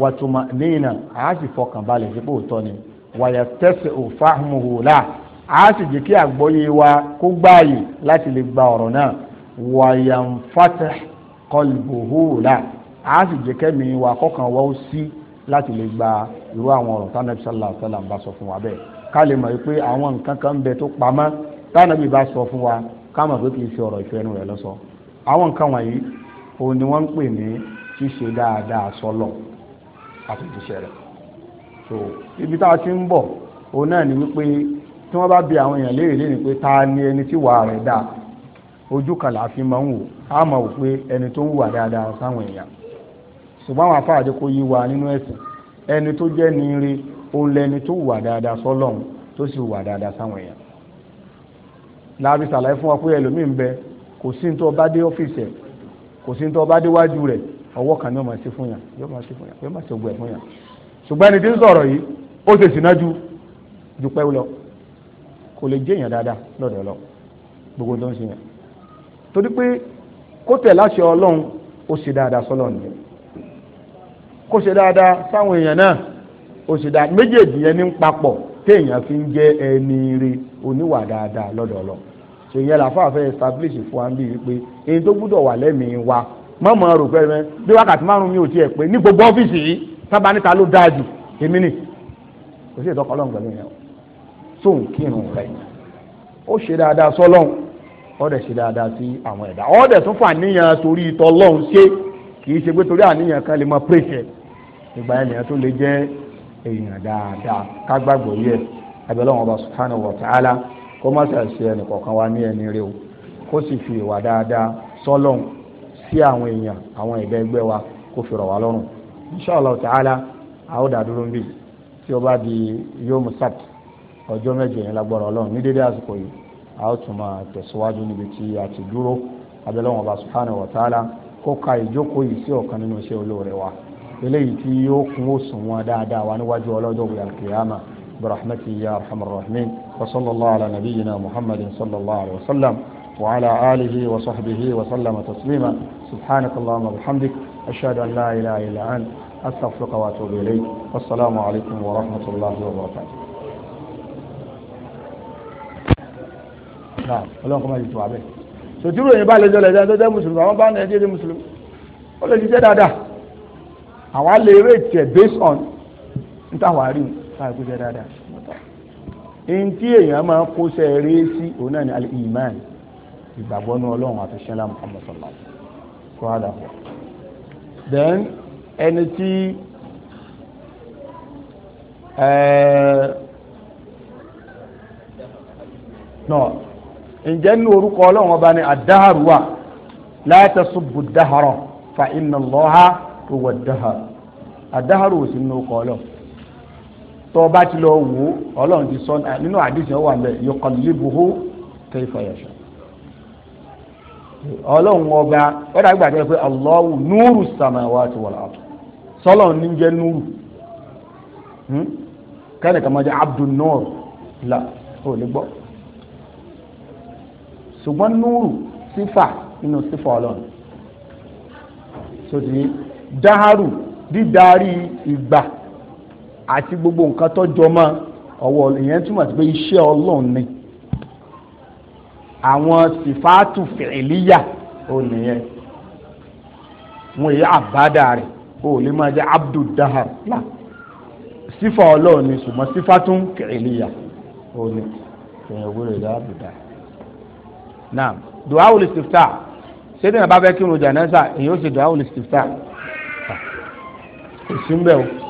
wàtúmọ̀ léèna àá sì fọkàn balẹ̀ sípò òótọ́ ni wàyà tẹ́sẹ̀ òfàhùnmùhù láà a sì jẹ́ kí àgbọ́yé wa kó gbáàyè láti lè gba ọ̀rọ̀ náà wàyànfàtẹ́ kọlùbòhóòlà a sì jẹ́ kẹ́mi wa kọ́kàn wá ó sí láti lè gba irú àwọn ọ̀rọ̀ tánàbí sàlá ń bá sọ fún wa bẹ́ẹ̀ ká lè mọ̀ pé àwọn nǹkan kan bẹ tó pamọ́ táyìnàbí bá sọ fún wa káàmà pé kì í ṣe ọ̀rọ̀ ìfẹ́ ẹnu rẹ̀ lọ́sọ àwọn nǹkan ni wọ́n ń pè ní ṣíṣe dáadáa so ibi tá a ti ń bọ̀ òun náà ni wípé tí wọ́n bá bi awon èèyàn ta ẹni tí wàá rẹ̀ dáa oju kan fi ṣùgbọ́n àwọn nínú ẹ̀sìn ẹni tó jẹ́ ní rí òun lẹni tó wà dáadáa láàbí sàlàyé fún wa pé ẹlòmíì ń bẹ kò sí ní tó ọba dé ọ́fíìsì ẹ̀ kò sí ní tó ọba dé wájú rẹ̀ ọwọ́ kan yóò máa ṣe fún yàn yóò máa ṣe fún yàn yóò máa ṣe ògbẹ́ fún yàn ṣùgbọ́n ẹni tí ń sọ̀rọ̀ yìí ó ṣe sìnà ju ju pẹ́ lọ kò lè jẹ́ dáadáa lọ́dọ̀ lọ gbogbo tó ń ṣe yàn torí pé kó tẹ̀ láṣẹ ọlọ́run ó ṣe dáadáa sọ́lọ́run nìyẹn kó méjèèjì yẹn ní papọ̀ téèyàn fi ń jẹ́ ẹni rí oníwà dáadáa lọ́dọ̀ so yẹn làfà fẹ́ establish fún wa bí wípé èyí tó gbúdọ̀ wà lẹ́mìí wa mọ́ mọ́ rò pé bí wákàtí márùn-ún mi ò tiẹ̀ pé ní gbogbo ọ́fíìsì yìí sábà níta ló dáa jù èmi nì kò sí ìtọ́kọ ọlọ́run pẹ̀lú yẹn o tó ń kírun rẹ̀ ó ṣe dáadáa sọ́lọ́run ó dẹ̀ ṣe dáadáa sí àwọn ẹ̀dá ó dẹ̀ tún fún àníyàn torí ìtọ́ ọlọ́run ṣe kì í ṣe pé torí àníyàn kan lè mọ pèsè ìgbà ènìyàn tó lè jẹ́ èèyàn dáadáa ká gbàgbọ́ yẹ abẹ́lẹ́ wọn ọba subhanahu wa ta'ala kó má ṣàṣe ẹnì kọ̀ọ̀kan wa ní ẹni rẹ o kó sì fi ìwà dáadáa sọ́lọ́n sí àwọn èèyàn àwọn ẹ̀dẹ́ ẹgbẹ́ wa kó fi rọ̀ wá lọ́rùn inṣàlá ta'ala a ó dá dúró níbí tí ó bá di yom sat ọjọ́ mẹ́jọ yẹn lágbára ọlọ́run ní dédé àsìkò yìí a ó tún máa tẹ̀síwájú níbi tí a ti dúró abẹ́lẹ́wọ̀n ọba subhanahu wa ta'ala kó ka ìjókòó yìí sí ọ̀kan nínú iṣẹ́ olóore wa eléyìí tí yóò kún òṣùwọ̀n dáadáa wa níwájú ọlọ́jọ́ gbìyànjú kìyàmà bi rahmatihi ya arhamar rahimin. وصلى الله على نبينا محمد صلى الله عليه وسلم وعلى آله وصحبه وسلم تسليما سبحانك اللهم وبحمدك أشهد أن لا إله إلا أنت أستغفرك وأتوب إليك والسلام عليكم ورحمة الله وبركاته náà ọlọ́run kọ́ máa yìí tó abẹ́ sòtúrò yìí bá lè jọlẹ̀ jẹ́ jẹ́ mùsùlùmí àwọn bá ń jẹ́ jẹ́ based on ní táwọn àárín táwọn ìpèsè in tí èèyàn máa kó sẹ́ẹ̀rí sí òun náà ni al-iman ìgbàgbọ́ ní ọlọ́run àti ṣẹlá muhammad sallallahu alaihi then ẹni tí no ǹjẹ́ ní orúkọ ọlọ́run ọba ni àdáhàrú wà la tasubbu dáhàrọ̀ fa inna Allaha huwa dáhàrú àdáhàrú ò ní orúkọ ọlọ́run tó bá ti lọ wò ọlọ́run ti sọ eh, nínú àdìsí ọwọ́ àbẹ yuqallibuhu kayfa yasha ọlọ́run ọba wọ́n dàgbà jẹ́ pé Allahu nuru samawati wal ard sọlọ́run ní jẹ́ nuru hmm? kẹ́ni kan máa jẹ́ abdul nur la ò lè gbọ́ ṣùgbọ́n nuru sífà nínú sífà ọlọ́run sòtì dáhàrù dídarí ìgbà àti gbogbo nǹkan tó jọ mọ́ ọwọ́ ìyẹn túmọ̀ sí pé iṣẹ́ ọlọ́run ni àwọn sìfáàtù fìlíyà ò nìyẹn wọn èyí àbádà rẹ̀ o lè máa jẹ́ abdul dahar la sífà ọlọ́run ni ṣùgbọ́n sífàtù fìlíyà ò ní èèyàn gbọ́dọ̀ ìdá abdul dahar naam du'a ul istiftah ṣé dènà bá fẹ́ kírun jánásà èyí ó ṣe du'a ul istiftah kò sí ń bẹ́ẹ̀ o.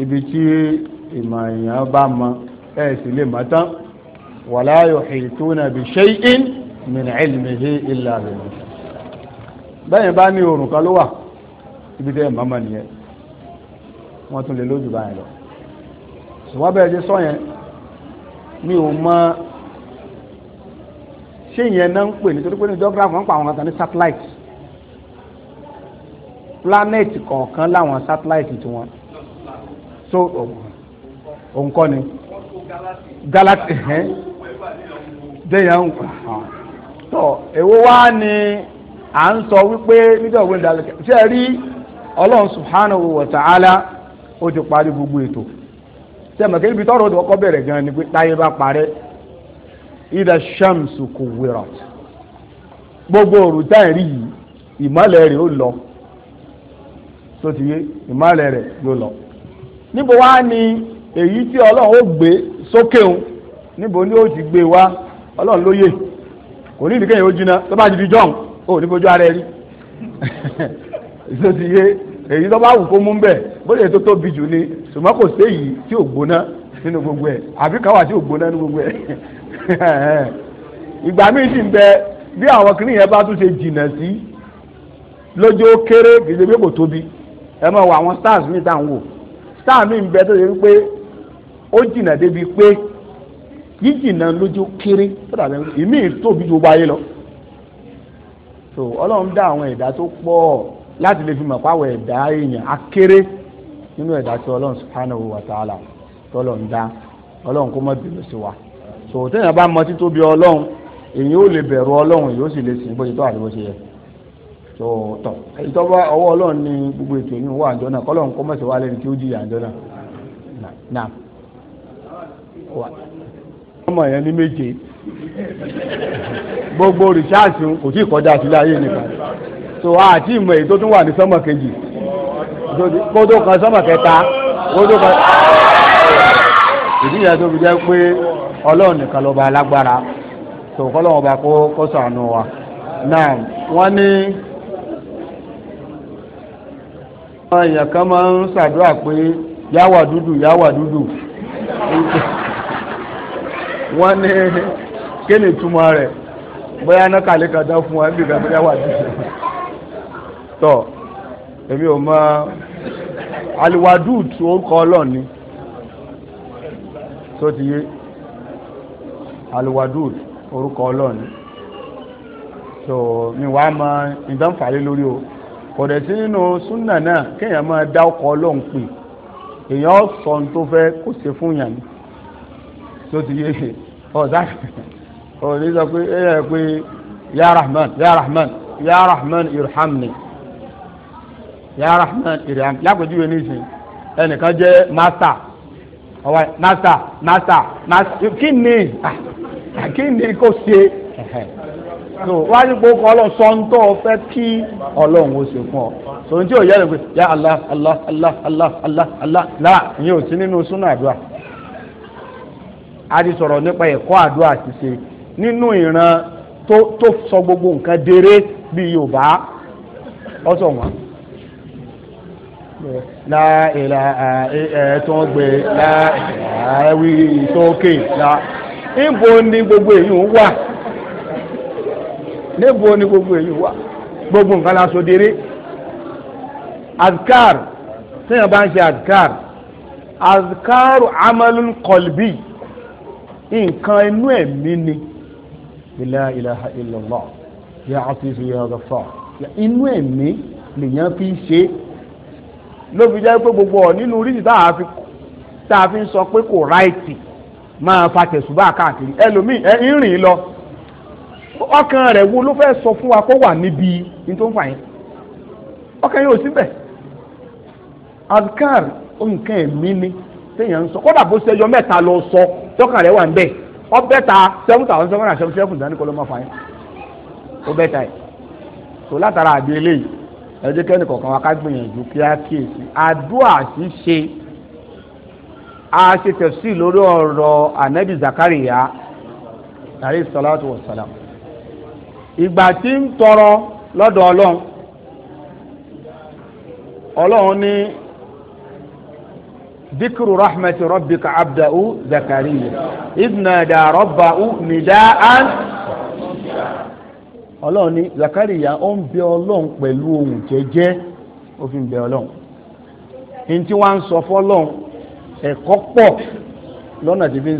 ibi tí ìmọ̀ èèyàn bá mọ ẹ sì lè mọ̀ tán wala yuhituna bi shay'in min ilmihi illa bihi bẹ́ẹ̀ bá ní oòrùn kan ló wà ibi tẹ́ ẹ̀ mọ́mọ́ nìyẹn wọ́n tún lè lójú báyìí lọ ṣùgbọ́n bẹ́ẹ̀ ṣe sọ yẹn mi ò mọ ṣé ìyẹn náà ń pè nítorí pé ní geography wọ́n pa àwọn kan ní satellite planet kọ̀ọ̀kan láwọn satellite tiwọn so òǹkọ́ ni galati ẹ̀hẹ́n déyà ń tọ̀ èwo ni à ń sọ wípé níjọ́ òwe ìdálẹ́kẹ̀ ṣe rí ọlọ́run subhanahu wa ta'ala o ti parí gbogbo ètò ṣe mọ̀ kébi tọ́rọ òdò ọkọ bẹ̀rẹ̀ gan ni pé táyé bá parẹ́ ìdá shamsu gbogbo òrùn rí ìmọ̀lẹ̀ rẹ̀ ó lọ tó ti yé ìmọ̀lẹ̀ rẹ̀ lọ. níbo wá ni èyí tí ọlọ́run ó gbé sókè òun níbo ni ó ti gbé wá ọlọ́run lóye kò ní ìdíkẹ́yìn ojú náà tó bá ti di john ó ní fojú ara ẹ rí ìsòsì yé èyí tó bá wù kó mú bẹ́ẹ̀ bóyá tó tóbi jù ni ṣùgbọ́n kò sí èyí tí ò gbóná nínú gbogbo ẹ̀ àbí káwà tí ò gbóná nínú gbogbo ẹ̀ ìgbà míì sì ń bẹ bí àwọn kìnìún yẹn bá tún ṣe jìnnà sí lójó kéré kìí ṣe kò tóbi ẹ máa wọ àwọn stars míì tá ń wò sáàmì ń bẹ tó ṣe wípé ó ya débi pé jíjìnnà lójú kéré tó dàbẹ ìmí tóbi lọ so ọlọ́run dá àwọn ẹ̀dá tó pọ̀ láti lè fi mọ̀ pàwọ̀ ẹ̀dá èèyàn akéré nínú ẹ̀dá tí ọlọ́run subhanahu wa ta'ala tọ́lọ́run dá ọlọ́run kó bínú sí wa so téèyàn bá mọ títóbi ọlọ́run èyí ó lè bẹ̀rù ọlọ́run sì lè sìn bó ṣe tó tó tọ̀ ìtọ́ba ọwọ́ ọlọ́run ní gbogbo ètò yìí wà àjọ náà kọ́lọ́run kọ́ mọ̀sẹ̀ wá lẹ́ni tí ó jìyà àjọ náà wà ọmọ yẹn ní méje gbogbo rìsáàsì kò tí ì kọjá sílé ayé nìkan tó àti ìmọ̀ èyí tó tún wà ní sọ́mọ̀ kejì kótó kan sọ́mọ̀ kẹta kótó kan tó fi jẹ́ pé ọlọ́run nìkan alágbára ọba kó sànù wa náà wọ́n ní. àwọn èèyàn kan máa ń ṣàdúrà pé yáwà dúdú yáwà dúdú wọ́n ní kí ni ìtumọ̀ rẹ̀ bóyá náà kàlẹ́ kan dán fún wa níbi kan tó yáwà dúdú tọ̀ èmi ò mọ aliwadud orúkọ ọlọ́ọ̀ni tó ti yé aliwadud orúkọ ọlọ́ọ̀ni so mi wàá mọ ìdánfààlẹ́ lórí o kò dẹ̀ sí nínú súnà náà kéèyàn máa dá ọkọ̀ ọlọ́run pè èèyàn sọ ohun tó fẹ́ kó ṣe fún yàn ní tó ti yé ọ̀dà òní sọ pé ẹ yẹ pé ya rahman ya rahman ya rahman irhamni ya rahman irhamni lápèjúwe nísìnyí ẹnìkan jẹ́ master ọwọ master master master kí ni ah, kí ni kò ṣe. so wájú pé ó kọ́ ọlọ́run sọ ń tọ́ ọ fẹ́ kí ọlọ́run ó ṣe fún ọ tòun tí ò yẹ lè pe ya Allah Allah Allah Allah Allah Allah náà ìyẹn ò sí nínú súnà àdúrà a ti sọ̀rọ̀ nípa ẹ̀kọ́ àdúrà ti ṣe nínú ìran tó sọ gbogbo nǹkan déré bí Yorùbá ọ̀sọ̀ wọn láìlà ẹ̀ẹ́tọ́ gbé láìlà ẹ̀wí tókè là níbo ni gbogbo èyí ń wà. níbo ni gbogbo èyí wà gbogbo nǹkan la sodere azkar sèyàn bá ń ṣe azkar azkar amalun kọlbi nǹkan inú ẹ̀mí ni ilá ilaha illallah ya atisu ya ghaffar inú ẹ̀mí lèyàn fi ṣe ló fi jẹ́ pé gbogbo ọ̀ nínú oríṣi tá a fi ń sọ pé kò ráìtì máa fa tẹ̀sùbà káàkiri ẹlòmíì ẹ̀ ń rìn lọ ọkàn rẹ̀ wo ló fẹ́ sọ fún wa kó wà níbi ní tó ń fà yín ọkàn yóò síbẹ̀ azkar nǹkan ẹ̀mí ni téèyàn ń sọ kódà bó ṣe yọ mẹ́ta lọ sọ tọkàn rẹ̀ wà níbẹ̀ ọbẹ̀ ta seven thousand seven hundred seventy seven dání kọ́ ló máa fà yín ọbẹ̀ ta yìí tó látara àgbẹ̀ eléyìí ẹjẹ kẹ́ni kọ̀ọ̀kan wa ká gbìyànjú kí á kíyèsí àdúrà ṣíṣe a ṣe tẹ̀sí lórí ọ̀rọ̀ anabi zakariya alayhi salatu wa salam. ìgbà tí ń tọrọ lọ́dọ̀ ọlọ́run ọlọ́run ní dikiru rahmati rabbika abdau zakariya idnada rabbau nidaan ọlọ́run ní zakariya ó ń bẹ ọlọ́run pẹ̀lú ohùn jẹ́jẹ́ ó fi ń bẹ ọlọ́run ní tí wọ́n ń sọ fọ́lọ́run ẹ̀kọ́ pọ̀ lọ́nà tí fi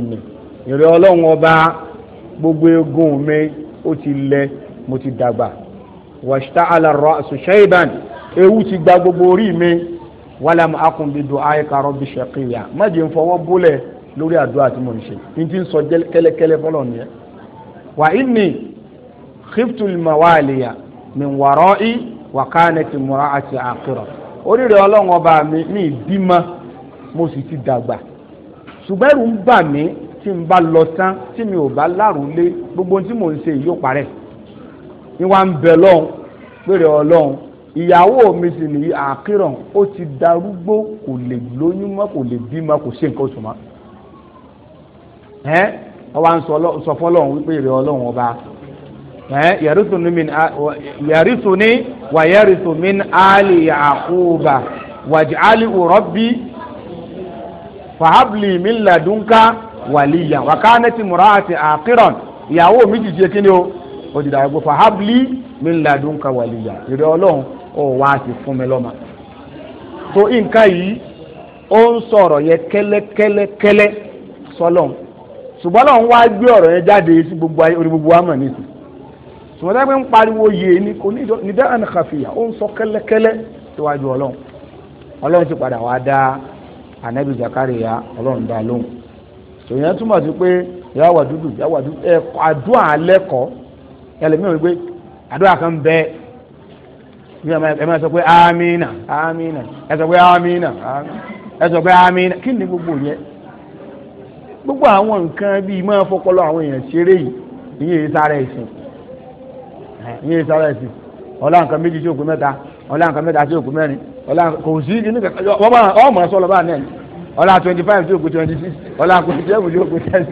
ń gbogbo eegun mi ó ti lẹ mo ti dàgbà wàṣítà alàrọ̀ àṣùṣẹ́ìbàn ewu ti gba gbogbo orí mi wàlẹ̀ mu akùnbidò ayékarọ̀ bí ṣèkìyà má jẹ́ n fọwọ́ bólẹ̀ lórí àdúrà tí mo ń ṣe n ti ń sọ kẹ́lẹ́kẹ́lẹ́ fọlọ́ nìyẹn wà inni khiftul mawaliya min wara'i wa kanati mura'ati akhira oríire ọlọ́run ọba mi ní ìbímọ mo sì ti dàgbà ṣùgbẹ́rù ń bà mí tí n bá lọ tán tí mi ò bá lárùn lé gbogbo tí mò ń ṣe yóò parẹ́ ni wàá ń bẹ lọ́hùn pèrè ọlọ́hùn ìyàwó mi sì ní àkíràn ó ti darúgbó kò lè lóyún mọ́ kò lè bímọ kò ṣe nǹkan oṣù mọ́ ẹ́ ọba ń sọ fọlọ́hùn wípé èrè ọlọ́hùn ọba ẹ́ yẹ̀rìsùn ní wàyẹ̀rìsùn mi àlè àkóbà wàjì àlè òrọ́bí fàábìlì mi ladùnká wàlíyà wàkánẹ́tì mùràtì àkírọ̀n ìyàwó mi jìjì kí ni o òdìdà àgbo fàhábìlì mi ń ladùn ka wàlíyà ìrẹ́ ọlọ́run ó wá sí fún mi lọ́mọ. tó nǹkan yìí ó ń sọ̀rọ̀ yẹn kẹ́lẹ́kẹ́lẹ́kẹ́lẹ́ sọlọ́n ṣùgbọ́n lọ́n wá gbé ọ̀rọ̀ yẹn jáde sí gbogbo ayé orí gbogbo àmọ̀ nìsín ṣùgbọ́n dábẹ́ ń pariwo yìí ni kò ní dáhà ní kàfíà ó ń sọ kẹ́lẹ́kẹ́lẹ́ síwájú ọlọ́run ọlọ́run ti padà wá dá anabi zakariya ọlọ́run dá lóhùn sòyìn túmọ̀ sí pé yà dúdú yà dúdú ẹ àdúrà lẹ́kọ̀ọ́ ẹlẹ́mìíràn wípé àdúrà kan ẹ máa sọ pé amina amina ẹ sọ pé amina ẹ sọ amina kí ni gbogbo yẹn gbogbo àwọn nǹkan bíi máa fọpọlọ àwọn èèyàn ṣeré yìí ìyẹn sára ẹ̀sìn ìyẹn sára ẹ̀sìn ọlá nǹkan méjì sí òkú mẹ́ta ọlá nǹkan mẹ́ta sí òkú mẹ́rin ọlá kò sí kí ni kò ọlá twenty five tí o kù twenty six ọlá twenty seven, tí o twenty ten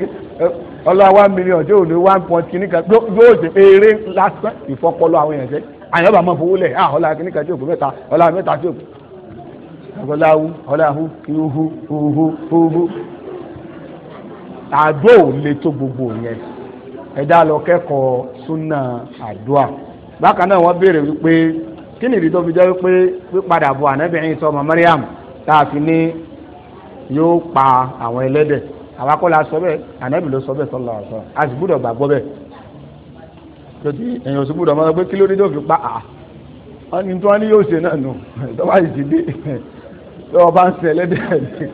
ọlá one million tí o lè one point kìíní kan yóò ṣe eré lásán ìfọpọlọ àwọn èèyàn ṣe àyàn bá mọ fowó lẹ ah ọlá kìíní kan tí o kù mẹ́ta ọlá mẹ́ta tí o kù ọláhu ọláhu ihu ihu ihu àdó ò lè tó gbogbo yẹn ẹ̀dá lọ kẹ́kọ̀ọ́ súnà àdúà bákan náà wọ́n béèrè wípé kí ni ìdí tó fi jẹ́ wípé pípadà bọ̀ ànábìrin sọ mọ̀ Mariam tá a fi ní yóò pa àwọn ẹlẹ́dẹ̀ àwa kọ́ la sọ bẹ́ẹ̀ ànábì ló sọ bẹ́ẹ̀ sọlọ ọ̀sọ́ a sì gbúdọ̀ gbàgbọ́ bẹ́ẹ̀ lójú èèyàn sì gbúdọ̀ máa gbé kí ló dé tó fi pa à wọ́n ní tí wọ́n ní yóò ṣe náà nù tó bá yìí ti dé tó ọba ń sin ẹlẹ́dẹ̀ nìkan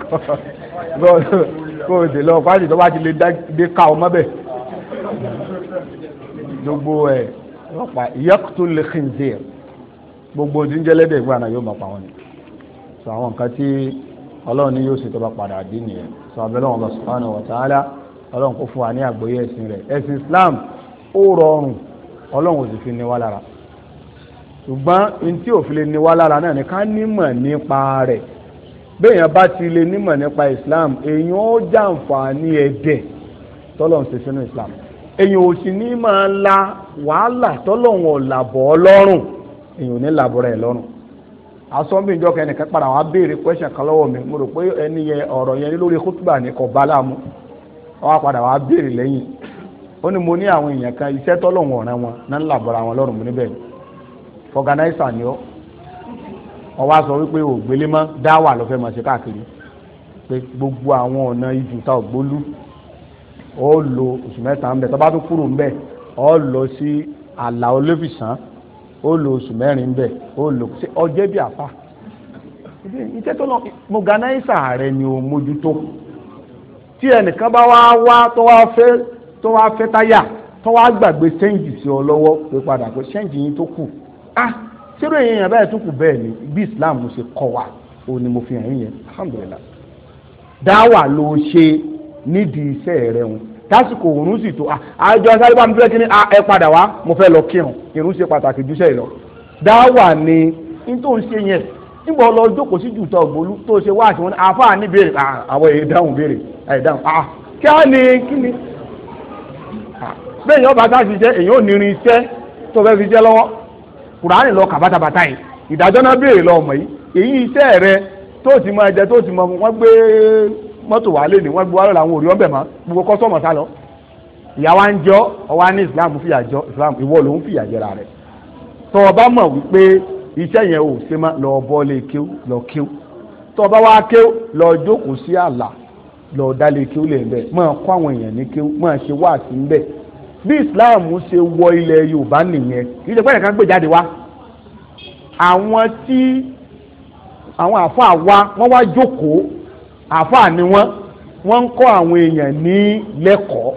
kó o sì lọ pàṣẹ tó bá ti lè dé ká ọ mọ́ bẹ́ẹ̀ gbogbo ẹ̀ ọ̀pá yẹ́kùtù lè khinzir gbogbo ti ń jẹ́ ẹlẹ́dẹ̀ ìgbà náà yóò máa pa wọn ni sọ àwọn nǹkan tí ọlọ́run ni yóò ṣe tó bá padà dín nìyẹn sọ abẹ́lẹ́ wọn subhanahu wa ta'ala ọlọ́run kó fún wa ní àgbọ́yé ẹ̀sìn rẹ̀ ẹ̀sìn Islam ó rọrùn ọlọ́run ò sì fi ní wá lára ṣùgbọ́n n tí ò fi lè ní wá lára náà ni ká nímọ̀ nípa rẹ̀ béèyàn bá ti lè nímọ̀ nípa Islam èèyàn ó jàǹfààní ẹ̀dẹ̀ tọ́lọ̀ ṣe sínú Islam èèyàn ò sì ní máa la wàhálà tọ́lọ̀ ń làbọ̀ ọlọ́run èèyàn ò ní làbọ̀ rẹ̀ lọ́rùn asọ́nbìnjọ́ kan ẹnìkan padà wá béèrè question kan lọ́wọ́ mi mo rò pé ẹni yẹn ọ̀rọ̀ yẹn lórí kútùbà ní kò bá láàmú wọ́n á padà wá béèrè lẹ́yìn ó ní mo ní àwọn èèyàn kan iṣẹ́ tọ́lọ̀wọ̀n ọ̀ràn wọn náà ń làbọ̀ra wọn lọ́rùn mu níbẹ̀ fọgànáìsà ni ọ́ ọwọ́ a sọ wípé ògbélé mọ́ dáwà ló fẹ́ máa ṣe káàkiri pé gbogbo àwọn ọ̀nà ìjùta ògbólú ó lo oṣù mẹ́ta ń bẹ̀ tó bá tún kúrò ń bẹ̀ ó lọ sí àlà olófìsàn ó lo oṣù mẹ́rin bẹ́ẹ̀ ó lo ọjẹ́ bí àfa iṣẹ́ tó lọ mọ̀gánáísà rẹ ni ò mójútó tí ẹnìkan bá wá wá tó wá fẹ́ tó wá fẹ́ táyà tó wá gbàgbé ọ lọ́wọ́ pé padà pé ṣẹ́ǹjì yín tó kù ah ṣérò èèyàn báyìí ni bí Islam ṣe kọ́ wa òun ni mo fi hàn yín yẹn dáwà ló ṣe nídìí iṣẹ́ tásìkò òórùn sì tó ah, àjọ sárébà mi fẹ́ kí ni ah, ẹ padà wá mo fẹ́ lọ kírun irun ṣe pàtàkì jùṣẹ́ lọ. dáwà ni n tó ń ṣe yẹn nígbà ọlọ jókòó sí jùtọ̀ ògbólú tó ṣe wá àṣìwọ́n àáfàá ní béèrè ah, àwọn èyí dáhùn béèrè ẹ̀ dáhùn kí á ní kí ni. bẹ́ẹ̀ yẹn ọba sáà ṣiṣẹ́ èyí ò ní rin iṣẹ́ tó fẹ́ fi jẹ́ lọ́wọ́ kùránì lọ kà bàtàbàtà yìí ìdájọ́ náà béèrè lọ́mọ mọ́tò wà lé ní wọ́n gbé wá lọ́la àwọn òrí ọ̀bẹ̀ mọ́ gbogbo kọ́sọ́mọ̀ sá lọ. ìyá wa ń islam fìyà jọ islam ìwọ ló ń fìyà jẹra rẹ. tọ́ ọ bá mọ̀ wípé iṣẹ́ yẹn ò ṣe má lọ bọ́ lé kéw lọ kéw tọ́ ọ bá wá kéw lọ jókòó sí àlà lọ dá lé kéw lè bẹ́ẹ̀ máa kọ́ àwọn èèyàn ní kéw máa ṣe wá àti ńbẹ́ bí islam ṣe wọ ilẹ̀ yorùbá nìyẹn kì í ṣe pẹ́ẹ́nìkan àwọn tí àwọn àfáà wá jókòó àfáà ni wọ́n wọ́n ń kọ́ àwọn èèyàn ní lẹ́kọ̀ọ́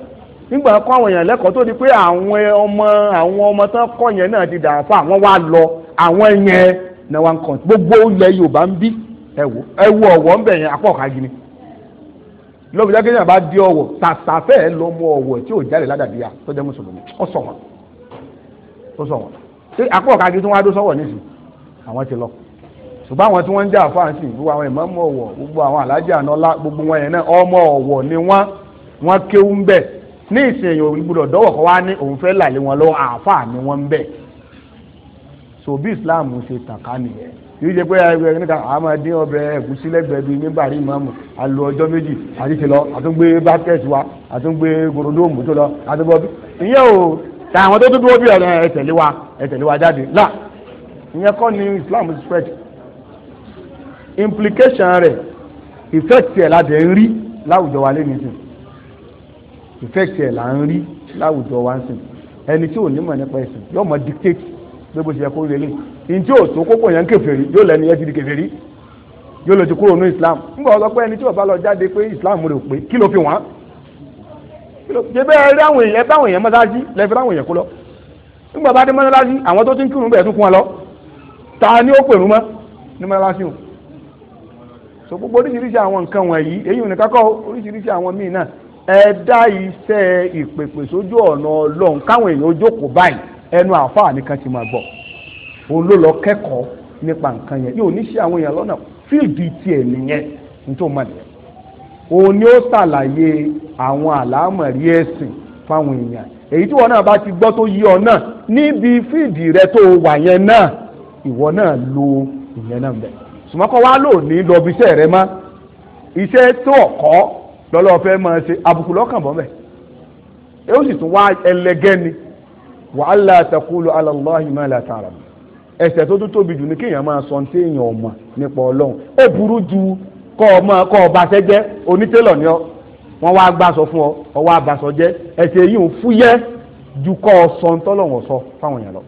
nígbà kọ́ àwọn èèyàn lẹ́kọ̀ọ́ tó di pé àwọn ọmọ àwọn ọmọ tán kọ́ yẹn náà ti dà àfáà wọ́n wá lọ àwọn yẹn náà wá ń kàn gbogbo ilẹ̀ Yorùbá ń bí ẹ̀wọ̀ ẹ̀wọ̀ ọ̀wọ̀ ń bẹ̀ yẹn apọ̀ kági ni lóbi jẹ́ kéèyàn bá di ọ̀wọ̀ tàṣàfẹ́ lọ́mọ ọ̀wọ̀ tí ò jáde ládàbíyà tó jẹ́ mùsùlùmí ó sọ wọn ó sọ wọn ṣé kági tí wọ́n á dó sọ́wọ́ nísìnyí àwọn ti lọ ṣùgbọ́n àwọn tí wọ́n ń jà fáǹsì gbogbo àwọn ìmọ̀ọ́mọ̀ ọ̀wọ̀ gbogbo àwọn alájà ànọ́lá gbogbo wọn yẹn náà ọmọ ọ̀wọ̀ ni wọ́n wọ́n kéwú ń bẹ̀ ní ìsìn èèyàn òun gbọdọ̀ dọ́wọ̀ kọ́ wá ní òun fẹ́ làlẹ́ wọn lọ́wọ́ àáfàá ni wọ́n ń bẹ̀ so bí Islam ṣe tàn ká nìyẹn yìí jẹ pé ẹgbẹ́ níta a máa dín ọbẹ̀ ẹ̀gúsí lẹ́gbẹ̀ẹ́ bíi nígbà rí ìmáàmù a lò ọjọ́ méjì àti ti lọ àtúngbé bákẹ́ẹ̀tì wa àtúngbé gòròdóòmù tó lọ àtúngbọ́ bí ìyẹn o tàwọn tó dúdú ó bí ẹ̀ tẹ̀lé wa ẹ̀ tẹ̀lé wa jáde là ìyẹn kọ́ ni Islam spread implication rẹ̀ effect ẹ̀ la dẹ̀ ń rí láwùjọ wa lẹ́nu sìn effect ẹ̀ là ń rí láwùjọ wa ń sìn ẹni tí ò ní mọ̀ nípa ẹ̀sìn yóò mọ̀ dictate bí bó ṣe yẹ kó rí eléyìí ní tí ò tó kókó yẹn ń kèfèrí yóò lẹ́nu yẹn ti di kèfèrí yóò lọ ti kúrò ní Islam nígbà wọn sọ pé ẹni tí bàbá lọ jáde pé Islam rẹ̀ pé kí ló fi wọ́n ṣe bẹ́ẹ̀ rí àwọn èèyàn bá àwọn èèyàn mọ́sáájí lẹ́fẹ́ ráwọn èèyàn kó lọ nígbà bá dé mọ́sáájí àwọn tó ti ń kírun bẹ̀ẹ́ tún kún wọn lọ ta ni ó pèrú mọ́ ní mọ́sáájí wọn so gbogbo oríṣiríṣi àwọn nǹkan wọ̀nyí èyí ò ní kakọ́ oríṣiríṣi àwọn míì náà ẹ dá iṣẹ́ ìpèpè sójú ọ̀nà ọlọ́run káwọn èèyàn jókòó báyìí ẹnu àáfàá nìkan ti máa gbọ́ òun ló lọ kẹ́kọ̀ọ́ nípa nǹkan yẹn yóò ní ṣe àwọn èèyàn lọ́nà fíìdì tiẹ̀ nìyẹn òun wọn náà bá ti gbọ́ tó yí ọ náà níbi fíìdì rẹ tó wà yẹn náà ìwọ náà lo ìyẹn náà bẹ̀rẹ̀ sùmọ́kọ́ wa lò lọ́bi iṣẹ́ rẹ mọ́ iṣẹ́ tó ọ̀kọ́ lọ́lọ́ fẹ́ máa ṣe àbùkù lọ́kàn bọ́ mẹ́ ẹ ó sì tún wá ẹlẹgẹ́ ni wàhálà àtàkùlù alàlọ́hìn máa là tààrà mi ẹ̀ṣẹ̀ tó tún tóbi jù ní kéèyàn máa sọ ní èèyàn ọmọ nípa Ọlọ́run ó burú ju kọ́ ọmọ kọ́ ọba ṣẹ́jẹ́ onítẹ̀lọ̀ ni ọ wọ́n wá gbàsọ fún ọ ọwọ́ àbàsọ jẹ́ ẹ̀ṣẹ̀ yìí ń fúyẹ́ ju kọ́ ọ sọ ní tọ́lọ́wọ̀n sọ fáwọn èèyàn lọ.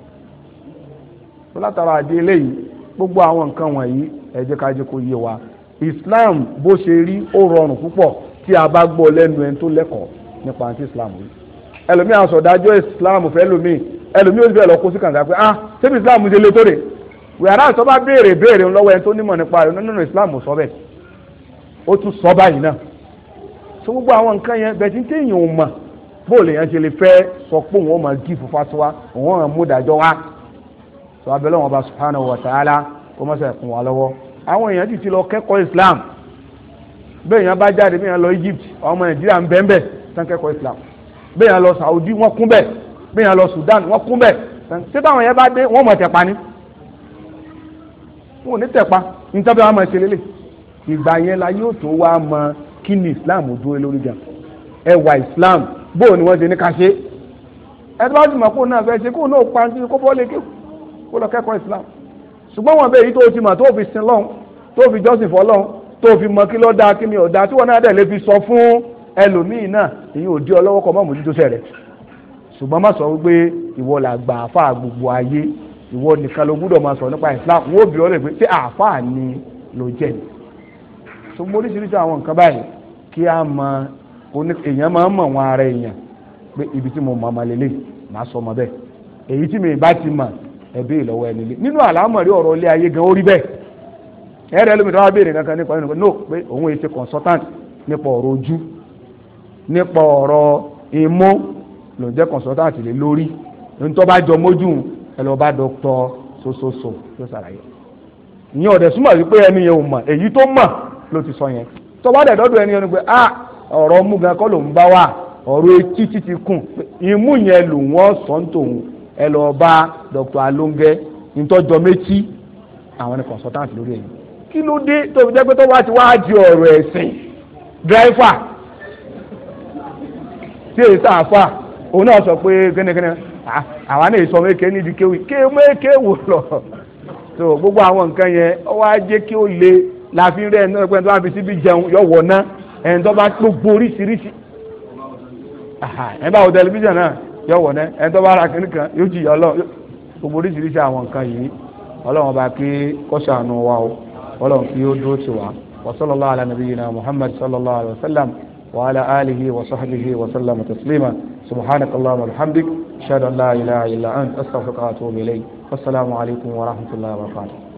látara àdé eléyìí gbogbo àwọn nǹkan wọ̀nyí ẹ jẹ́ ká jẹ́ kó yé wa Islam bó ṣe rí ó rọrùn púpọ̀ tí a bá gbọ́ lẹ́nu ẹni tó lẹ́kọ̀ọ́ nípa àti Islam rí ẹlòmíì àsọdájọ́ Islam fẹ́ lómi ẹlòmíì ó ti lọ kó sí kàǹgà pé ah ṣébi Islam ṣe lé tó rè wíwárà sọ bá béèrè béèrè lọ́wọ́ ẹni tó nímọ̀ nípa rẹ̀ nínú Islam sọ bẹ́ẹ̀ ó tún sọ báyìí náà so gbogbo àwọn nǹkan yẹn bẹ̀ẹ́ tí ń téèyàn ò mọ̀ bóòlù yẹn ṣe lè fẹ́ sọ pé òun ó máa gí fúfa òun ó mú ìdájọ́ wa sọ abẹ́lẹ́ wọn bá subhanahu wa ta'ala kó má ṣàkùn wá lọ́wọ́ àwọn èèyàn ti ti lọ kẹ́kọ̀ọ́ Islam bẹ́ẹ̀ yẹn bá jáde bẹ́ẹ̀ yẹn lọ Egypt ọmọ Nàìjíríà ń bẹ́ẹ̀ bẹ́ẹ̀ tán kẹ́kọ̀ọ́ Islam bẹ́ẹ̀ yẹn lọ Saudi wọ́n kún bẹ́ẹ̀ bẹ́ẹ̀ yẹn lọ Sudan wọ́n kún bẹ́ẹ̀ ṣé táwọn yẹn bá dé wọ́n mọ̀ tẹ̀pa ni wọn ò ní tẹ̀pa níta bí wọ́n máa ṣe lélẹ̀ ìgbà yẹn la yóò tó wá mọ kí ni Islam dúró lórí gan ẹwà Islam bóò ni wọ́n ṣe ṣùgbọ́n wọn bẹ́ẹ̀ yìí tó ti mọ̀ tó fi sin lọ́hùn tó fi jọ́sìn fọ́ lọ́hùn tó fi mọ kí ló da kí ni ò dáa tí wọn náà dẹ̀ lè fi sọ fún ẹlòmíì náà èyí ò dí ọlọ́wọ́ kọ́ mọ́ mójútó sẹ̀rẹ̀ ṣùgbọ́n má sọ wípé ìwọ là gbà àfa gbogbo ayé ìwọ nìkan ló gbúdọ̀ máa sọ nípa Islam wọn bí ọlọ́ọ̀ pé ṣé àfa ni ló jẹ́ ni ṣùgbọ́n oríṣiríṣi àwọn nǹkan báyìí kí a mọ èèyàn máa ń mọ̀ wọn ara èèyàn pé ibi tí mo mọ̀ ọmọ lélẹ̀ máa sọ ọmọ ẹbí ìlọ́wọ́ ẹni lé nínú àlámọ̀rí ọ̀rọ̀ ilé ayé gan orí bẹ́ẹ̀ ẹ̀rẹ́ lómi dáwà béèrè kankan nípa ẹnu no pé òun èsì consultant nípa ọ̀rọ̀ ojú nípa ọ̀rọ̀ imú ló ń jẹ́ consultant lé lórí ntọ́ bá jọ mójú ẹ lọ bá dọ́kítọ̀ sososo tó ṣàlàyé ìyẹn ọ̀dẹ̀ súnmọ̀ wípé ẹni yẹn ò mọ̀ èyí tó mọ̀ ló ti sọ yẹn tó bá dẹ̀ dọ́dọ̀ ẹni ah ọ̀rọ̀ mú gan kọ́ ló ń bá wà ọ̀rọ̀ etí títí kùn imú yẹn lò wọ́n sọ ń ẹ lọ bá dr alonge ntọ́jọ méjì àwọn ni consultant lórí ẹ̀yìn kí ló dé tó fi jẹ́ wá ti wá di ọ̀rọ̀ ẹ̀sìn dírẹ́fà tí èyí sàáfà òun náà sọ pé gẹ́nẹ́gẹ́nẹ́ àwa náà sọ méke nídìí kéwì ké méke wò lọ tó gbogbo àwọn nǹkan yẹn ó wá jẹ́ kí ó le láàfin rẹ̀ ẹni tó bá fi síbi jẹun yọ wọ̀ ná ẹni tó bá gbogbo oríṣiríṣi ẹ bá wo tẹlifíṣàn náà yọ̀wọ̀ náà ẹni tó bá ra kiri kan yóò jìyà ọlọ́run gbogbo oríṣiríṣi àwọn nǹkan yìí ọlọ́run bá kí kó ṣàánú wa o ọlọ́run kí ó dúró tì wá wa sallallahu ala nabiyyina muhammad sallallahu alayhi wa sallam wa ala alihi wa sahbihi wa sallam taslima subhanaka allahumma wa bihamdik ashhadu an la ilaha illa anta astaghfiruka wa atubu ilayk wassalamu alaykum wa rahmatullahi wa barakatuh.